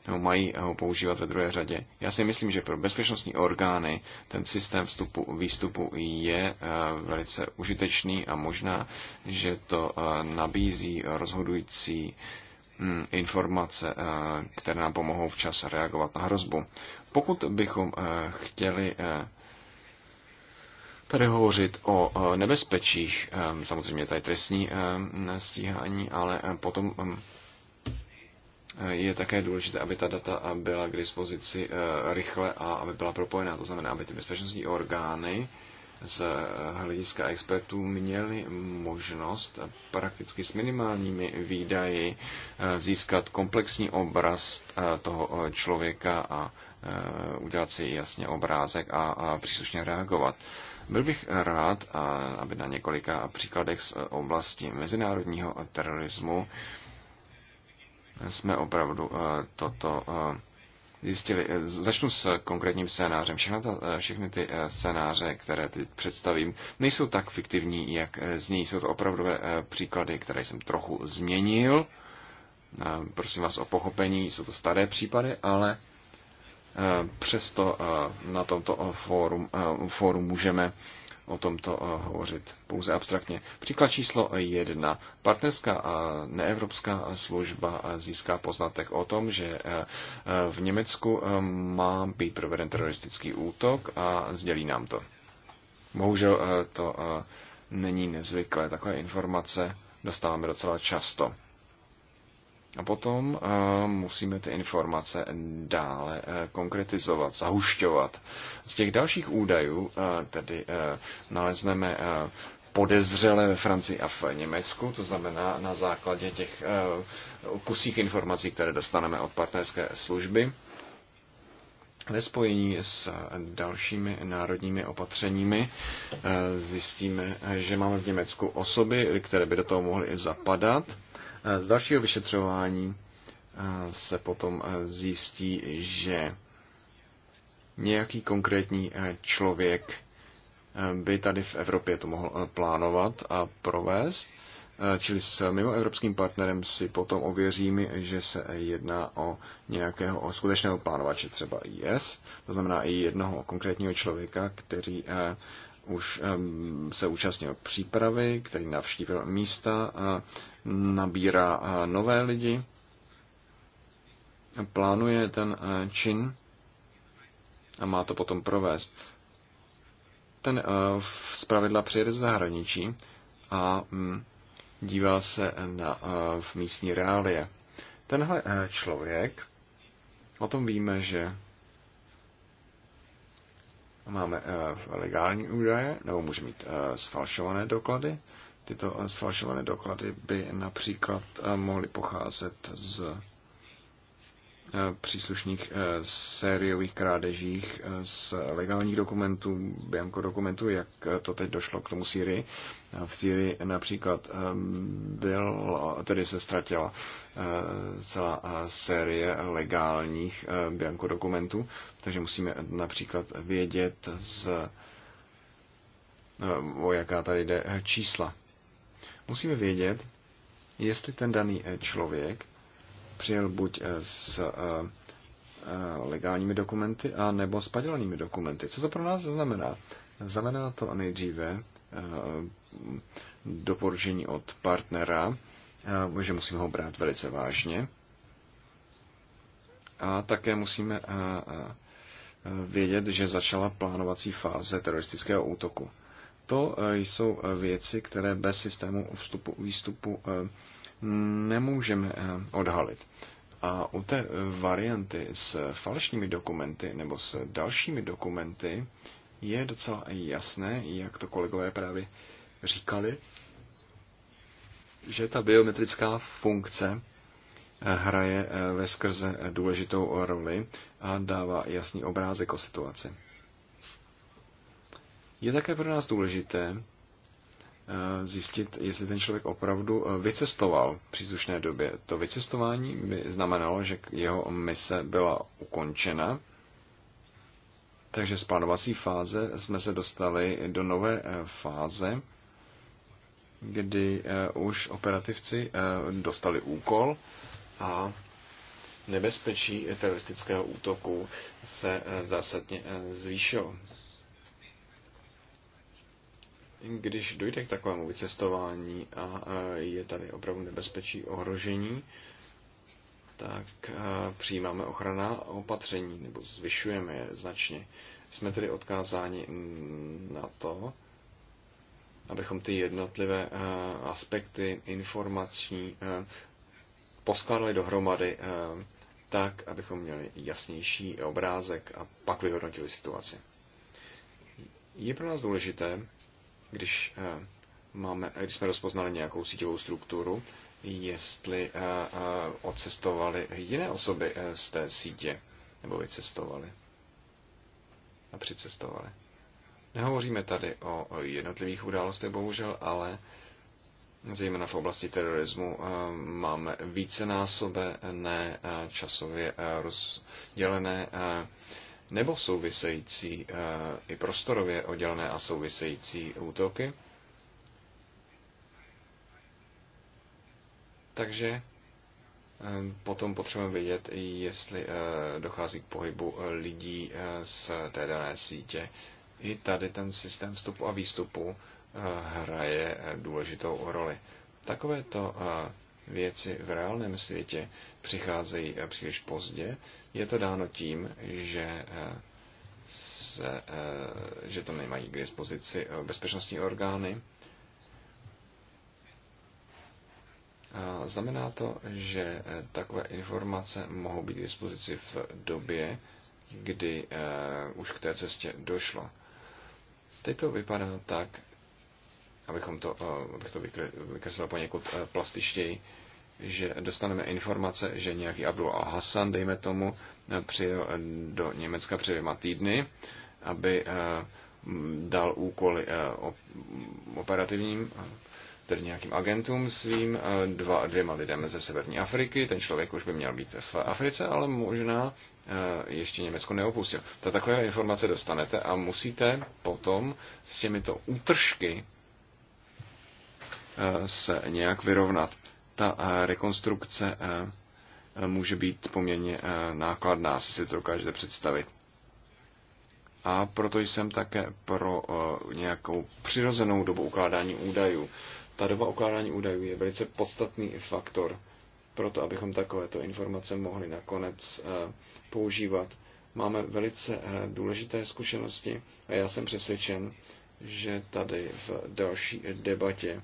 nebo mají eh, ho používat ve druhé řadě. Já si myslím, že pro bezpečnostní orgány ten systém vstupu výstupu je eh, velice užitečný a možná, že to eh, nabízí rozhodující hm, informace, které nám pomohou včas reagovat na hrozbu. Pokud bychom chtěli tady hovořit o nebezpečích, samozřejmě tady trestní stíhání, ale potom hm, je také důležité, aby ta data byla k dispozici eh, rychle a aby byla propojená. To znamená, aby ty bezpečnostní orgány z eh, hlediska expertů měli možnost prakticky s minimálními výdaji eh, získat komplexní obraz toho člověka a udělat si jasně obrázek a příslušně reagovat. Byl bych rád, aby na několika příkladech z oblasti mezinárodního terorismu jsme opravdu eh, toto eh, zjistili. Eh, začnu s konkrétním scénářem. Všechny, ta, všechny ty scénáře, které teď představím, nejsou tak fiktivní, jak zní. Jsou to opravdové příklady, které jsem trochu změnil. Prosím vás o pochopení, jsou to staré případy, ale přesto na tomto fórum, fórum můžeme o tomto eh, hovořit pouze abstraktně. Příklad číslo jedna. Partnerská a neevropská služba eh, získá poznatek o tom, že eh, v Německu má být proveden teroristický útok a sdělí nám to. Bohužel to není nezvyklé. Takové informace dostáváme docela často. A potom eh, musíme ty informace dále eh, konkretizovat, zahušťovat. Z těch dalších údajů eh, tedy nalezneme podezřele ve Francii a v Německu, to znamená na základě těch kusích informací, které dostaneme od partnerské služby. Ve spojení s dalšími národními opatřeními zjistíme, že máme v Německu osoby, které by do toho mohly zapadat z dalšího vyšetřování eh, se potom eh, zjistí, že nějaký konkrétní eh, člověk by tady v Evropě to mohl plánovat a provést. Čili s mimoevropským partnerem si potom ověřím, že se jedná o nějakého o skutečného plánovače, třeba IS, to znamená i jednoho konkrétního člověka, který už se účastnil přípravy, který navštívil místa, nabírá nové lidi, plánuje ten e, čin a má to potom provést. Ten e, z pravidla přijede z zahraničí a mm, dívá se na e, v místní reálie. Tenhle člověk, o tom víme, že Máme eh, legální údaje, nebo může mít eh, sfalšované doklady. Tyto eh, sfalšované doklady by například mohly pocházet z Eh, příslušných eh, sériových krádežích eh, z legálních dokumentů, Bianco dokumentů, jak to teď došlo k tomu Sýrii. V Sýrii například byl, tedy se ztratila celá série legálních Bianco dokumentů, takže musíme například vědět z o jaká tady jde čísla. Musíme vědět, jestli ten daný člověk přijel buď eh, s eh, eh, legálními dokumenty a nebo s padělanými dokumenty. Co to pro nás znamená? Znamená to nejdříve doporučení od partnera, že musíme ho brát velice vážně. A také musíme vědět, že začala plánovací fáze teroristického útoku. To jsou věci, které bez systému vstupu, výstupu nemůžeme eh, odhalit. A u té eh, varianty s falešnými dokumenty nebo s dalšími dokumenty je docela jasné, jak to kolegové právě říkali, že ta biometrická funkce eh, hraje ve skrze důležitou roli a dává jasný obrázek o situaci. Je také pro nás důležité, Eh, zjistit, jestli ten člověk opravdu eh, vycestoval v příslušné době. To vycestování by znamenalo, že jeho mise byla ukončena, takže z plánovací fáze jsme se dostali do nové eh, fáze, kdy už operativci dostali úkol a nebezpečí teroristického útoku se zásadně zvýšilo když dojde k takovému vycestování a e, je tady opravdu nebezpečí ohrožení, tak e, přijímáme ochrana opatření nebo zvyšujeme je značně. Jsme tedy odkázáni na to, abychom ty jednotlivé e, aspekty informační poskladali dohromady tak, abychom měli jasnější obrázek a pak vyhodnotili situaci. Je pro nás důležité, když, eh, máme, eh, když jsme rozpoznali nějakou síťovou strukturu, jestli eh, odcestovali jiné osoby z té sítě, nebo vycestovali a přicestovali. Nehovoříme tady o jednotlivých událostech, bohužel, ale zejména v oblasti terorismu máme více ne časově rozdělené nebo související eh, i prostorově oddělené a související útoky. Takže eh, potom potřebujeme vědět, jestli eh, dochází k pohybu lidí z té dané sítě. I tady ten systém vstupu a výstupu hraje důležitou roli. Takovéto věci v reálném světě přicházejí eh, příliš pozdě. Je to dáno tím, že, eh, se, eh, že to nemají k dispozici bezpečnostní orgány. A znamená to, že takové informace mohou být k dispozici v době, kdy už k té cestě došlo. Teď to vypadá tak, abychom to, eh, abych to vykreslil poněkud eh, plastičtěji, že dostaneme informace, že nějaký Abdul al-Hassan, dejme tomu, eh, přijel do Německa před dvěma týdny, aby dal úkoly operativním, tedy nějakým agentům svým, dva, dvěma lidem ze Severní Afriky. Ten člověk už by měl být v Africe, ale možná ještě Německo neopustil. Ta takové informace dostanete a musíte potom s těmito útržky Eh, se nějak vyrovnat. Ta eh, rekonstrukce eh, může být poměrně nákladná, si si to dokážete představit. A proto jsem také pro nějakou přirozenou dobu ukládání údajů. Ta doba ukládání údajů je velice podstatný faktor pro to, abychom takovéto informace mohli nakonec používat. Máme velice důležité zkušenosti a já jsem přesvědčen, že tady v další debatě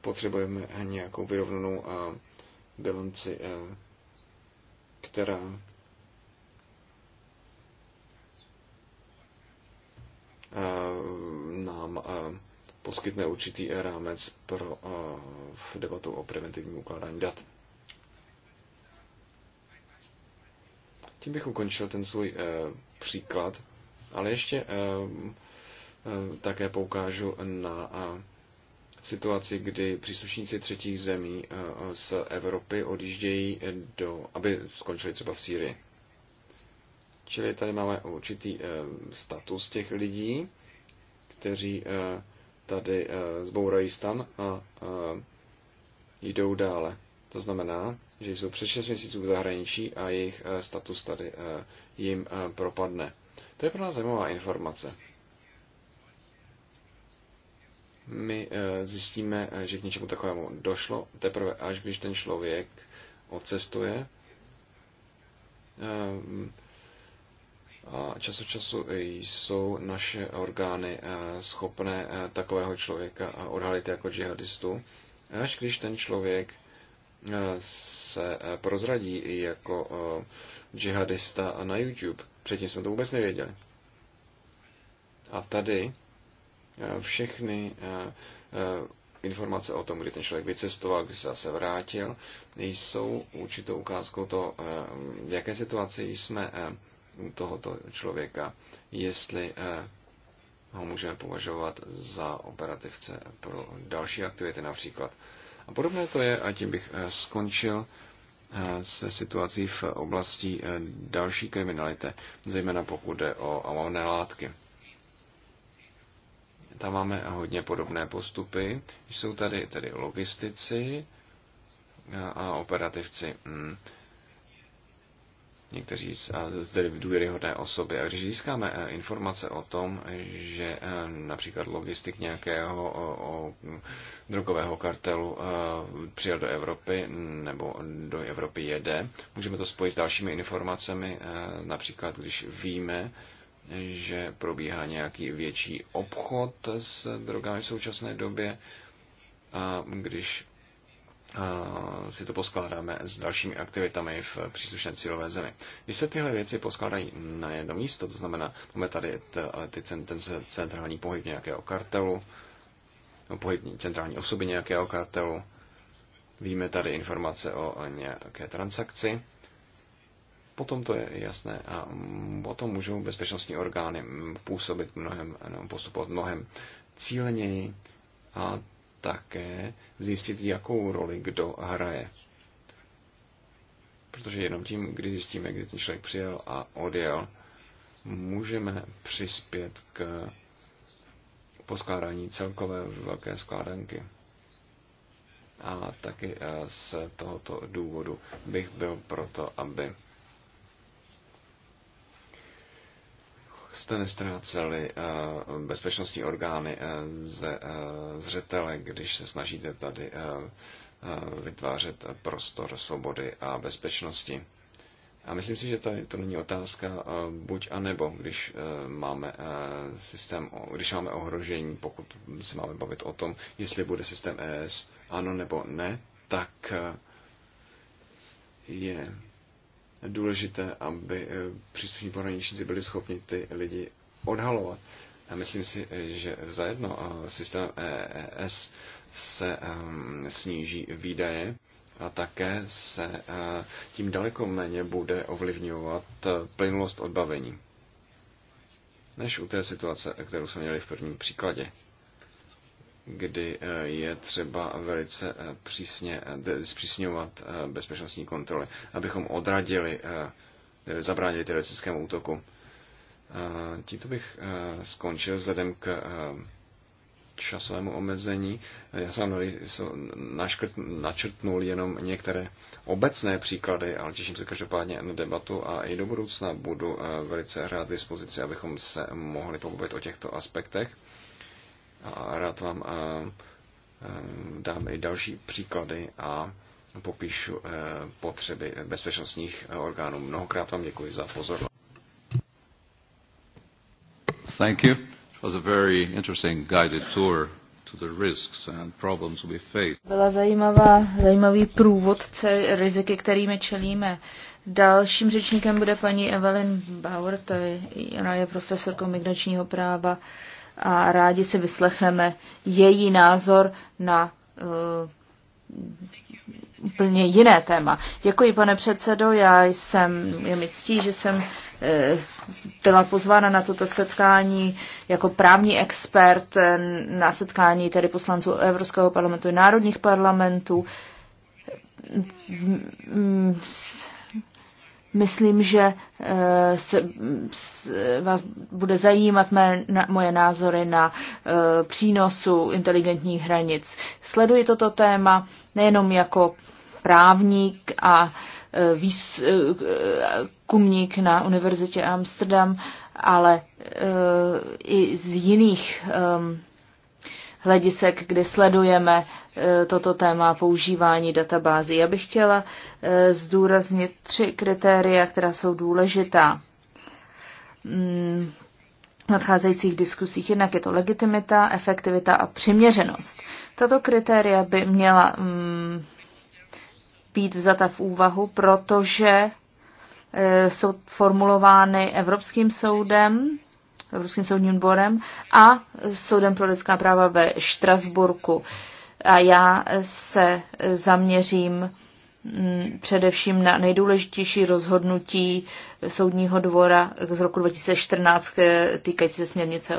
potřebujeme nějakou vyrovnanou eh, bilanci, eh, která eh, nám poskytne určitý rámec pro debatu o preventivním ukládání dat. Tím bych ukončil ten svůj příklad, ale ještě také poukážu na situaci, kdy příslušníci třetích zemí eh, z Evropy odjíždějí, do, aby skončili třeba v Sýrii. Čili tady máme určitý eh, status těch lidí, kteří eh, tady zbourají stan a jdou dále. To znamená, že jsou přes 6 měsíců v zahraničí a jejich status tady jim propadne. To je pro nás zajímavá informace my eh, zjistíme, eh, že k něčemu takovému došlo, teprve až když ten člověk odcestuje. Ehm, a čas od času jsou naše orgány eh, schopné takového člověka odhalit jako džihadistu, až když ten člověk se prozradí i jako džihadista na YouTube. Předtím jsme to vůbec nevěděli. A tady Eh, všechny eh, eh, informace o tom, kdy ten člověk vycestoval, kdy se zase vrátil, jsou určitou ukázkou toho, v jaké situaci jsme u tohoto člověka, jestli ho můžeme považovat za operativce pro další aktivity například. A podobné to je, a tím bych skončil se situací v oblasti další kriminality, zejména pokud jde o amalné látky. Tam máme hodně podobné postupy. Jsou tady tedy logistici a operativci. Hmm někteří zde v důvěryhodné osoby. A když získáme e, informace o tom, že e, například logistik nějakého o, drogového kartelu e, přijel do Evropy nebo do Evropy jede, můžeme to spojit s dalšími informacemi, například když víme, že probíhá nějaký větší obchod s drogami v současné době. A když si to poskládáme s dalšími aktivitami v příslušné cílové zemi. Když se tyhle věci poskládají na jedno místo, to znamená, máme tady ty, ten centrální pohyb nějakého kartelu, no, pohyb centrální osoby nějakého kartelu, víme tady informace o nějaké transakci, potom to je jasné a potom můžou bezpečnostní orgány působit mnohem, nebo postupovat mnohem cíleněji a také zjistit, jakou roli kdo hraje. Protože jenom tím, kdy zjistíme, kdy ten člověk přijel a odjel, můžeme přispět k poskládání celkové velké skládanky. A taky eh, z tohoto důvodu bych byl proto, aby jste nestráceli eh, bezpečnostní orgány eh, ze eh, zřetele, když se snažíte tady vytvářet prostor svobody a bezpečnosti. A myslím si, že to, to není otázka buď a nebo, když máme systém, když máme ohrožení, pokud se máme bavit o tom, jestli bude systém ES ano nebo ne, tak je důležité, aby eh, příslušní pohraničníci byli schopni ty lidi odhalovat. A myslím si, eh, že zajedno eh, systém EES se ehm, sníží výdaje a také se tím daleko méně bude ovlivňovat plynulost odbavení než u té situace, kterou jsme měli v prvním příkladě kdy eh, je třeba velice eh, přísně eh, zpřísňovat bezpečnostní kontroly, abychom odradili, zabránili teroristickému útoku. Tímto bych skončil vzhledem k časovému omezení. Já jsem načrtnul jenom některé obecné příklady, ale těším se každopádně na debatu a i do budoucna budu velice rád dispozici, abychom se mohli pobavit o těchto aspektech. A rád vám eh, eh, dám i další příklady a popíšu eh, potřeby bezpečnostních orgánů. Mnohokrát vám děkuji za pozornost. Thank you. It was a very interesting guided tour to the risks and problems we face. Byla zajímavá, zajímavý průvodce riziky, kterými čelíme. Dalším řečníkem bude paní Evelyn Bauer, to je, ona je profesorkou migračního práva a rádi si vyslechneme její názor na uh, úplně jiné téma. Děkuji, pane předsedo, já jsem, je mi ctí, že jsem eh, byla pozvána na toto setkání jako právní expert eh, na setkání tedy poslanců Evropského parlamentu i národních parlamentů Myslím, že eh, se, s, vás bude zajímat mé, na, moje názory na uh, přínosu inteligentních hranic. Sleduji toto téma nejenom jako právník a uh, výs, uh, kumník na Univerzitě Amsterdam, ale uh, i z jiných. um, hledisek, kdy sledujeme e, toto téma používání databází. Já bych chtěla e, zdůraznit tři kritéria, která jsou důležitá mm, nadcházejících diskusích. Jednak je to legitimita, efektivita a přiměřenost. Tato kritéria by měla mm, být vzata v úvahu, protože e, jsou formulovány Evropským soudem Evropským soudním dvorem a Soudem pro lidská práva ve Štrasburku. A já se zaměřím mm, především na nejdůležitější rozhodnutí Soudního dvora z roku 2014 týkající se směrnice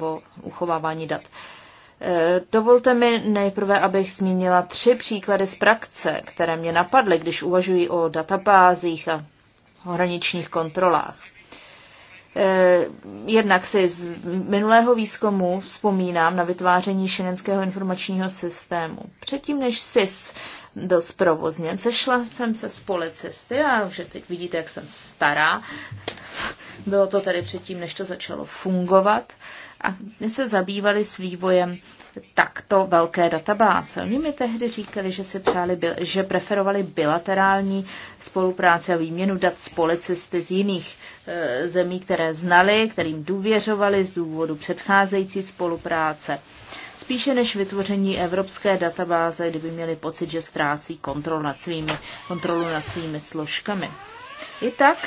o uchovávání dat. E, dovolte mi nejprve, abych zmínila tři příklady z praxe, které mě napadly, když uvažuji o databázích a hraničních kontrolách. Eh, jednak si z minulého výzkumu vzpomínám na vytváření šenenského informačního systému. Předtím, než SIS byl zprovozněn, sešla jsem se s policisty a už teď vidíte, jak jsem stará. Bylo to tady předtím, než to začalo fungovat. A my se zabývali s vývojem takto velké databáze. Oni mi tehdy říkali, že si přáli, že preferovali bilaterální spolupráci a výměnu dat s policisty z jiných e, zemí, které znali, kterým důvěřovali z důvodu předcházející spolupráce. Spíše než vytvoření evropské databáze, kdyby měli pocit, že ztrácí kontrol nad svými, kontrolu nad svými složkami. I tak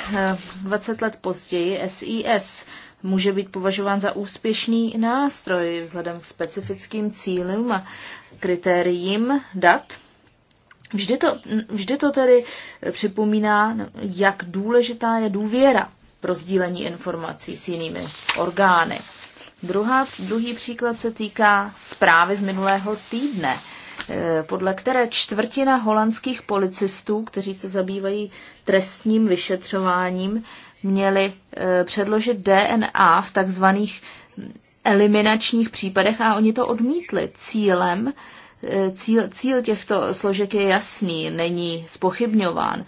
20 e, let později SIS může být považován za úspěšný nástroj vzhledem k specifickým cílům a kritériím dat. Vždy to, vždy to tedy připomíná, jak důležitá je důvěra pro sdílení informací s jinými orgány. Druhá, druhý příklad se týká zprávy z minulého týdne, eh, podle které čtvrtina holandských policistů, kteří se zabývají trestním vyšetřováním, měli e, předložit DNA v takzvaných eliminačních případech a oni to odmítli. Cílem, e, cíl, cíl těchto složek je jasný, není spochybňován.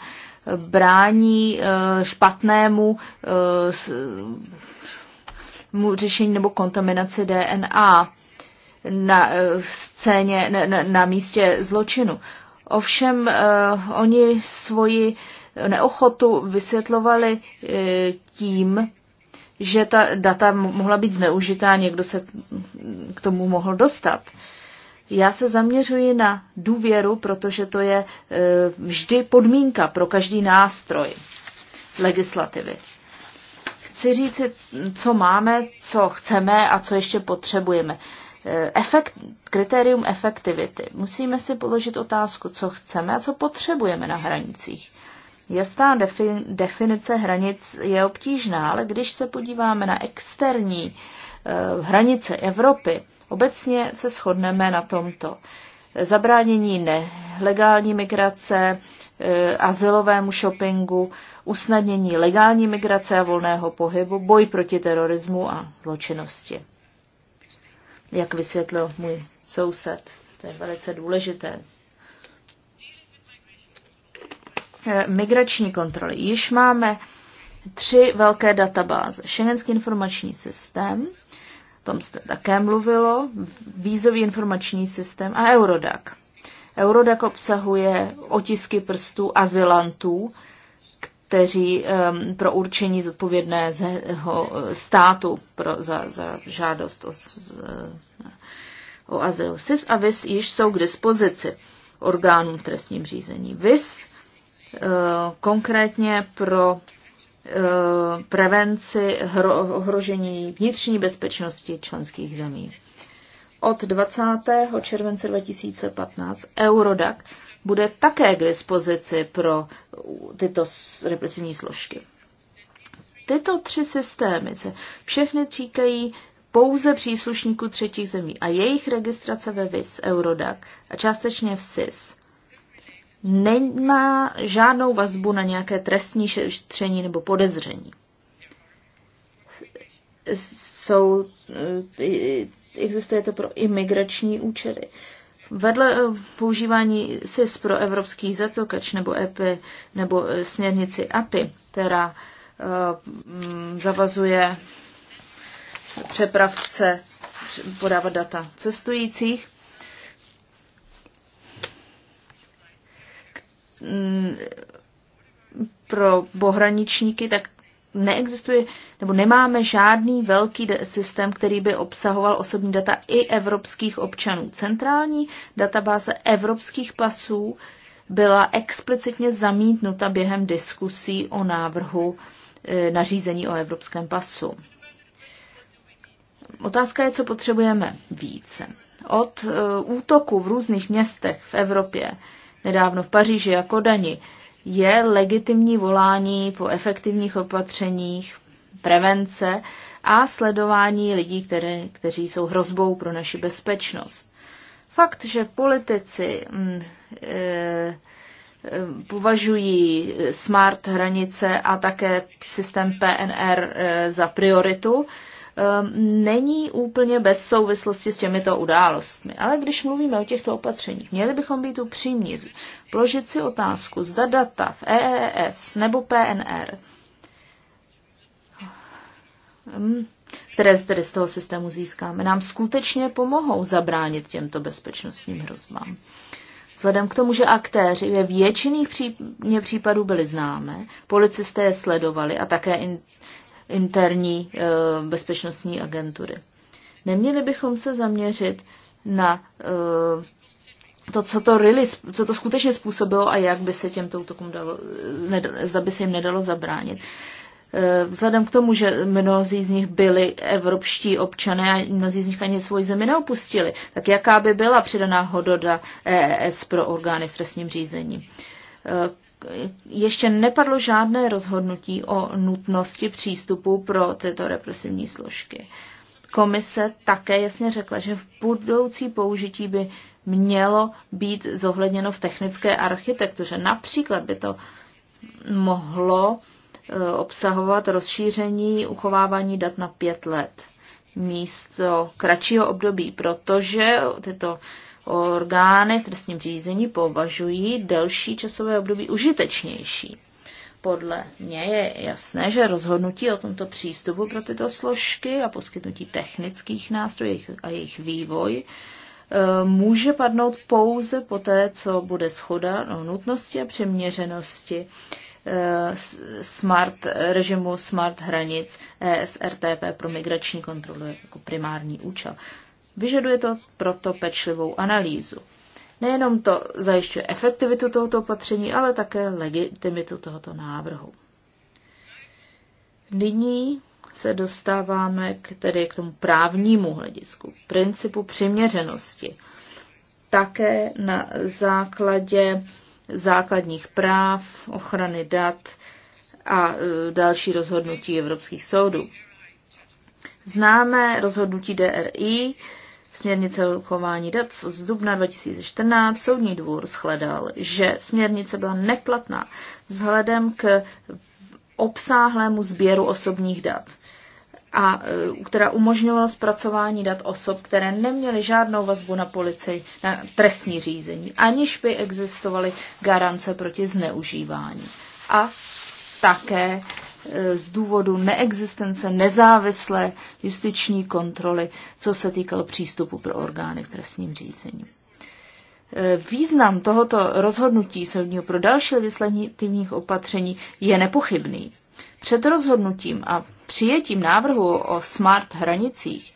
Brání e, špatnému řešení nebo kontaminaci DNA na scéně, na, na, na místě zločinu. Ovšem eh, oni svoji neochotu vysvětlovali e, tím, že ta data mohla být zneužitá, někdo se k tomu mohl dostat. Já se zaměřuji na důvěru, protože to je e, vždy podmínka pro každý nástroj legislativy. Chci říct, co máme, co chceme a co ještě potřebujeme. E, efekt, kritérium efektivity. Musíme si položit otázku, co chceme a co potřebujeme na hranicích. Jasná defin, definice hranic je obtížná, ale když se podíváme na externí eh, hranice Evropy, obecně se shodneme na tomto. Zabránění nelegální migrace, eh, azylovému shoppingu, usnadnění legální migrace a volného pohybu, boj proti terorismu a zločinnosti. Jak vysvětlil můj soused, to je velice důležité. Eh, migrační kontroly. Již máme tři velké databáze. Schengenský informační systém, o tom jste také mluvilo, vízový informační systém a Eurodac. Eurodac obsahuje otisky prstů azylantů, kteří um, pro určení zodpovědného eh, státu pro, za, za žádost o, z, eh, o azyl. SIS a VIS již jsou k dispozici orgánům trestním řízení. VIS Eh, konkrétně pro eh, prevenci ohrožení vnitřní bezpečnosti členských zemí. Od 20. července 2015 Eurodac bude také k dispozici pro tyto represivní složky. Tyto tři systémy se všechny říkají pouze příslušníků třetích zemí a jejich registrace ve VIS, Eurodac a částečně v SIS – nemá žádnou vazbu na nějaké trestní šetření nebo podezření. Jsou, eh, existuje to pro imigrační účely. Vedle používání SIS pro evropský zatokač nebo EP nebo eh, směrnici API, která eh, zavazuje přepravce podávat data cestujících, Mm, pro bohraničníky, tak neexistuje, nebo nemáme žádný velký systém, který by obsahoval osobní data i evropských občanů. Centrální databáze evropských pasů byla explicitně zamítnuta během diskusí o návrhu e, nařízení o evropském pasu. Otázka je, co potřebujeme více. Od e, útoku v různých městech v Evropě nedávno v Paříži a Kodani, je legitimní volání po efektivních opatřeních, prevence a sledování lidí, které, kteří jsou hrozbou pro naši bezpečnost. Fakt, že politici mm, e, považují smart hranice a také systém PNR eh, za prioritu, Ehm, není úplně bez souvislosti s těmito událostmi. Ale když mluvíme o těchto opatřeních, měli bychom být upřímní, položit si otázku, zda data v EES nebo PNR, ehm, které tedy z toho systému získáme, nám skutečně pomohou zabránit těmto bezpečnostním hrozbám. Vzhledem k tomu, že aktéři ve většiných případů byli známé, policisté je sledovali a také in, interní eh, bezpečnostní agentury. Neměli bychom se zaměřit na eh, to, co to, really, co to skutečně způsobilo a jak by se těmto útokům dalo, eh, zda by se jim nedalo zabránit. Vzhledem k tomu, že mnozí z nich byli evropští občané a mnozí z nich ani svoji zemi neopustili, tak jaká by byla přidaná hododa EES pro orgány v trestním řízení? ještě nepadlo žádné rozhodnutí o nutnosti přístupu pro tyto represivní složky. Komise také jasně řekla, že v budoucí použití by mělo být zohledněno v technické architektuře. Například by to mohlo eh, obsahovat rozšíření uchovávání dat na pět let místo kratšího období, protože tyto Orgány v trestním řízení považují delší časové období užitečnější. Podle mě je jasné, že rozhodnutí o tomto přístupu pro tyto složky a poskytnutí technických nástrojů a jejich vývoj e, může padnout pouze po té, co bude schoda o nutnosti a přeměřenosti e, smart, režimu smart hranic ESRTP pro migrační kontrolu jako primární účel. Vyžaduje to proto pečlivou analýzu. Nejenom to zajišťuje efektivitu tohoto opatření, ale také legitimitu tohoto návrhu. Nyní se dostáváme k, tedy k tomu právnímu hledisku, principu přiměřenosti. Také na základě základních práv, ochrany dat a e, další rozhodnutí evropských soudů. Známe rozhodnutí DRI, směrnice o chování dat z dubna 2014 soudní dvůr shledal, že směrnice byla neplatná vzhledem k obsáhlému sběru osobních dat a e, která umožňovala zpracování dat osob, které neměly žádnou vazbu na policii, na trestní řízení, aniž by existovaly garance proti zneužívání. A také Eh, z důvodu neexistence nezávislé justiční kontroly, co se týkalo přístupu pro orgány v trestním řízení. Eh, význam tohoto rozhodnutí soudního pro další legislativních opatření je nepochybný. Před rozhodnutím a přijetím návrhu o smart hranicích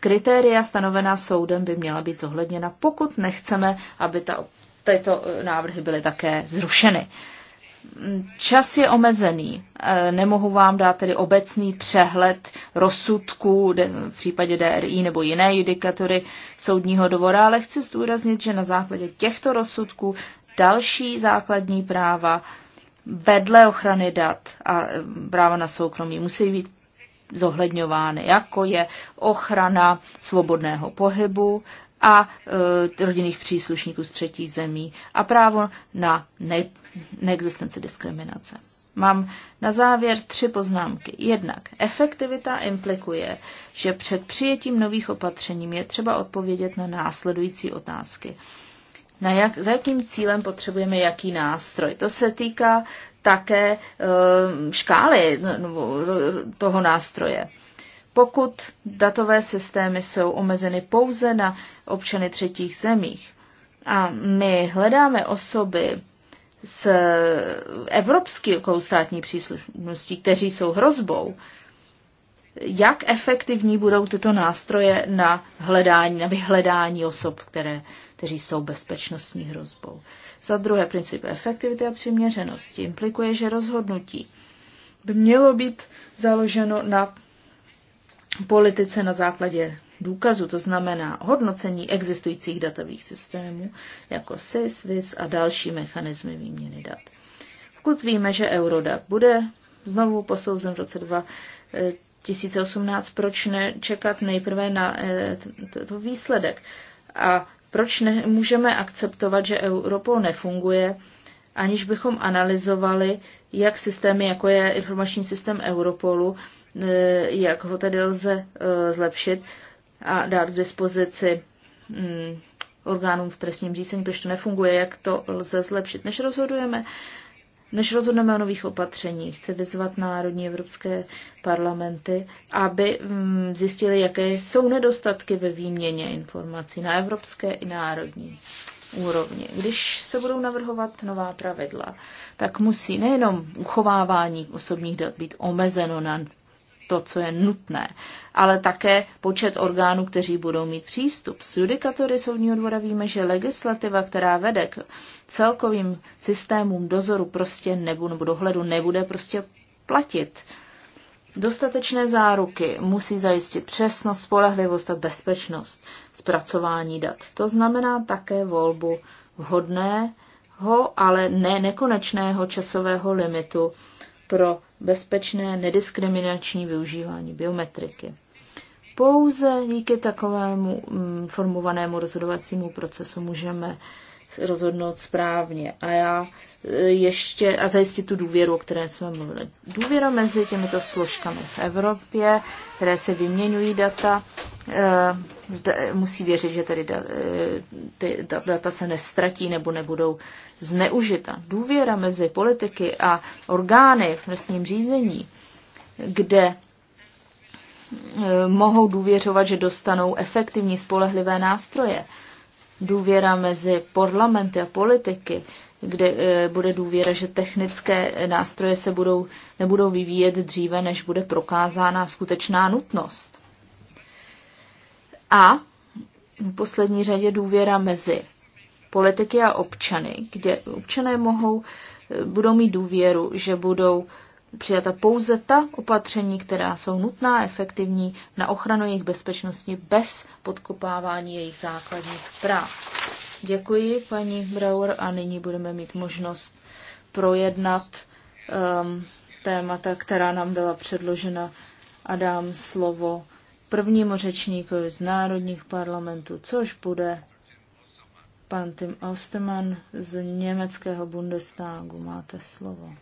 kritéria stanovená soudem by měla být zohledněna, pokud nechceme, aby ta, tyto eh, návrhy byly také zrušeny. Čas je omezený. E, nemohu vám dát tedy obecný přehled rozsudků v případě DRI nebo jiné judikatury soudního dvora, ale chci zdůraznit, že na základě těchto rozsudků další základní práva vedle ochrany dat a e, práva na soukromí musí být zohledňovány, jako je ochrana svobodného pohybu, a e, rodinných příslušníků z třetí zemí a právo na ne, neexistenci diskriminace. Mám na závěr tři poznámky. Jednak, efektivita implikuje, že před přijetím nových opatření je třeba odpovědět na následující otázky. Na jak, za jakým cílem potřebujeme jaký nástroj? To se týká také e, škály nebo no, toho nástroje pokud datové systémy jsou omezeny pouze na občany třetích zemích. A my hledáme osoby s evropskou státní příslušností, kteří jsou hrozbou, jak efektivní budou tyto nástroje na hledání, na vyhledání osob, které, kteří jsou bezpečnostní hrozbou. Za druhé, princip efektivity a přiměřenosti implikuje, že rozhodnutí by mělo být založeno na politice na základě důkazu, to znamená hodnocení existujících datových systémů, jako SIS, VIS a další mechanismy výměny dat. Pokud víme, že Eurodac bude znovu posouzen v roce 2018, eh, proč nečekat nejprve na eh, to výsledek? A proč nemůžeme akceptovat, že Europol nefunguje, aniž bychom analyzovali, jak systémy, jako je informační systém Europolu, Eh, jak ho tedy lze eh, zlepšit a dát k dispozici mm, orgánům v trestním řízení, proč to nefunguje, jak to lze zlepšit. Než rozhodujeme, než rozhodneme o nových opatřeních, chci vyzvat národní evropské parlamenty, aby mm, zjistili, jaké jsou nedostatky ve výměně informací na evropské i národní úrovni. Když se budou navrhovat nová pravidla, tak musí nejenom uchovávání osobních dat být omezeno na to, co je nutné, ale také počet orgánů, kteří budou mít přístup. Z judikatory soudního dvora víme, že legislativa, která vede k celkovým systémům dozoru prostě nebude, nebo dohledu nebude prostě platit. Dostatečné záruky musí zajistit přesnost, spolehlivost a bezpečnost zpracování dat. To znamená také volbu vhodného, ale ne nekonečného časového limitu pro bezpečné nediskriminační využívání biometriky. Pouze díky takovému mm, formovanému rozhodovacímu procesu můžeme rozhodnout správně a já e, ještě a zajistit tu důvěru, o které jsme mluvili. Důvěra mezi těmito složkami v Evropě, které se vyměňují data, e, musí věřit, že tedy e, ty data se nestratí nebo nebudou zneužita. Důvěra mezi politiky a orgány v trestním řízení, kde mohou důvěřovat, že dostanou efektivní spolehlivé nástroje důvěra mezi parlamenty a politiky, kde eh, bude důvěra, že technické nástroje se budou, nebudou vyvíjet dříve, než bude prokázána skutečná nutnost. A v poslední řadě důvěra mezi politiky a občany, kde občané mohou, eh, budou mít důvěru, že budou přijata pouze ta opatření, která jsou nutná, efektivní na ochranu jejich bezpečnosti bez podkopávání jejich základních práv. Děkuji, paní Brauer, a nyní budeme mít možnost projednat um, témata, která nám byla předložena a dám slovo prvnímu řečníkovi z národních parlamentů, což bude pan Tim Ostermann z německého Bundestagu. Máte slovo.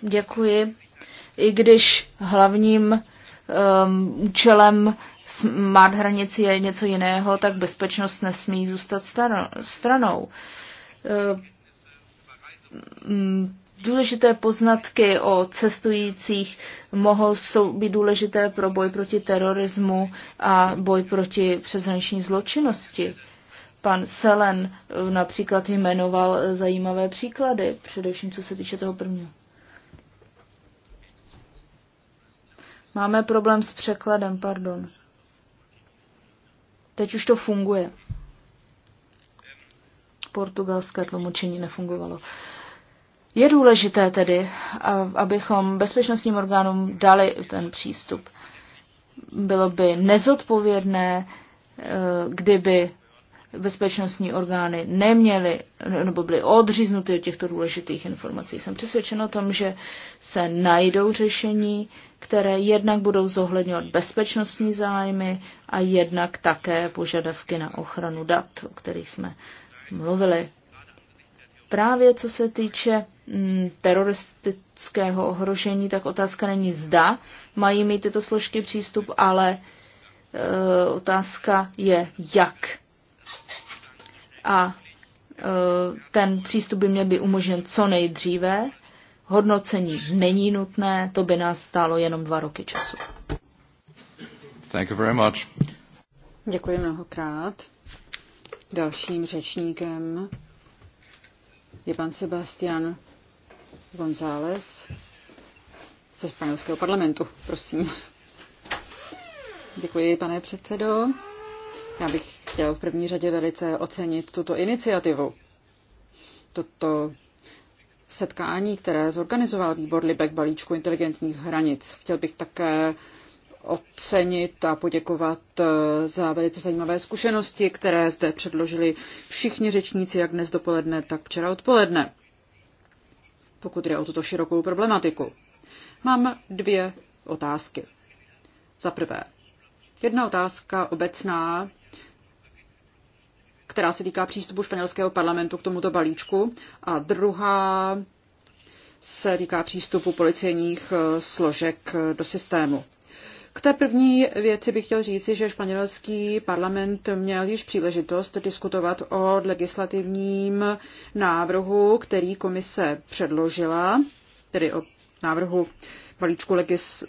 děkuji. I když hlavním um, účelem smart hranici je něco jiného, tak bezpečnost nesmí zůstat stranou. Uh, mm, důležité poznatky o cestujících mohou jsou, být důležité pro boj proti terorismu a boj proti přeshraniční zločinnosti. Pan Selen eh, například jmenoval eh, zajímavé příklady, především co se týče toho prvního. Máme problém s překladem, pardon. Teď už to funguje. Portugalské tlumočení nefungovalo. Je důležité tedy, abychom bezpečnostním orgánům dali ten přístup. Bylo by nezodpovědné, eh, kdyby bezpečnostní orgány neměly nebo byly odříznuty od těchto důležitých informací. Jsem přesvědčena o tom, že se najdou řešení, které jednak budou zohledňovat bezpečnostní zájmy a jednak také požadavky na ochranu dat, o kterých jsme mluvili. Právě co se týče mm, teroristického ohrožení, tak otázka není zda mají mít tyto složky přístup, ale e, otázka je jak a e, ten přístup by měl být umožněn co nejdříve. Hodnocení není nutné, to by nás stálo jenom dva roky času. Thank you very much. Děkuji mnohokrát. Dalším řečníkem je pan Sebastian González ze španělského parlamentu. Prosím. Děkuji, pane předsedo. Já bych chtěl v první řadě velice ocenit tuto iniciativu. Toto setkání, které zorganizoval výbor Libek balíčku inteligentních hranic. Chtěl bych také ocenit a poděkovat eh, za velice zajímavé zkušenosti, které zde předložili všichni řečníci, jak dnes dopoledne, tak včera odpoledne, pokud jde o tuto širokou problematiku. Mám dvě otázky. Za prvé, jedna otázka obecná která se týká přístupu španělského parlamentu k tomuto balíčku a druhá se týká přístupu policejních eh, složek eh, do systému. K té první věci bych chtěl říci, že španělský parlament měl již příležitost diskutovat o legislativním návrhu, který komise předložila, tedy o návrhu balíčku legis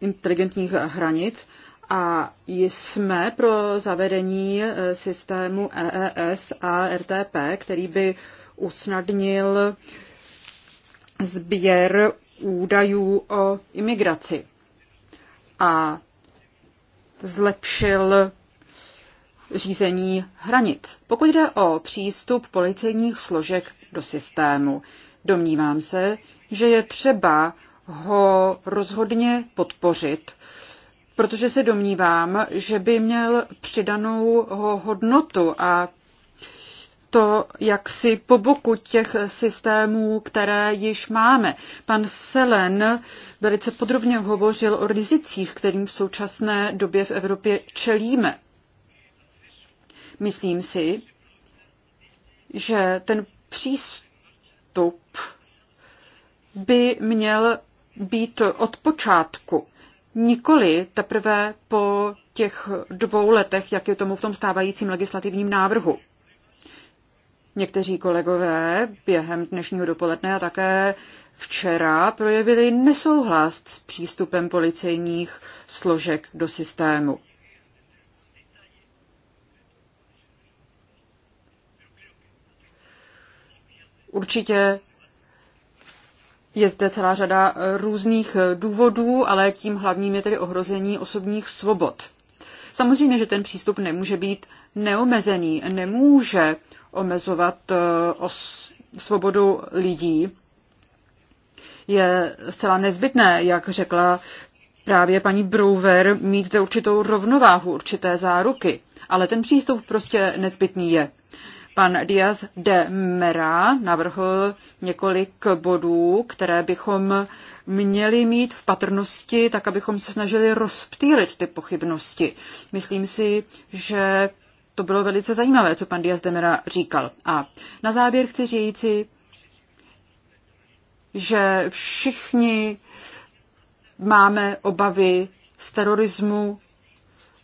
inteligentních hranic a jsme pro zavedení eh, systému EES a RTP, který by usnadnil sběr údajů o imigraci a zlepšil řízení hranic. Pokud jde o přístup policejních složek do systému, domnívám se, že je třeba ho rozhodně podpořit, protože se domnívám, že by měl přidanou hodnotu a to jaksi po boku těch systémů, které již máme. Pan Selen velice podrobně hovořil o rizicích, kterým v současné době v Evropě čelíme. Myslím si, že ten přístup by měl být od počátku nikoli teprve po těch dvou letech, jak je tomu v tom stávajícím legislativním návrhu. Někteří kolegové během dnešního dopoledne a také včera projevili nesouhlas s přístupem policejních složek do systému. Určitě je zde celá řada eh, různých eh, důvodů, ale tím hlavním je tedy ohrození osobních svobod. Samozřejmě, že ten přístup nemůže být neomezený, nemůže omezovat eh, svobodu lidí. Je zcela nezbytné, jak řekla právě paní Brouwer, mít určitou rovnováhu, určité záruky. Ale ten přístup prostě nezbytný je. Pan Diaz de Mera navrhl několik bodů, které bychom měli mít v patrnosti, tak abychom se snažili rozptýlit ty pochybnosti. Myslím si, že to bylo velice zajímavé, co pan Diaz de Mera říkal. A na závěr chci říci, že všichni máme obavy z terorismu,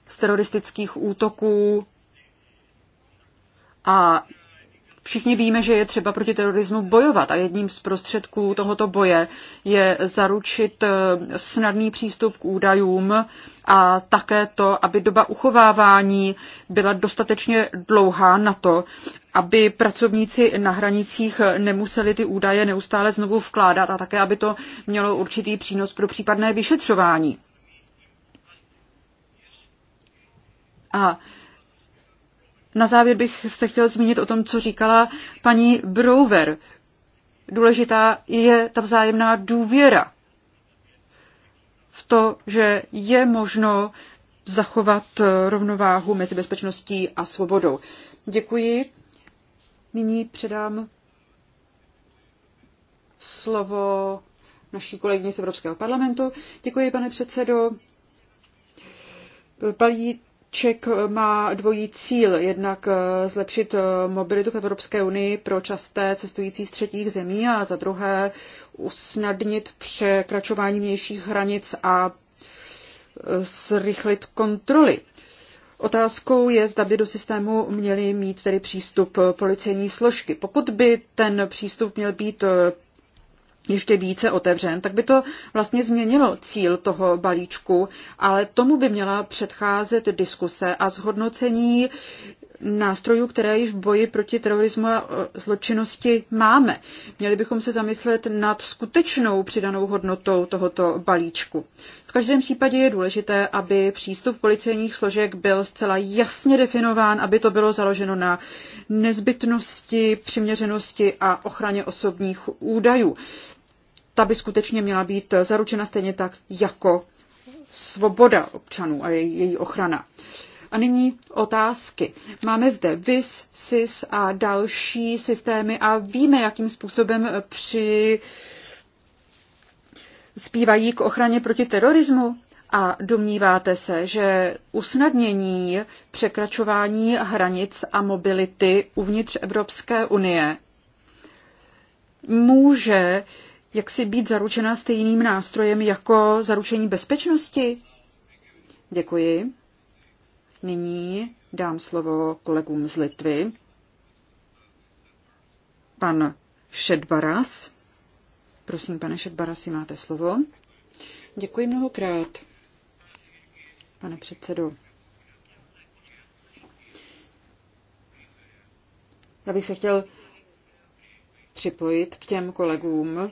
z teroristických útoků, a Všichni víme, že je třeba proti terorismu bojovat a jedním z prostředků tohoto boje je zaručit eh, snadný přístup k údajům a také to, aby doba uchovávání byla dostatečně dlouhá na to, aby pracovníci na hranicích nemuseli ty údaje neustále znovu vkládat a také, aby to mělo určitý přínos pro případné vyšetřování. A na závěr bych se chtěl zmínit o tom, co říkala paní Brouwer. Důležitá je ta vzájemná důvěra v to, že je možno zachovat rovnováhu mezi bezpečností a svobodou. Děkuji. Nyní předám slovo naší kolegyni z Evropského parlamentu. Děkuji, pane předsedo. Palí Ček má dvojí cíl, jednak eh, zlepšit eh, mobilitu v Evropské unii pro časté cestující z třetích zemí a za druhé usnadnit překračování mějších hranic a eh, zrychlit kontroly. Otázkou je, zda by do systému měly mít tedy přístup policejní složky. Pokud by ten přístup měl být ještě více otevřen, tak by to vlastně změnilo cíl toho balíčku, ale tomu by měla předcházet diskuse a zhodnocení nástrojů, které již v boji proti terorismu a e, zločinnosti máme. Měli bychom se zamyslet nad skutečnou přidanou hodnotou tohoto balíčku. V každém případě je důležité, aby přístup policejních složek byl zcela jasně definován, aby to bylo založeno na nezbytnosti, přiměřenosti a ochraně osobních údajů ta by skutečně měla být zaručena stejně tak jako svoboda občanů a její ochrana. A nyní otázky. Máme zde VIS, SIS a další systémy a víme, jakým způsobem při zpívají k ochraně proti terorismu. A domníváte se, že usnadnění překračování hranic a mobility uvnitř Evropské unie může jak si být zaručena stejným nástrojem jako zaručení bezpečnosti? Děkuji. Nyní dám slovo kolegům z Litvy. Pan Šedbaras. Prosím, pane Šedbarasi, máte slovo. Děkuji mnohokrát, pane předsedo. Já bych se chtěl připojit k těm kolegům,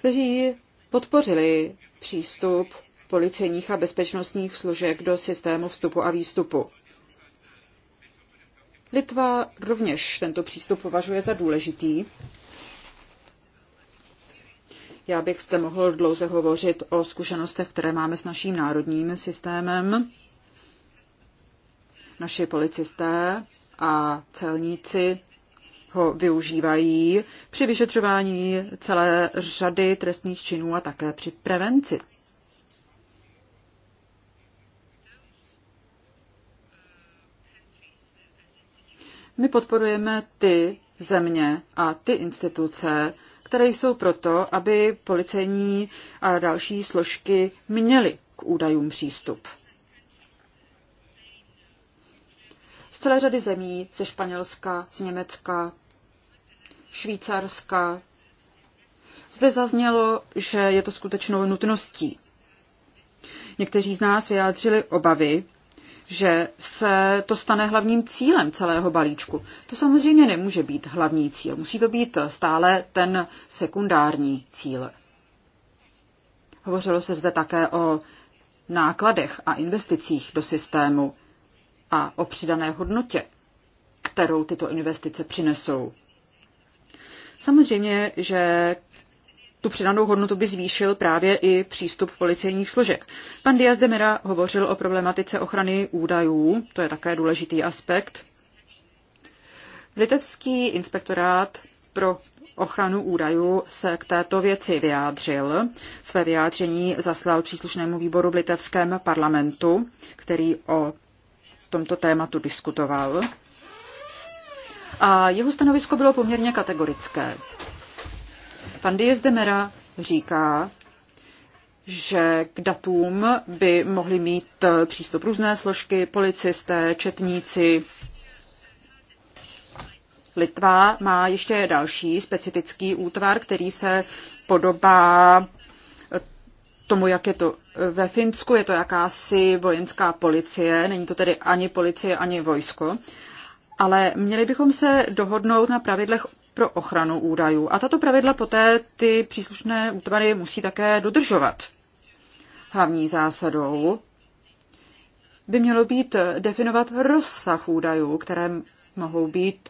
kteří podpořili přístup policejních a bezpečnostních služek do systému vstupu a výstupu. Litva rovněž tento přístup považuje za důležitý. Já bych zde mohl dlouze hovořit o zkušenostech, které máme s naším národním systémem. Naši policisté a celníci ho využívají při vyšetřování celé řady trestných činů a také při prevenci. My podporujeme ty země a ty instituce, které jsou proto, aby policejní a další složky měly k údajům přístup. Z celé řady zemí, ze Španělska, z Německa, Švýcarska. Zde zaznělo, že je to skutečnou nutností. Někteří z nás vyjádřili obavy, že se to stane hlavním cílem celého balíčku. To samozřejmě nemůže být hlavní cíl. Musí to být stále ten sekundární cíl. Hovořilo se zde také o nákladech a investicích do systému a o přidané hodnotě, kterou tyto investice přinesou. Samozřejmě, že tu přidanou hodnotu by zvýšil právě i přístup policejních složek. Pan Diaz de Mera hovořil o problematice ochrany údajů, to je také důležitý aspekt. Litevský inspektorát pro ochranu údajů se k této věci vyjádřil. Své vyjádření zaslal příslušnému výboru v litevském parlamentu, který o tomto tématu diskutoval. A jeho stanovisko bylo poměrně kategorické. Pan Diez de Mera říká, že k datům by mohli mít přístup různé složky, policisté, četníci. Litva má ještě další specifický útvar, který se podobá tomu, jak je to ve Finsku. Je to jakási vojenská policie, není to tedy ani policie, ani vojsko ale měli bychom se dohodnout na pravidlech pro ochranu údajů. A tato pravidla poté ty příslušné útvary musí také dodržovat. Hlavní zásadou by mělo být definovat rozsah údajů, které mohou být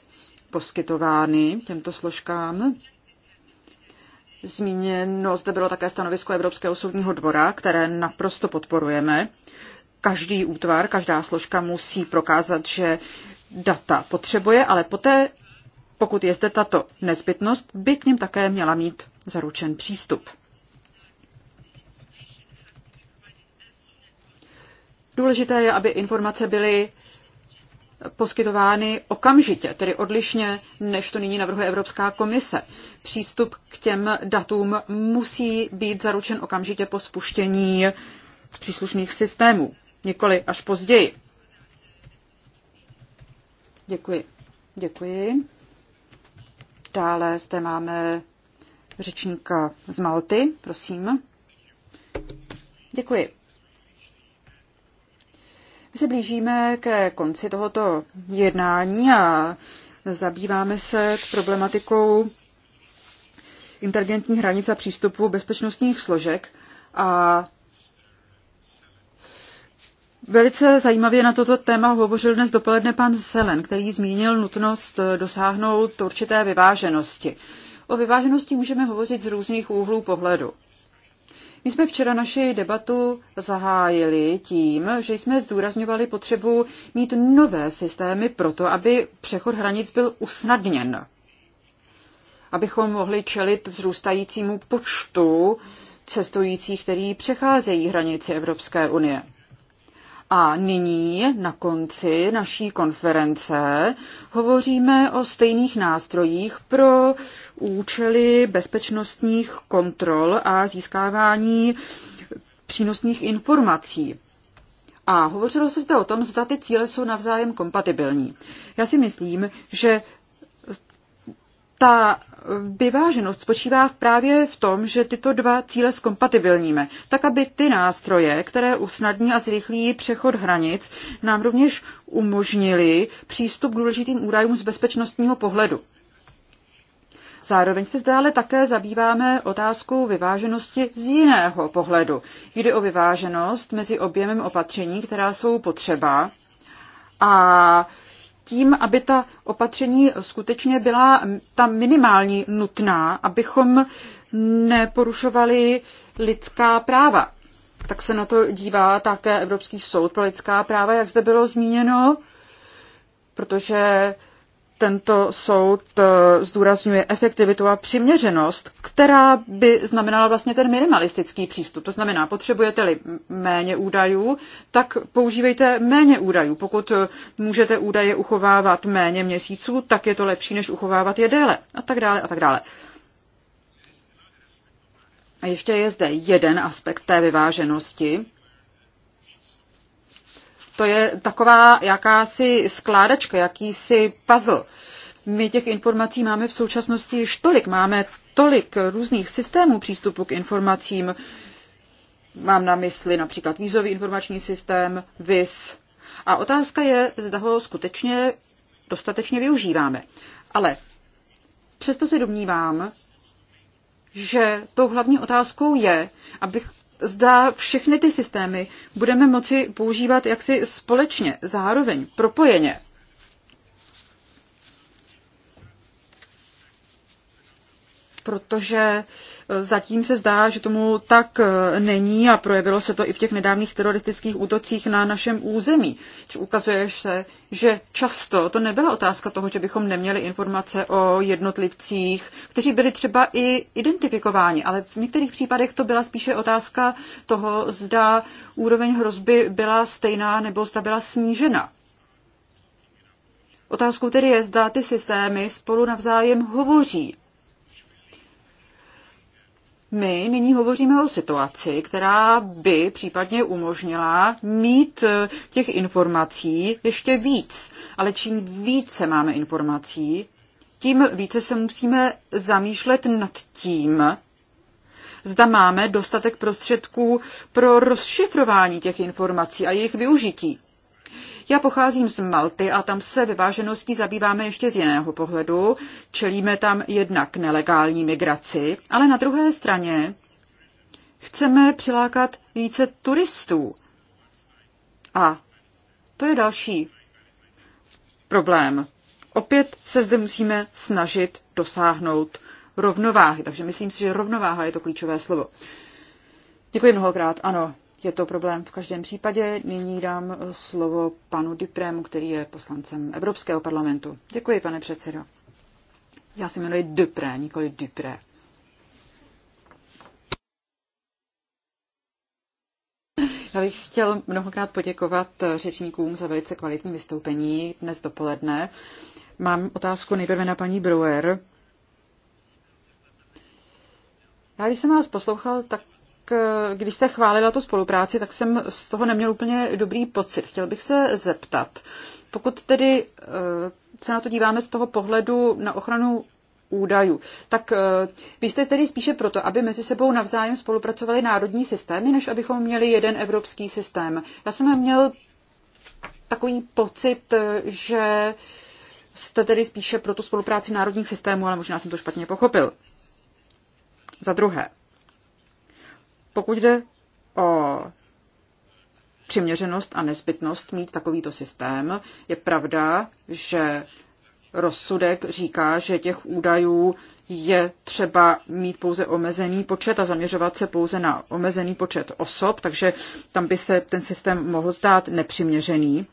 poskytovány těmto složkám. Zmíněno zde bylo také stanovisko Evropského soudního dvora, které naprosto podporujeme. Každý útvar, každá složka musí prokázat, že data potřebuje, ale poté, pokud je zde tato nezbytnost, by k ním také měla mít zaručen přístup. Důležité je, aby informace byly poskytovány okamžitě, tedy odlišně, než to nyní navrhuje Evropská komise. Přístup k těm datům musí být zaručen okamžitě po spuštění příslušných systémů, nikoli až později. Děkuji. Děkuji. Dále zde máme řečníka z Malty, prosím. Děkuji. My se blížíme ke konci tohoto jednání a zabýváme se problematikou inteligentní hranice přístupu bezpečnostních složek a Velice zajímavě na toto téma hovořil dnes dopoledne pan Selen, který zmínil nutnost eh, dosáhnout určité vyváženosti. O vyváženosti můžeme hovořit z různých úhlů pohledu. My jsme včera naši debatu zahájili tím, že jsme zdůrazňovali potřebu mít nové systémy proto, aby přechod hranic byl usnadněn. Abychom mohli čelit vzrůstajícímu počtu cestujících, který přecházejí hranici Evropské unie. A nyní na konci naší konference hovoříme o stejných nástrojích pro účely bezpečnostních kontrol a získávání přínosných informací. A hovořilo se zde o tom, zda ty cíle jsou navzájem kompatibilní. Já si myslím, že ta vyváženost spočívá právě v tom, že tyto dva cíle zkompatibilníme, tak aby ty nástroje, které usnadní a zrychlí přechod hranic, nám rovněž umožnili přístup k důležitým údajům z bezpečnostního pohledu. Zároveň se zde ale také zabýváme otázkou vyváženosti z jiného pohledu. Jde o vyváženost mezi objemem opatření, která jsou potřeba, a tím, aby ta opatření skutečně byla ta minimální nutná, abychom neporušovali lidská práva. Tak se na to dívá také Evropský soud pro lidská práva, jak zde bylo zmíněno, protože tento soud eh, zdůrazňuje efektivitu a přiměřenost, která by znamenala vlastně ten minimalistický přístup. To znamená, potřebujete-li méně údajů, tak používejte méně údajů. Pokud eh, můžete údaje uchovávat méně měsíců, tak je to lepší, než uchovávat je déle. A tak dále, a tak dále. A ještě je zde jeden aspekt té vyváženosti, to je taková jakási skládačka, jakýsi puzzle. My těch informací máme v současnosti již tolik, máme tolik různých systémů přístupu k informacím. Mám na mysli například vízový informační systém, VIS. A otázka je, zda ho skutečně dostatečně využíváme. Ale přesto se domnívám, že tou hlavní otázkou je, abych, zda všechny ty systémy budeme moci používat jaksi společně, zároveň, propojeně. protože eh, zatím se zdá, že tomu tak eh, není a projevilo se to i v těch nedávných teroristických útocích na našem území. Ukazuje se, že často to nebyla otázka toho, že bychom neměli informace o jednotlivcích, kteří byli třeba i identifikováni, ale v některých případech to byla spíše otázka toho, zda úroveň hrozby byla stejná nebo zda byla snížena. Otázkou tedy je, zda ty systémy spolu navzájem hovoří my nyní hovoříme o situaci, která by případně umožnila mít e, těch informací ještě víc. Ale čím více máme informací, tím více se musíme zamýšlet nad tím, zda máme dostatek prostředků pro rozšifrování těch informací a jejich využití. Já pocházím z Malty a tam se vyvážeností zabýváme ještě z jiného pohledu. Čelíme tam jednak nelegální migraci, ale na druhé straně chceme přilákat více turistů. A to je další problém. Opět se zde musíme snažit dosáhnout rovnováhy. Takže myslím si, že rovnováha je to klíčové slovo. Děkuji mnohokrát. Ano, je to problém v každém případě. Nyní dám slovo panu Duprému, který je poslancem Evropského parlamentu. Děkuji, pane předsedo. Já se jmenuji Dupré, nikoli Dupré. Já bych chtěl mnohokrát poděkovat řečníkům za velice kvalitní vystoupení dnes dopoledne. Mám otázku nejprve na paní Brewer. Já když jsem vás poslouchal, tak Eh, když jste chválila tu spolupráci, tak jsem z toho neměl úplně dobrý pocit. Chtěl bych se zeptat, pokud tedy eh, se na to díváme z toho pohledu na ochranu údajů. Tak eh, vy jste tedy spíše proto, aby mezi sebou navzájem spolupracovali národní systémy, než abychom měli jeden evropský systém. Já jsem měl takový pocit, že jste tedy spíše pro tu spolupráci národních systémů, ale možná jsem to špatně pochopil. Za druhé, pokud jde o přiměřenost a nezbytnost mít takovýto systém, je pravda, že rozsudek říká, že těch údajů je třeba mít pouze omezený počet a zaměřovat se pouze na omezený počet osob, takže tam by se ten systém mohl zdát nepřiměřený.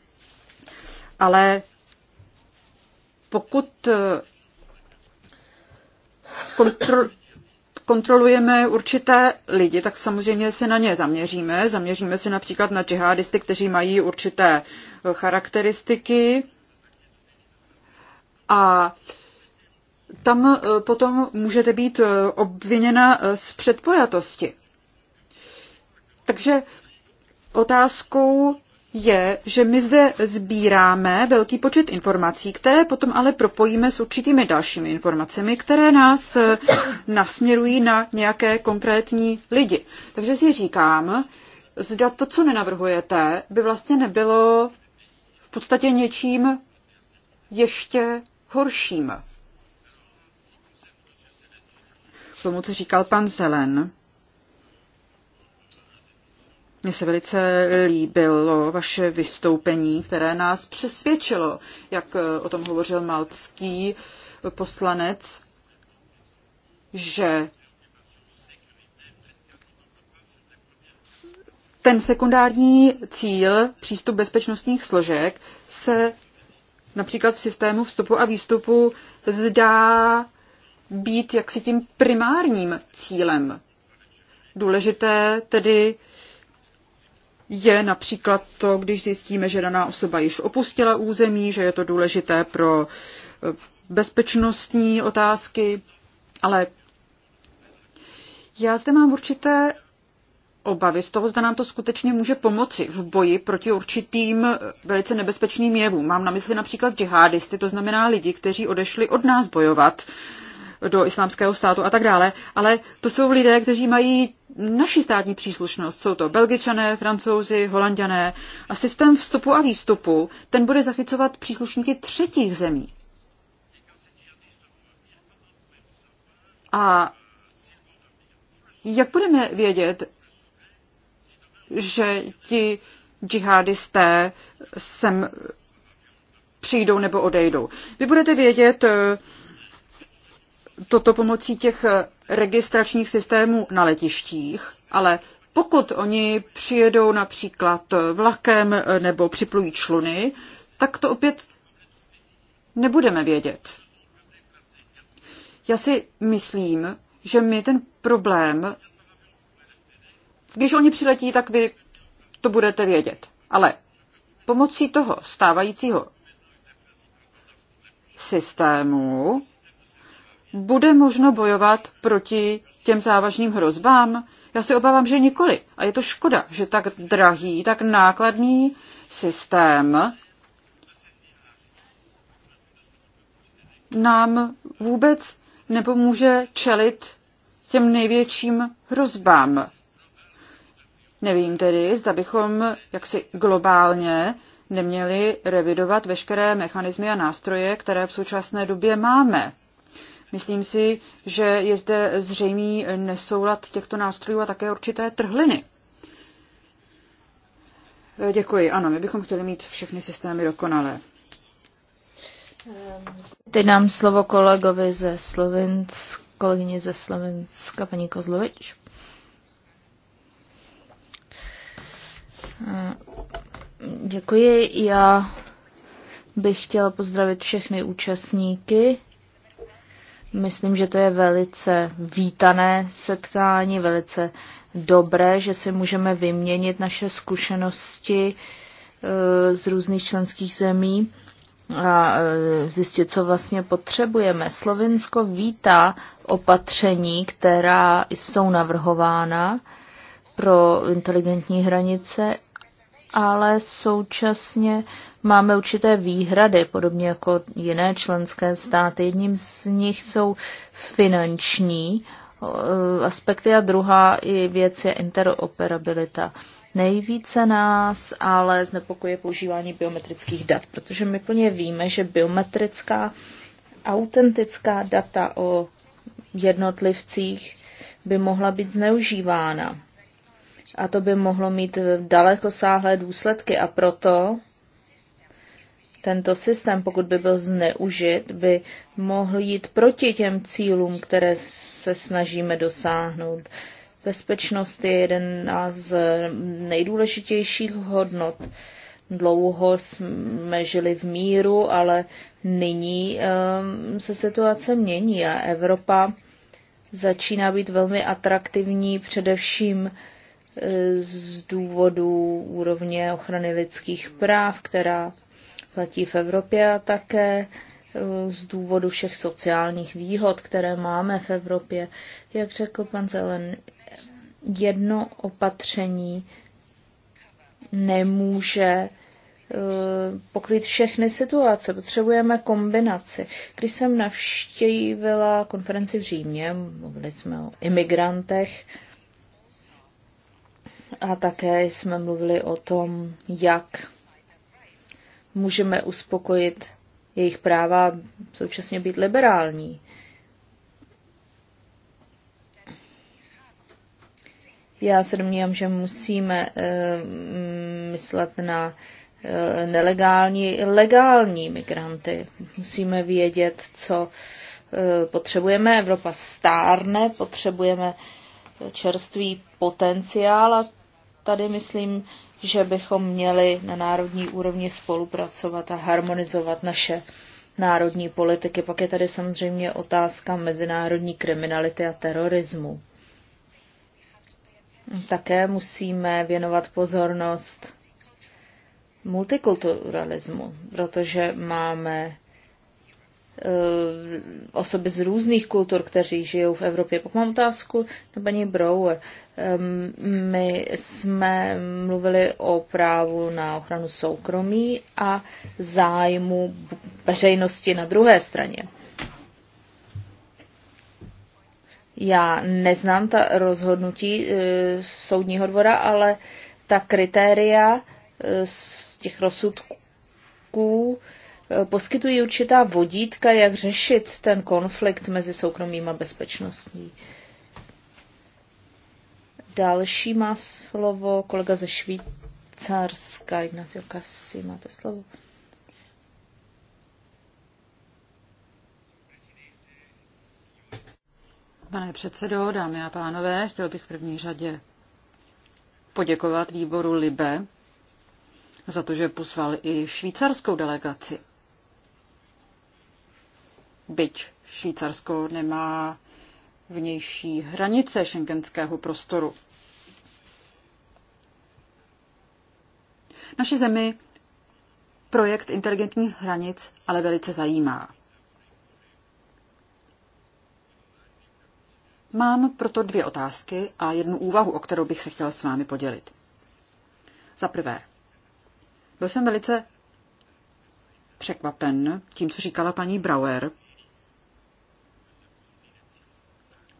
Ale pokud kontrol, kontrolujeme určité lidi, tak samozřejmě se na ně zaměříme. Zaměříme se například na džihadisty, kteří mají určité charakteristiky. A tam eh, potom můžete být eh, obviněna eh, z předpojatosti. Takže otázkou je, že my zde sbíráme velký počet informací, které potom ale propojíme s určitými dalšími informacemi, které nás eh, nasměrují na nějaké konkrétní lidi. Takže si říkám, zda to, co nenavrhujete, by vlastně nebylo v podstatě něčím ještě horším. K tomu, co říkal pan Zelen. Mně se velice líbilo vaše vystoupení, které nás přesvědčilo, jak eh, o tom hovořil maltský poslanec, že ten sekundární cíl, přístup bezpečnostních složek, se například v systému vstupu a výstupu zdá být jaksi tím primárním cílem. Důležité tedy je například to, když zjistíme, že daná osoba již opustila území, že je to důležité pro eh, bezpečnostní otázky, ale já zde mám určité obavy z toho, zda nám to skutečně může pomoci v boji proti určitým eh, velice nebezpečným jevům. Mám na mysli například džihadisty, to znamená lidi, kteří odešli od nás bojovat do islámského státu a tak dále, ale to jsou lidé, kteří mají naši státní příslušnost. Jsou to belgičané, francouzi, holanděné a systém vstupu a výstupu, ten bude zachycovat příslušníky třetích zemí. A jak budeme vědět, že ti džihadisté sem přijdou nebo odejdou? Vy budete vědět, toto pomocí těch eh, registračních systémů na letištích, ale pokud oni přijedou například eh, vlakem eh, nebo připlují čluny, tak to opět nebudeme vědět. Já si myslím, že my ten problém, když oni přiletí, tak vy to budete vědět. Ale pomocí toho stávajícího systému bude možno bojovat proti těm závažným hrozbám? Já se obávám, že nikoli. A je to škoda, že tak drahý, tak nákladný systém nám vůbec nepomůže čelit těm největším hrozbám. Nevím tedy, zda bychom jaksi globálně neměli revidovat veškeré mechanismy a nástroje, které v současné době máme. Myslím si, že je zde zřejmý nesoulad těchto nástrojů a také určité trhliny. Děkuji. Ano, my bychom chtěli mít všechny systémy dokonalé. Teď nám slovo kolegovi ze Slovenska, kolegyně ze Slovenska, paní Kozlovič. Eh, děkuji. Já bych chtěla pozdravit všechny účastníky Myslím, že to je velice vítané setkání, velice dobré, že si můžeme vyměnit naše zkušenosti e, z různých členských zemí a e, zjistit, co vlastně potřebujeme. Slovinsko vítá opatření, která jsou navrhována pro inteligentní hranice ale současně máme určité výhrady, podobně jako jiné členské státy. Jedním z nich jsou finanční eh, aspekty a druhá věc je interoperabilita. Nejvíce nás ale znepokuje používání biometrických dat, protože my plně víme, že biometrická autentická data o jednotlivcích by mohla být zneužívána a to by mohlo mít dalekosáhlé důsledky a proto tento systém, pokud by byl zneužit, by mohl jít proti těm cílům, které se snažíme dosáhnout. Bezpečnost je jeden z nejdůležitějších hodnot. Dlouho jsme žili v míru, ale nyní um, se situace mění a Evropa začíná být velmi atraktivní především z důvodu úrovně ochrany lidských práv, která platí v Evropě a také e, z důvodu všech sociálních výhod, které máme v Evropě. Jak řekl pan Zelen, jedno opatření nemůže e, pokrýt všechny situace. Potřebujeme kombinaci. Když jsem navštívila konferenci v Římě, mluvili jsme o imigrantech, a také jsme mluvili o tom, jak můžeme uspokojit jejich práva současně být liberální. Já se domnívám, že musíme uh, myslet na uh, nelegální i legální migranty. Musíme vědět, co uh, potřebujeme. Evropa stárne, potřebujeme čerstvý potenciál a tady myslím, že bychom měli na národní úrovni spolupracovat a harmonizovat naše národní politiky. Pak je tady samozřejmě otázka mezinárodní kriminality a terorismu. Také musíme věnovat pozornost multikulturalismu, protože máme Eh, osoby z různých kultur, kteří žijou v Evropě. Pak mám otázku na paní Brouwer. My jsme mluvili o právu na ochranu soukromí a zájmu veřejnosti na druhé straně. Já neznám ta rozhodnutí eh, soudního dvora, ale ta kritéria eh, z těch rozsudků, Eh, poskytují určitá vodítka, jak řešit ten konflikt mezi soukromým a bezpečnostní. Další má slovo kolega ze Švýcarska, Ignacio Kasi, máte slovo. Pane předsedo, dámy a pánové, chtěl bych v první řadě poděkovat výboru Libe za to, že pozval i švýcarskou delegaci byť Švýcarsko nemá vnější hranice šengenského prostoru. Naše zemi projekt inteligentních hranic ale velice zajímá. Mám proto dvě otázky a jednu úvahu, o kterou bych se chtěla s vámi podělit. Za prvé, byl jsem velice překvapen tím, co říkala paní Brauer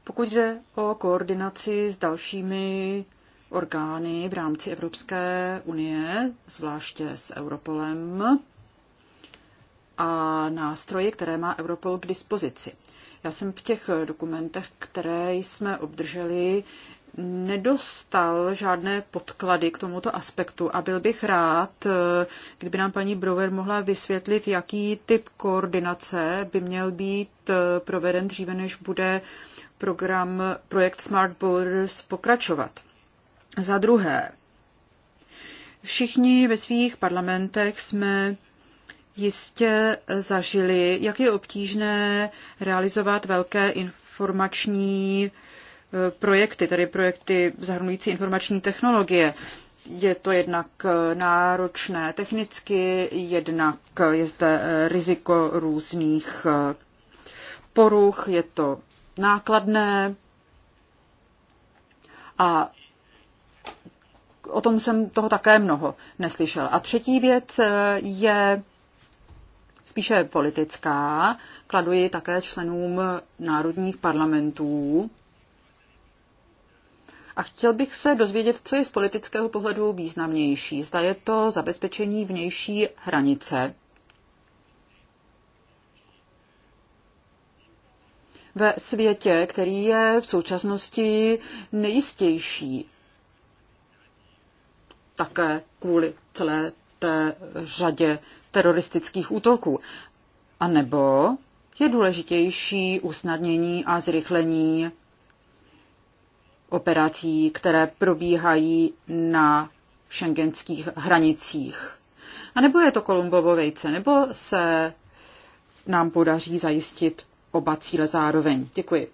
Pokud jde o koordinaci s dalšími orgány v rámci Evropské unie, zvláště s Europolem a nástroje, které má Europol k dispozici. Já jsem v těch dokumentech, které jsme obdrželi, nedostal žádné podklady k tomuto aspektu a byl bych rád, kdyby nám paní Brower mohla vysvětlit, jaký typ koordinace by měl být proveden dříve, než bude program, projekt Smart Borders pokračovat. Za druhé, všichni ve svých parlamentech jsme jistě zažili, jak je obtížné realizovat velké informační eh, projekty, tedy projekty zahrnující informační technologie. Je to jednak eh, náročné technicky, jednak je zde eh, riziko různých poruch, je to nákladné a o tom jsem toho také mnoho neslyšel. A třetí věc eh, je spíše politická. Kladuji ji také členům národních parlamentů. A chtěl bych se dozvědět, co je z politického pohledu významnější. Zda je to zabezpečení vnější hranice ve světě, který je v současnosti nejistější. Také kvůli celé té řadě teroristických útoků. A nebo je důležitější usnadnění a zrychlení operací, které probíhají na šengenských hranicích. A nebo je to Kolumbovo vejce, nebo se nám podaří zajistit oba cíle zároveň. Děkuji.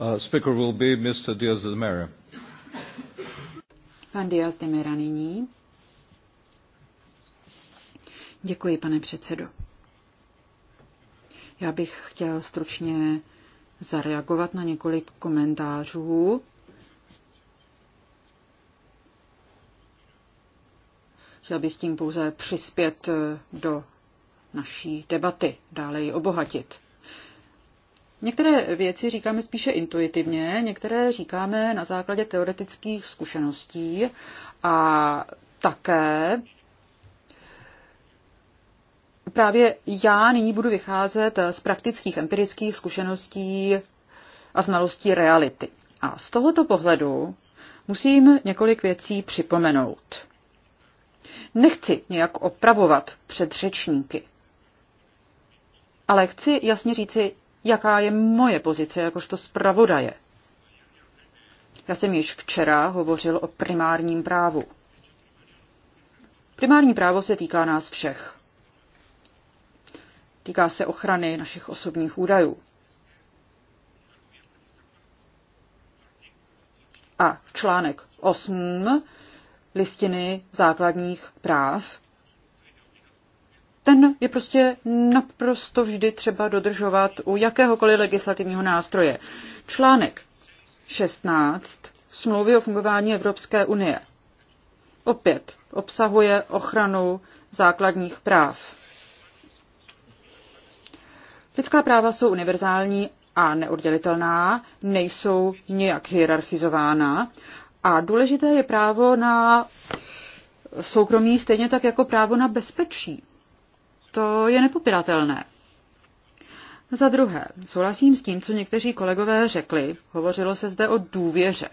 Uh, will be Mr. Diaz de Mera. Pan Diaz de Mera nyní. Děkuji, pane předsedo. Já bych chtěl stručně zareagovat na několik komentářů. Chtěl bych tím pouze přispět do naší debaty, dále ji obohatit. Některé věci říkáme spíše intuitivně, některé říkáme na základě teoretických zkušeností a také právě já nyní budu vycházet z praktických empirických zkušeností a znalostí reality. A z tohoto pohledu musím několik věcí připomenout. Nechci nějak opravovat předřečníky, ale chci jasně říci, jaká je moje pozice jakožto zpravodaje. Já jsem již včera hovořil o primárním právu. Primární právo se týká nás všech. Týká se ochrany našich osobních údajů. A článek 8 listiny základních práv ten je prostě naprosto vždy třeba dodržovat u jakéhokoliv legislativního nástroje. Článek 16 smlouvy o fungování Evropské unie opět obsahuje ochranu základních práv. Lidská práva jsou univerzální a neoddělitelná, nejsou nějak hierarchizována a důležité je právo na soukromí stejně tak jako právo na bezpečí. To je nepopiratelné. Za druhé, souhlasím s tím, co někteří kolegové řekli. Hovořilo se zde o důvěře.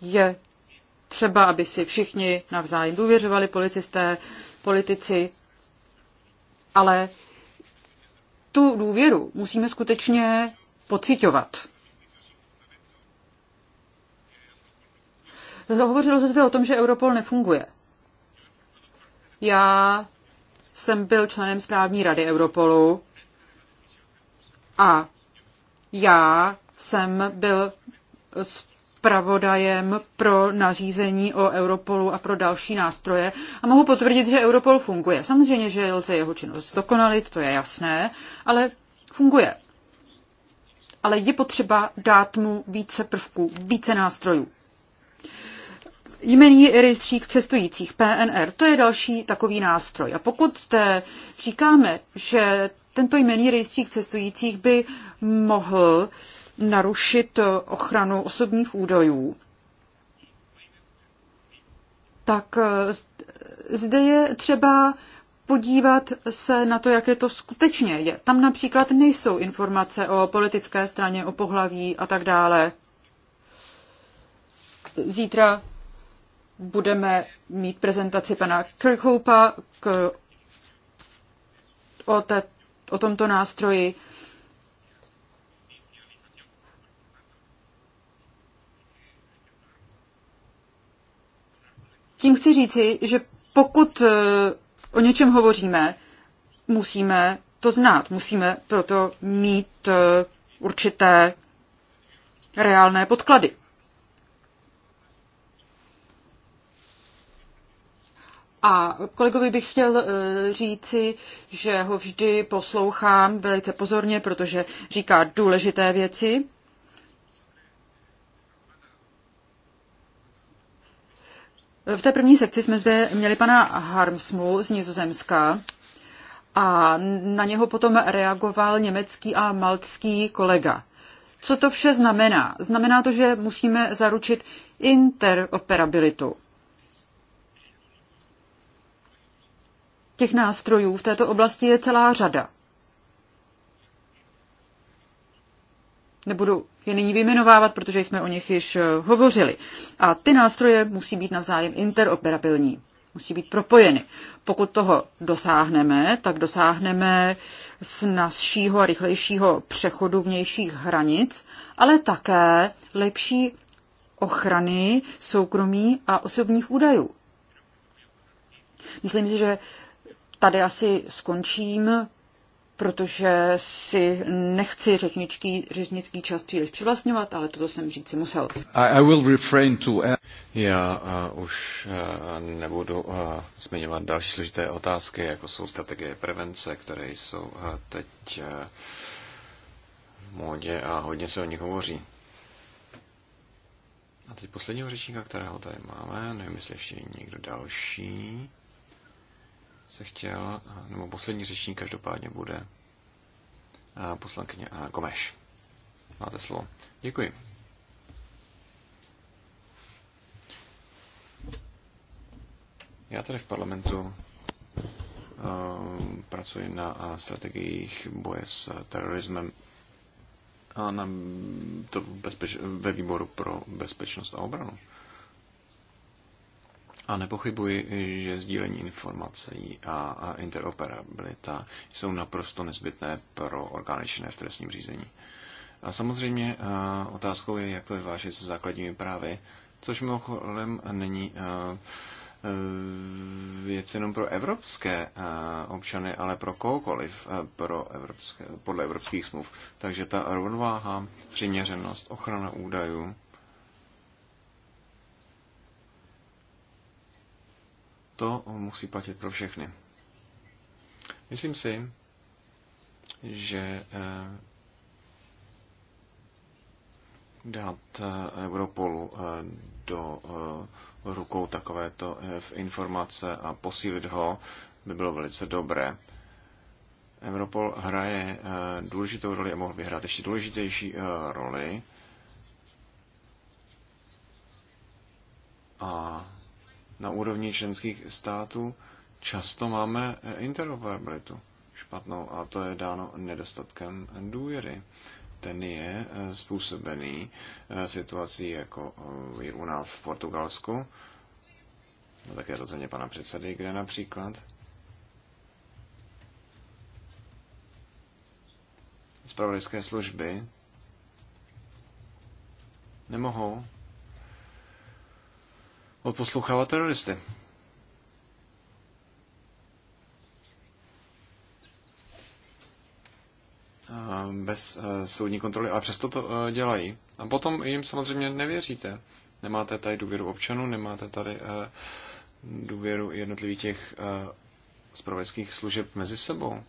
Je třeba, aby si všichni navzájem důvěřovali, policisté, politici, ale tu důvěru musíme skutečně pocitovat. Hovořilo se zde o tom, že Europol nefunguje. Já jsem byl členem správní rady Europolu a já jsem byl zpravodajem pro nařízení o Europolu a pro další nástroje a mohu potvrdit, že Europol funguje. Samozřejmě, že lze jeho činnost dokonalit, to je jasné, ale funguje. Ale je potřeba dát mu více prvků, více nástrojů. Jmení rejstřík cestujících PNR. To je další takový nástroj. A pokud te, říkáme, že tento jmení rejstřík cestujících by mohl narušit ochranu osobních údajů, tak eh, zde je třeba podívat se na to, jak je to skutečně je. Tam například nejsou informace o politické straně, o pohlaví a tak dále. Zítra budeme mít prezentaci pana Kirkhopa k, o, te, o tomto nástroji. Tím chci říci, že pokud eh, o něčem hovoříme, musíme to znát. Musíme proto mít eh, určité reálné podklady. A kolegovi bych chtěl eh, říci, že ho vždy poslouchám velice pozorně, protože říká důležité věci. V té první sekci jsme zde měli pana Harmsmu z Nizozemska a na něho potom reagoval německý a maltský kolega. Co to vše znamená? Znamená to, že musíme zaručit interoperabilitu. Těch nástrojů v této oblasti je celá řada. Nebudu je nyní vyjmenovávat, protože jsme o nich již eh, hovořili. A ty nástroje musí být navzájem interoperabilní, musí být propojeny. Pokud toho dosáhneme, tak dosáhneme snazšího a rychlejšího přechodu vnějších hranic, ale také lepší ochrany soukromí a osobních údajů. Myslím si, že tady asi skončím, protože si nechci řečnický, řečnický čas příliš přivlastňovat, ale toto jsem říci musel. I, I will refrain to... Já uh, už uh, nebudu uh, zmiňovat další složité otázky, jako jsou strategie prevence, které jsou uh, teď uh, v módě a hodně se o nich hovoří. A teď posledního řečníka, kterého tady máme, nevím, jestli ještě někdo další se chtěl, nebo poslední řečník každopádně bude eh, poslankyně eh, Gomeš. Máte slovo. Děkuji. Já tady v parlamentu eh, pracuji na strategiích boje s terorismem a na to bezpeč- ve výboru pro bezpečnost a obranu. A nepochybuji, že sdílení informací a interoperabilita jsou naprosto nezbytné pro orgány činné v trestním řízení. A samozřejmě otázkou je, jak to vyvážit se základními právy, což mimochodem není e, věc jenom pro evropské občany, ale pro kohokoliv pro evropské, podle evropských smluv. Takže ta rovnováha, přiměřenost, ochrana údajů, to musí platit pro všechny. Myslím si, že eh, dát eh, Europolu eh, do rukou takovéto informace a posílit ho by bylo velice dobré. Europol hraje důležitou roli a mohl by hrát ještě důležitější roli. A na úrovni členských států často máme interoperabilitu špatnou a to je dáno nedostatkem důvěry. Ten je eh, způsobený eh, situací, jako eh, je u nás v Portugalsku, no také rozhodně země pana předsedy, kde například zpravodajské služby nemohou odposlouchává teroristy. bez eh, soudní kontroly, ale přesto to eh, dělají. A potom jim samozřejmě nevěříte. Nemáte tady důvěru občanů, nemáte tady eh, důvěru jednotlivých těch zpravodajských služeb mezi sebou.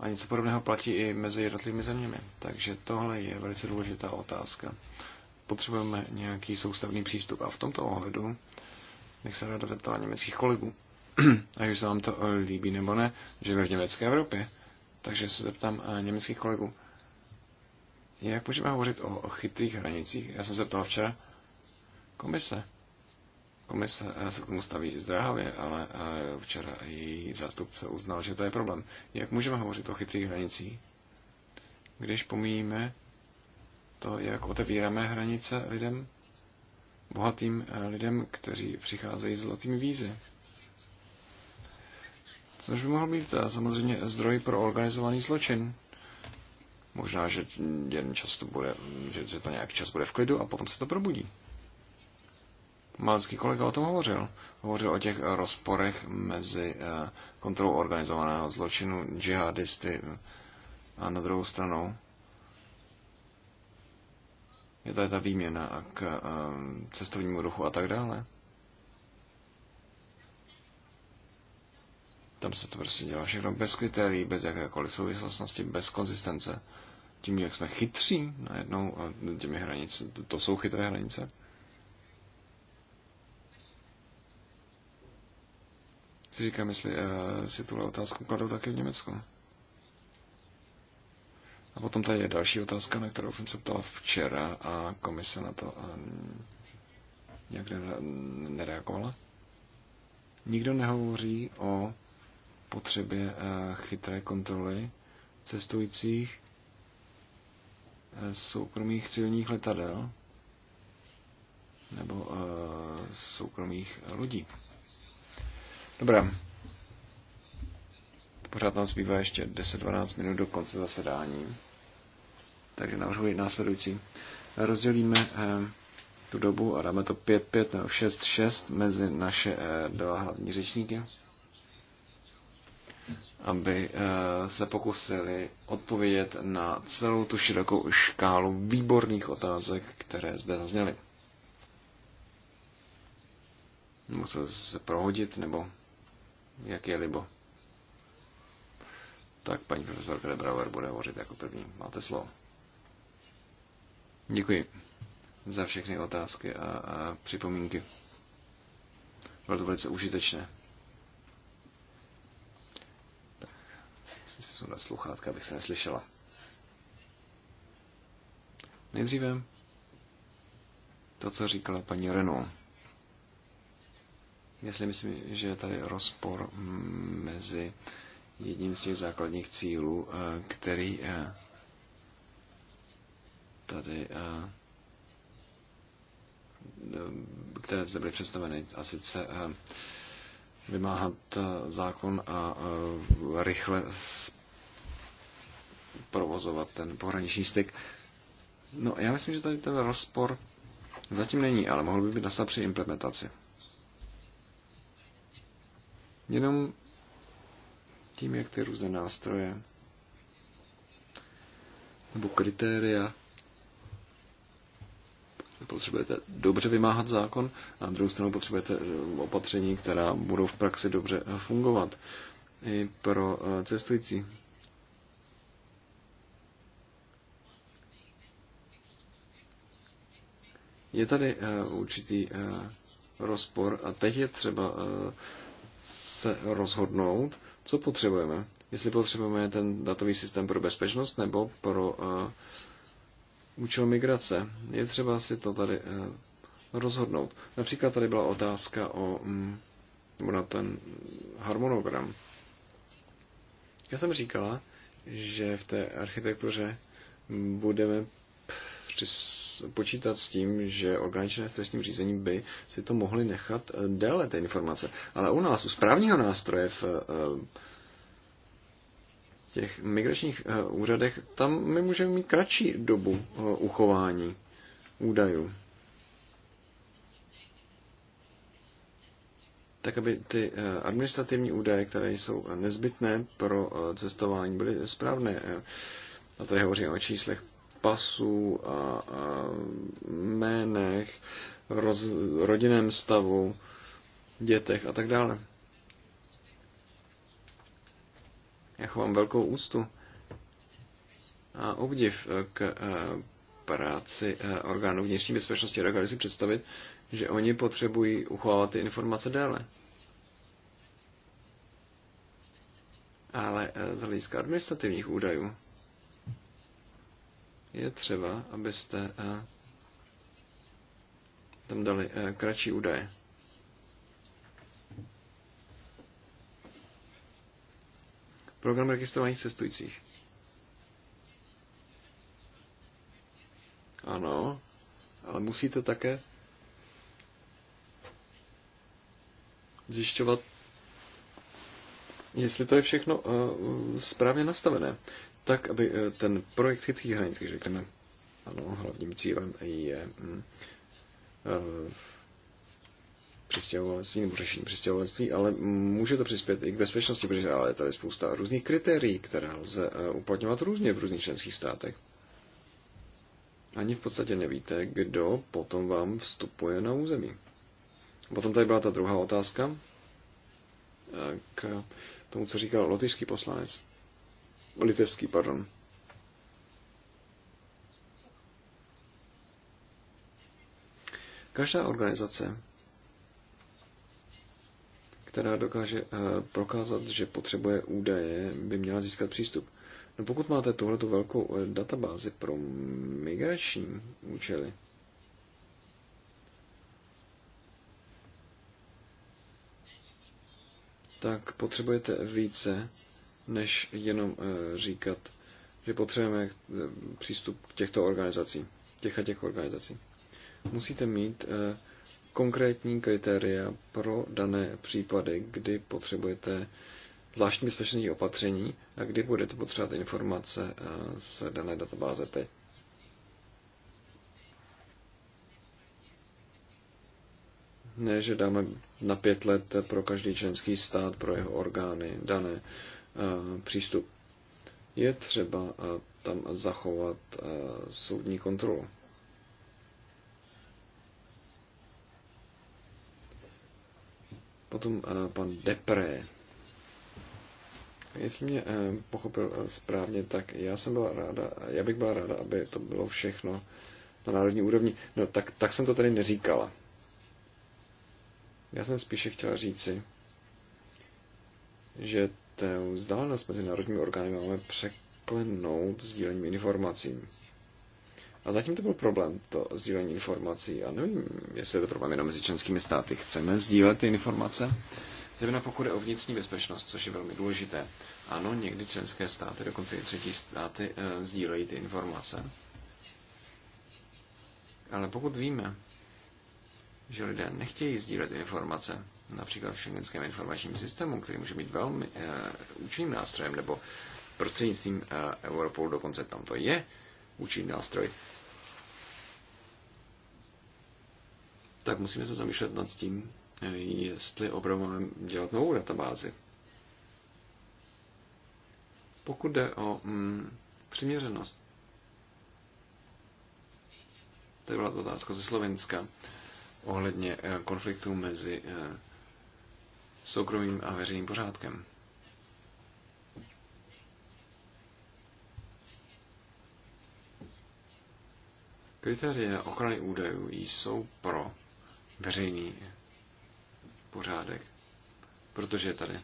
A něco podobného platí i mezi jednotlivými zeměmi. Takže tohle je velice důležitá otázka potřebujeme nějaký soustavný přístup. A v tomto ohledu bych se ráda zeptala německých kolegů, *clears throat* a když se vám to eh, líbí nebo ne, že v německé Evropě. Takže se zeptám eh, německých kolegů, jak můžeme hovořit o chytrých hranicích? Já jsem se ptal včera komise. Komise eh, se k tomu staví zdráhavě, ale včera její zástupce uznal, že to je problém. Jak můžeme hovořit o chytrých hranicích, když pomíjíme to, jak otevíráme hranice lidem, bohatým eh, lidem, kteří přicházejí s zlatými vízy. Což by mohl být eh, samozřejmě zdroj pro organizovaný zločin. Možná, že jeden čas to bude, že to nějaký čas bude v klidu a potom se to probudí. Malcký kolega o tom hovořil. Hovořil o těch rozporech mezi eh, kontrolou organizovaného zločinu, džihadisty a na druhou stranu. Je tady ta výměna k ehm, cestovnímu ruchu a tak dále. Tam se to prostě dělá všechno bez kritérií, bez jakékoliv souvislosti, bez konzistence. Tím, jak jsme chytří najednou těmi hranice, to jsou chytré hranice. Si říkám, jestli uh, si tuhle otázku kladou taky v Německu. A potom tady je další otázka, na kterou jsem se ptal včera a komise na to eh, nějak nereagovala. Nikdo nehovoří o potřebě eh, chytré kontroly cestujících eh, soukromých civilních letadel nebo soukromých lodí. Dobrá. Pořád nám zbývá ještě 10-12 minut do konce zasedání. Takže navrhuji následující. Rozdělíme eh, tu dobu a dáme to 5-5 nebo 6-6 mezi naše eh, dva hlavní řečníky, aby eh, se pokusili odpovědět na celou tu širokou škálu výborných otázek, které zde zazněly. Musel se prohodit, nebo jak je libo. Tak paní profesorka Debrauer bude hovořit jako první. Máte slovo. Děkuji za všechny otázky a, a připomínky. Bylo to velice užitečné. Tak, musím si sundat sluchátka, abych se neslyšela. Nejdříve to, co říkala paní Renault. Jestli myslím, že je tady rozpor mezi jedním z těch základních cílů, eh, který eh, tady, eh, které zde byly představeny, a sice eh, vymáhat eh, zákon a rychle provozovat ten pohraniční styk. No, já myslím, že tady ten rozpor zatím není, ale mohl by být nastat při implementaci. Jenom tím, jak ty různé nástroje nebo kritéria potřebujete dobře vymáhat zákon, a na druhou stranu potřebujete e, opatření, která budou v praxi dobře e, fungovat i pro e, cestující. Je tady určitý rozpor a teď je třeba se rozhodnout, co potřebujeme. Jestli potřebujeme ten datový systém pro bezpečnost nebo pro účel migrace. Je třeba si to tady eh, rozhodnout. Například tady byla otázka o mm, nebo na ten harmonogram. Já jsem říkala, že v té architektuře budeme počítat s tím, že orgány v trestním řízení by si to mohli nechat eh, déle, ty informace. Ale u nás, u správního nástroje v eh, těch migračních eh, úřadech, tam my můžeme mít kratší dobu eh, uchování údajů. tak aby ty eh, administrativní údaje, které jsou nezbytné pro cestování, byly správné. A tady hovořím o číslech pasů a jménech, rodinném stavu, dětech a tak dále. Já jako chovám velkou úctu a obdiv eh, k eh, práci eh, orgánů vnitřní bezpečnosti. Dokážu si představit, že oni potřebují uchovávat ty informace déle. Ale z hlediska administrativních údajů je třeba, abyste tam dali kratší údaje. Program registrování cestujících. Ano, ale musíte také zjišťovat, jestli to je všechno uh, správně nastavené, tak aby uh, ten projekt chytrých hranic, když řekneme, ano, hlavním cílem je uh, přistěhovalectví nebo řešení přistěhovalectví, ale může to přispět i k bezpečnosti, protože ale je tady spousta různých kritérií, které lze eh, uplatňovat různě v různých členských státech. Ani v podstatě nevíte, kdo potom vám vstupuje na území. Potom tady byla ta druhá otázka eh, k tomu, co říkal lotyšský poslanec. Litevský, pardon. Každá organizace která dokáže eh, prokázat, že potřebuje údaje, by měla získat přístup. No pokud máte tuhleto velkou eh, databázi pro migrační účely, tak potřebujete více, než jenom eh, říkat, že potřebujeme přístup k těchto organizacím, těch a těch organizací. Musíte mít konkrétní kritéria pro dané případy, kdy potřebujete zvláštní bezpečnostní opatření a kdy budete potřebovat informace eh, z dané databáze teď. Ne, že dáme na pět let pro každý členský stát, pro jeho orgány dané eh, přístup. Je třeba eh, tam zachovat soudní kontrolu. Potom eh, pan Depré. Jestli mě eh, pochopil eh, správně, tak já jsem byla ráda, já bych byla ráda, aby to bylo všechno na národní úrovni. No tak, tak jsem to tady neříkala. Já jsem spíše chtěla říci, že tu vzdálenost mezi národními orgány máme překlenout sdílením informací. A zatím to byl problém, to sdílení informací. A nevím, jestli je to problém jenom mezi členskými státy. Chceme sdílet ty informace? Zejména pokud je o vnitřní bezpečnost, což je velmi důležité. Ano, někdy členské státy, dokonce i třetí státy, e, sdílejí ty informace. Ale pokud víme, že lidé nechtějí sdílet informace, například v šengenském informačním systému, který může být velmi e, účinným nástrojem, nebo prostřednictvím e, Europolu dokonce tam to je účinný nástroj, tak musíme se zamýšlet nad tím, jestli opravdu máme dělat novou databázi. Pokud jde o mm, přiměřenost, to byla to otázka ze Slovenska ohledně eh, konfliktu mezi eh, soukromým a veřejným pořádkem. Kritéria ochrany údajů jsou pro veřejný pořádek, protože je tady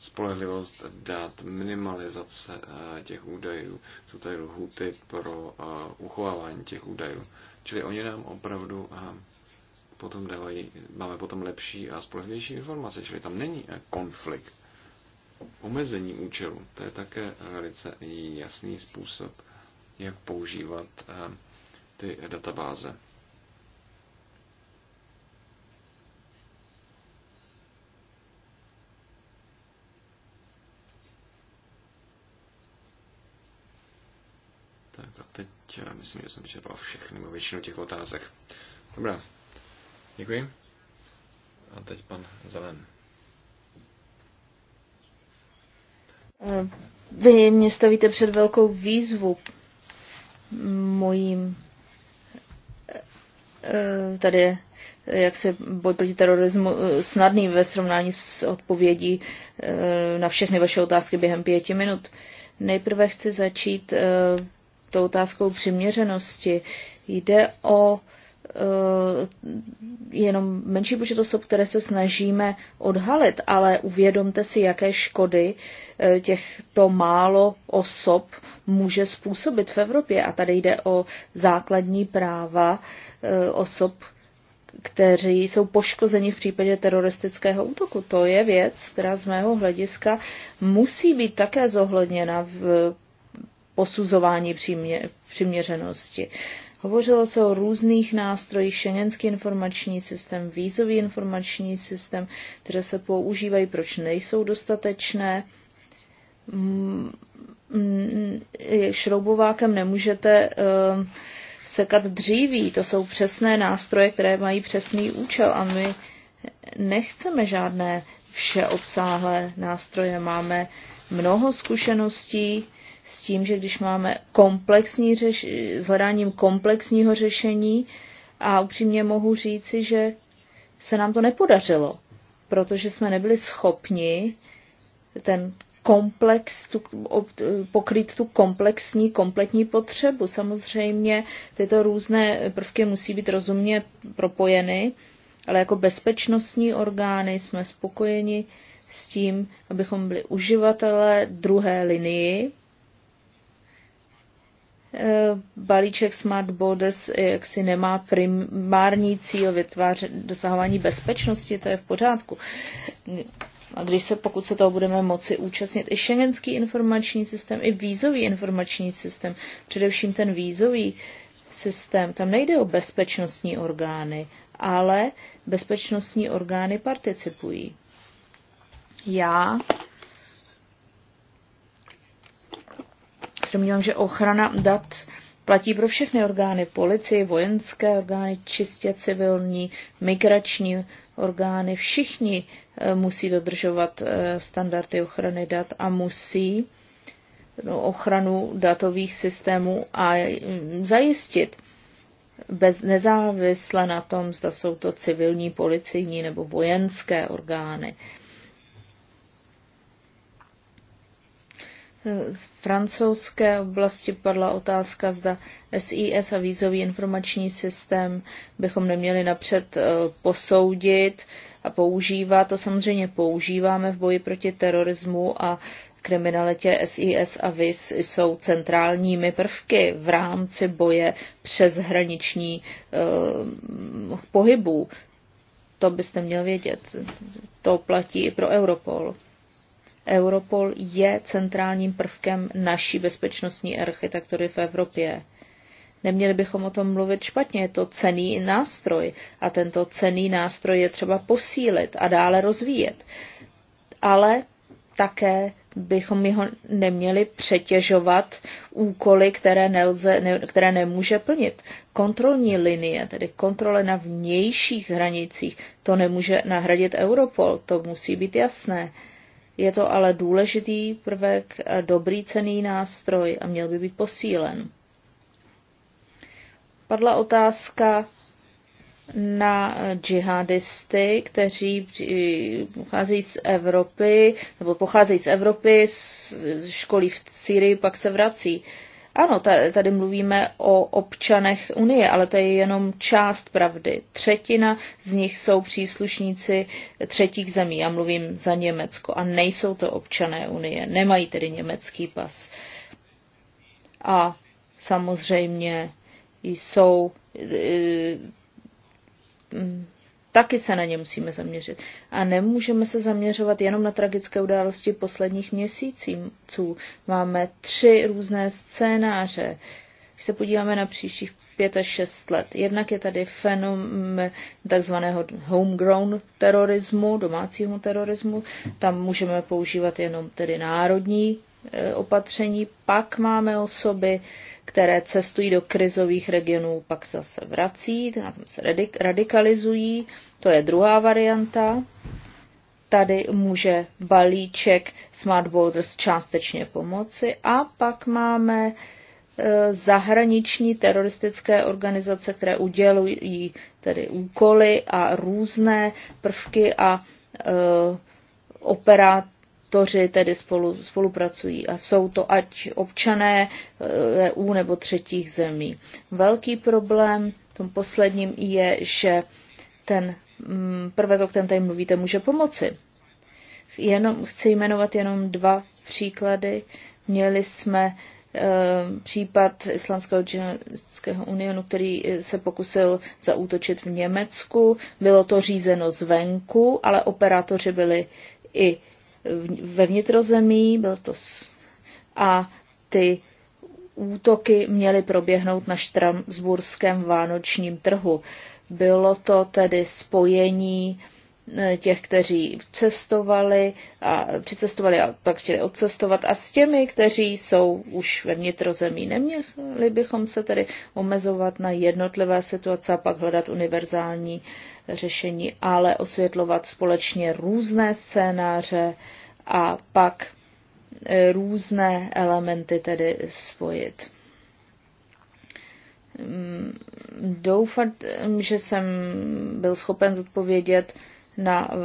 spolehlivost dát minimalizace eh, těch údajů, jsou tady lhuty pro eh, uchovávání těch údajů. Čili oni nám opravdu eh, potom dávají, máme potom lepší a spolehlivější informace, čili tam není konflikt. Omezení účelu, to je také velice jasný způsob, jak používat ty databáze. Já myslím, že jsem vyčerpal všechny, většinu těch otázek. Dobrá, děkuji. A teď pan Zelen. Eh, vy mě stavíte před velkou výzvu mojím eh, eh, tady jak se boj proti terorismu snadný ve srovnání s odpovědí na všechny vaše otázky během pěti minut. Nejprve chci začít tou otázkou přiměřenosti. Jde o eh, jenom menší počet osob, které se snažíme odhalit, ale uvědomte si, jaké škody eh, těchto málo osob může způsobit v Evropě. A tady jde o základní práva eh, osob, kteří jsou poškozeni v případě teroristického útoku. To je věc, která z mého hlediska musí být také zohledněna v posuzování přimě, přiměřenosti. Hovořilo se o různých nástrojích, šengenský informační systém, vízový informační systém, které se používají, proč nejsou dostatečné. Mm, mm, šroubovákem nemůžete eh, sekat dříví, to jsou přesné nástroje, které mají přesný účel a my nechceme žádné všeobsáhlé nástroje, máme mnoho zkušeností, s tím, že když máme komplexní řeš, s hledáním komplexního řešení, a upřímně mohu říci, že se nám to nepodařilo, protože jsme nebyli schopni ten komplex, tu, pokryt tu komplexní, kompletní potřebu. Samozřejmě tyto různé prvky musí být rozumně propojeny, ale jako bezpečnostní orgány jsme spokojeni s tím, abychom byli uživatelé druhé linii Eh, balíček Smart Borders jaksi nemá primární cíl vytvářet dosahování bezpečnosti, to je v pořádku. A když se, pokud se toho budeme moci účastnit, i šengenský informační systém, i vízový informační systém, především ten vízový systém, tam nejde o bezpečnostní orgány, ale bezpečnostní orgány participují. Já se domnívám, že ochrana dat platí pro všechny orgány, policii, vojenské orgány, čistě civilní, migrační orgány. Všichni eh, musí dodržovat eh, standardy ochrany dat a musí no, ochranu datových systémů a eh, zajistit bez nezávisle na tom, zda jsou to civilní, policijní nebo vojenské orgány. Z francouzské oblasti padla otázka, zda SIS a vízový informační systém bychom neměli napřed eh, posoudit a používat. To samozřejmě používáme v boji proti terorismu a kriminalitě SIS a VIS jsou centrálními prvky v rámci boje přeshraniční eh, pohybů. To byste měl vědět. To platí i pro Europol. Europol je centrálním prvkem naší bezpečnostní architektury v Evropě. Neměli bychom o tom mluvit špatně, je to cený nástroj a tento cený nástroj je třeba posílit a dále rozvíjet. Ale také bychom ho neměli přetěžovat úkoly, které, nelze, ne, které nemůže plnit. Kontrolní linie, tedy kontrole na vnějších hranicích, to nemůže nahradit Europol, to musí být jasné. Je to ale důležitý prvek, dobrý cený nástroj a měl by být posílen. Padla otázka na džihadisty, kteří pocházejí z Evropy, nebo pocházejí z Evropy, z školy v Syrii, pak se vrací. Ano, tady mluvíme o občanech Unie, ale to je jenom část pravdy. Třetina z nich jsou příslušníci třetích zemí, já mluvím za Německo, a nejsou to občané Unie, nemají tedy německý pas. A samozřejmě jsou eh, Taky se na ně musíme zaměřit. A nemůžeme se zaměřovat jenom na tragické události posledních měsíců. Máme tři různé scénáře. Když se podíváme na příštích pět až šest let. Jednak je tady fenomén takzvaného homegrown terorismu, domácího terorismu. Tam můžeme používat jenom tedy národní Eh, opatření, pak máme osoby, které cestují do krizových regionů, pak zase vrací, tam se radikalizují, to je druhá varianta. Tady může balíček Smart Borders částečně pomoci a pak máme eh, zahraniční teroristické organizace, které udělují tedy úkoly a různé prvky a eh, operát aktoři tedy spolu, spolupracují a jsou to ať občané eh, EU nebo třetích zemí. Velký problém v tom posledním je, že ten mm, prvek, o kterém tady mluvíte, může pomoci. Jenom, chci jmenovat jenom dva příklady. Měli jsme eh, případ Islamského džihadského unionu, který se pokusil zaútočit v Německu. Bylo to řízeno zvenku, ale operátoři byli i ve vnitrozemí, byl to a ty útoky měly proběhnout na štramsburském vánočním trhu. Bylo to tedy spojení Eh, těch, kteří cestovali a přicestovali a pak chtěli odcestovat a s těmi, kteří jsou už ve vnitrozemí. Neměli bychom se tedy omezovat na jednotlivé situace a pak hledat univerzální řešení, ale osvětlovat společně různé scénáře a pak eh, různé elementy tedy spojit. Mm, doufat, eh, že jsem byl schopen zodpovědět na eh,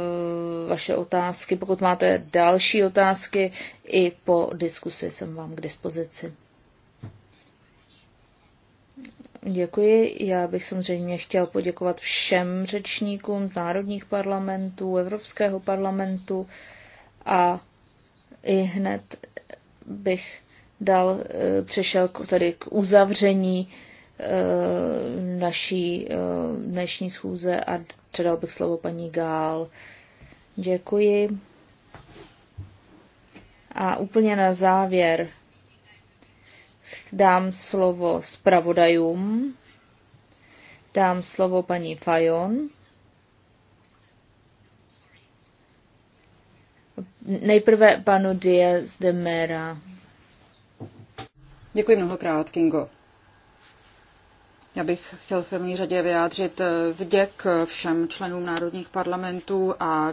vaše otázky. Pokud máte další otázky, i po diskusi jsem vám k dispozici. Děkuji. Já bych samozřejmě chtěl poděkovat všem řečníkům z národních parlamentů, Evropského parlamentu a i hned bych dal, eh, přešel tady k uzavření Eh, naší eh, dnešní schůze a předal bych slovo paní Gál. Děkuji. A úplně na závěr dám slovo zpravodajům, dám slovo paní Fajon. Nejprve panu Diaz de Mera. Děkuji mnohokrát, Kingo. Já bych chtěl v první řadě vyjádřit eh, vděk eh, všem členům národních parlamentů a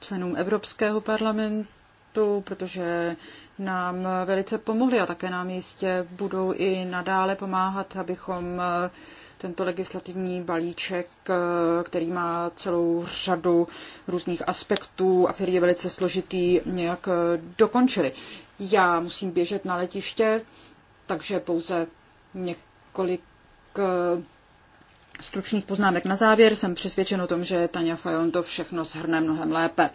členům Evropského parlamentu, protože nám eh, velice pomohli a také nám jistě budou i nadále pomáhat, abychom tento legislativní balíček, který má celou řadu různých aspektů a který je velice složitý, nějak dokončili. Já musím běžet na letiště, takže pouze několik Eh, stručných poznámek na závěr. Jsem přesvědčen o tom, že Tanja Fajon to všechno shrne mnohem lépe.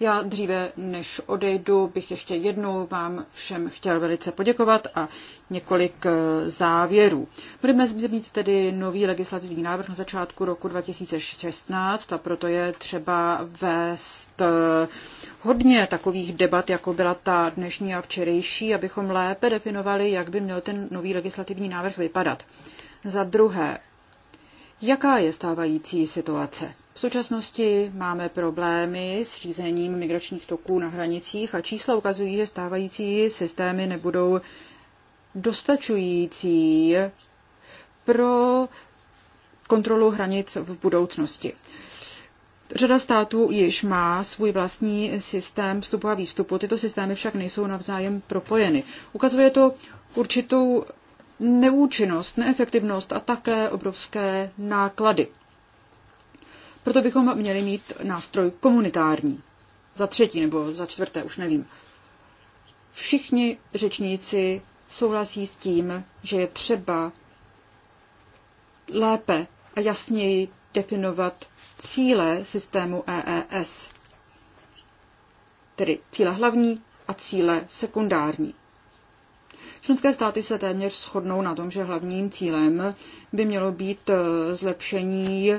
Já dříve, než odejdu, bych ještě jednou vám všem chtěl velice poděkovat a několik eh, závěrů. Budeme mít tedy nový legislativní návrh na začátku roku 2016 a proto je třeba vést eh, hodně takových debat, jako byla ta dnešní a včerejší, abychom lépe definovali, jak by měl ten nový legislativní návrh vypadat. Za druhé, jaká je stávající situace? V současnosti máme problémy s řízením migračních toků na hranicích a čísla ukazují, že stávající systémy nebudou dostačující pro kontrolu hranic v budoucnosti. Řada států již má svůj vlastní systém vstupu a výstupu, tyto systémy však nejsou navzájem propojeny. Ukazuje to určitou neúčinnost, neefektivnost a také obrovské náklady. Proto bychom měli mít nástroj komunitární. Za třetí nebo za čtvrté, už nevím. Všichni řečníci souhlasí s tím, že je třeba lépe a jasněji definovat cíle systému EES, tedy cíle hlavní a cíle sekundární. Členské státy se téměř shodnou na tom, že hlavním cílem by mělo být eh, zlepšení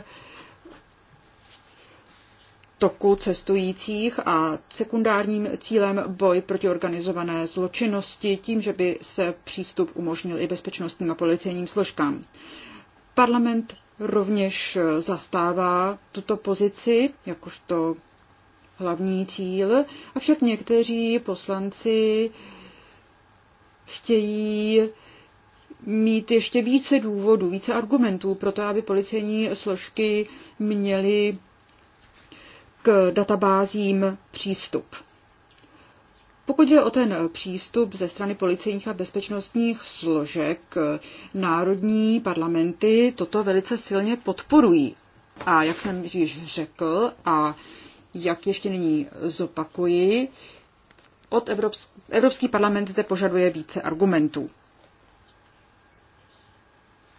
toku cestujících a sekundárním cílem boj proti organizované zločinnosti tím, že by se přístup umožnil i bezpečnostním a policejním složkám. Parlament rovněž zastává tuto pozici jakožto hlavní cíl, avšak někteří poslanci chtějí mít ještě více důvodů, více argumentů pro to, aby policejní složky měly k databázím přístup. Pokud je o ten přístup ze strany policejních a bezpečnostních složek, národní parlamenty toto velice silně podporují. A jak jsem již řekl a jak ještě nyní zopakuji, od Evropský, Evropský parlament zde požaduje více argumentů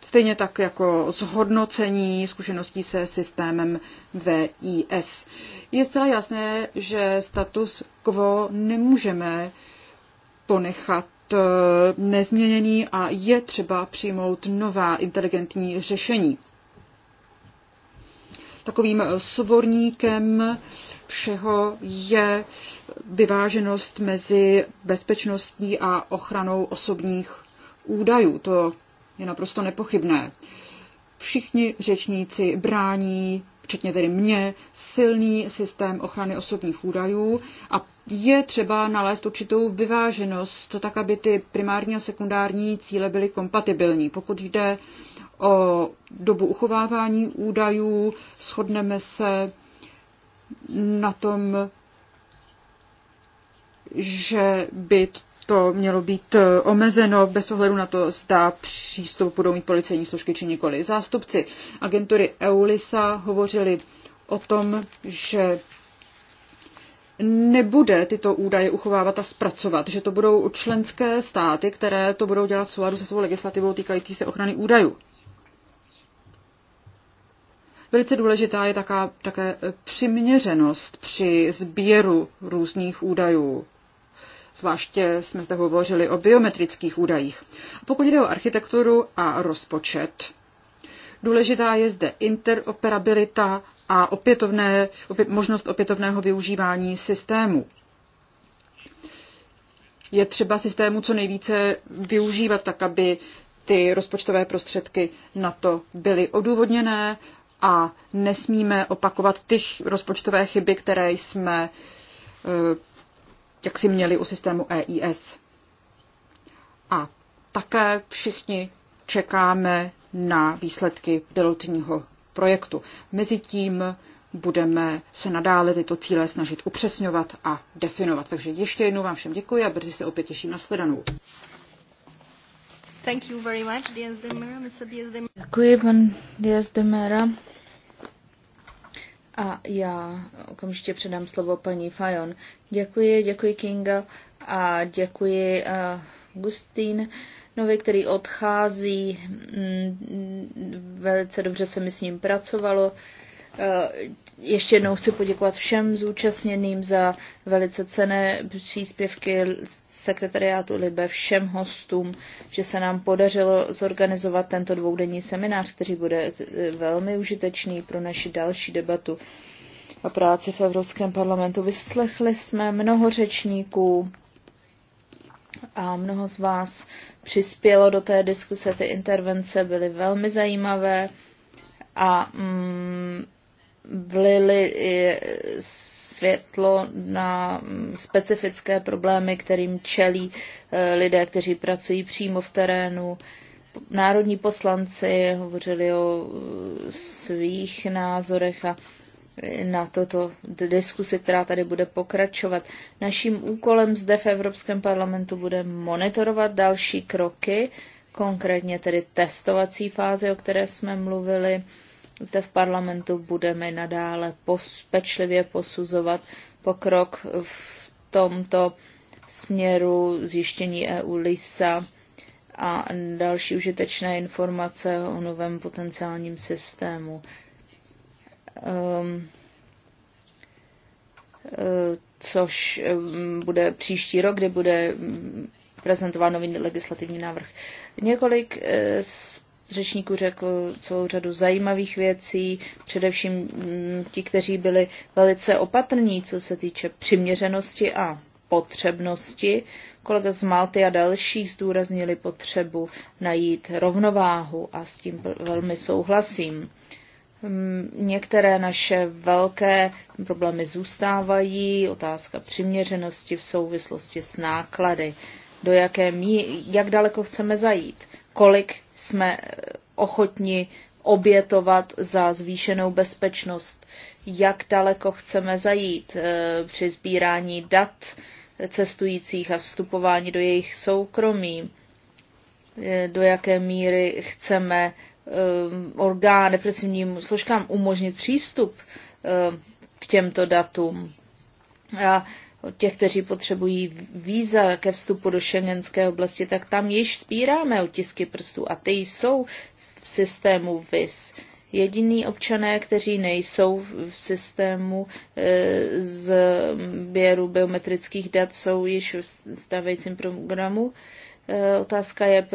stejně tak jako zhodnocení zkušeností se systémem VIS. Je zcela jasné, že status quo nemůžeme ponechat eh, nezměněný a je třeba přijmout nová inteligentní řešení. Takovým svorníkem všeho je vyváženost mezi bezpečností a ochranou osobních údajů. To je naprosto nepochybné. Všichni řečníci brání, včetně tedy mě, silný systém ochrany osobních údajů a je třeba nalézt určitou vyváženost, tak aby ty primární a sekundární cíle byly kompatibilní. Pokud jde o dobu uchovávání údajů, shodneme se na tom, že by to mělo být e, omezeno bez ohledu na to, zda přístup budou mít policejní složky či nikoli. Zástupci agentury EULISA hovořili o tom, že nebude tyto údaje uchovávat a zpracovat, že to budou členské státy, které to budou dělat v souladu se svou legislativou týkající se ochrany údajů. Velice důležitá je taká, také e, přiměřenost při sběru různých údajů. Zvláště jsme zde hovořili o biometrických údajích. Pokud jde o architekturu a rozpočet, důležitá je zde interoperabilita a opětovné, opět, možnost opětovného využívání systému je třeba systému co nejvíce využívat tak, aby ty rozpočtové prostředky na to byly odůvodněné a nesmíme opakovat ty rozpočtové chyby, které jsme eh, jak si měli u systému EIS. A také všichni čekáme na výsledky pilotního projektu. Mezitím budeme se nadále tyto cíle snažit upřesňovat a definovat. Takže ještě jednou vám všem děkuji a brzy se opět těším na shledanou. Thank you very much, Diaz de Mera, Mr. Diaz de Mera. Děkuji, pan Diaz de Mera. A já okamžitě předám slovo paní Fajon. Děkuji, děkuji Kinga a děkuji uh, Gustín. Nově, který odchází, mm, mm, velice dobře se mi s ním pracovalo. Uh, Eh, ještě jednou chci poděkovat všem zúčastněným za velice cené příspěvky sekretariátu Libe, všem hostům, že se nám podařilo zorganizovat tento dvoudenní seminář, který bude eh, velmi užitečný pro naši další debatu a práci v Evropském parlamentu. Vyslechli jsme mnoho řečníků a mnoho z vás přispělo do té diskuse. Ty intervence byly velmi zajímavé a mm, vlili světlo na specifické problémy, kterým čelí eh, lidé, kteří pracují přímo v terénu. Národní poslanci hovořili o eh, svých názorech a na toto diskusi, která tady bude pokračovat. Naším úkolem zde v Evropském parlamentu bude monitorovat další kroky, konkrétně tedy testovací fáze, o které jsme mluvili, zde v parlamentu budeme nadále pos, pečlivě posuzovat pokrok v tomto směru zjištění EU LISA a další užitečné informace o novém potenciálním systému. Um, což ehm, bude příští rok, kdy bude mm, prezentován nový legislativní návrh. Několik eh, z řečníků řekl celou řadu zajímavých věcí, především mm, ti, kteří byli velice opatrní, co se týče přiměřenosti a potřebnosti. Kolega z Malty a další zdůraznili potřebu najít rovnováhu a s tím velmi souhlasím. Mm, některé naše velké problémy zůstávají, otázka přiměřenosti v souvislosti s náklady, do jaké mí, jak daleko chceme zajít kolik jsme ochotni obětovat za zvýšenou bezpečnost, jak daleko chceme zajít eh, při sbírání dat cestujících a vstupování do jejich soukromí, eh, do jaké míry chceme eh, orgán, represivním složkám umožnit přístup k těmto datům. A těch, kteří potřebují víza ke vstupu do šengenské oblasti, tak tam již spíráme otisky prstů a ty jsou v systému VIS. Jediní občané, kteří nejsou v systému e, z běru biometrických dat, jsou již v stávajícím programu. E, otázka je,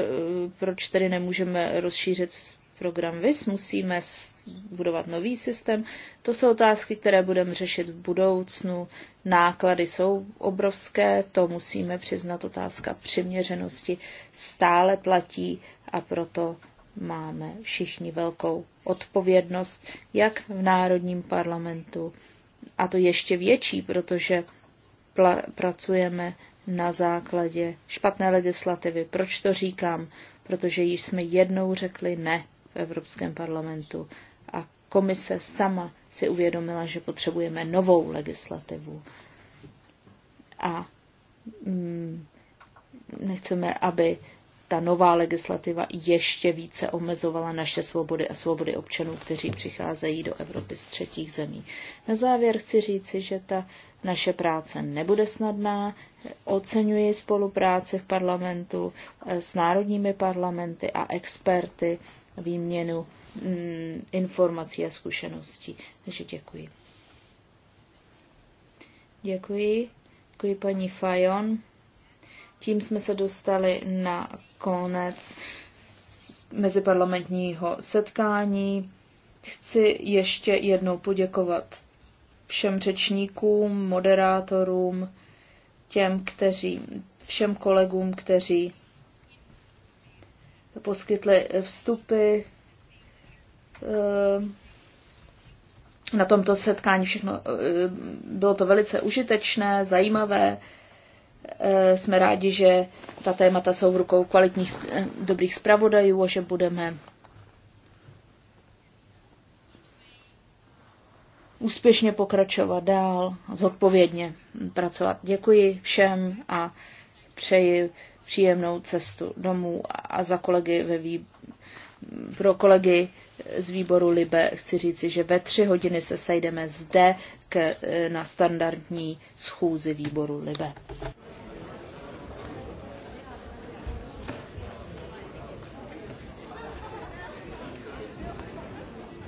proč tedy nemůžeme rozšířit program VIS, musíme budovat nový systém. To jsou otázky, které budeme řešit v budoucnu. Náklady jsou obrovské, to musíme přiznat. Otázka přiměřenosti stále platí a proto máme všichni velkou odpovědnost, jak v Národním parlamentu, a to ještě větší, protože pracujeme na základě špatné legislativy. Proč to říkám? Protože již jsme jednou řekli ne v Evropském parlamentu a komise sama si uvědomila, že potřebujeme novou legislativu. A mm, nechceme, aby ta nová legislativa ještě více omezovala naše svobody a svobody občanů, kteří přicházejí do Evropy z třetích zemí. Na závěr chci říci, že ta naše práce nebude snadná. Oceňuji spolupráci v parlamentu eh, s národními parlamenty a experty, výměnu mm, informací a zkušeností. Takže děkuji. Děkuji. Děkuji paní Fajon. Tím jsme se dostali na konec meziparlamentního setkání. Chci ještě jednou poděkovat všem řečníkům, moderátorům, těm, kteří, všem kolegům, kteří poskytli vstupy eh, na tomto setkání. Všechno eh, bylo to velice užitečné, zajímavé. Eh, jsme rádi, že ta témata jsou v rukou kvalitních eh, dobrých zpravodajů a že budeme úspěšně pokračovat dál, zodpovědně pracovat. Děkuji všem a přeji příjemnou cestu domů a za kolegy ve výboru pro kolegy z výboru Libe chci říci, že ve tři hodiny se sejdeme zde k, e, na standardní schůzi výboru Libe.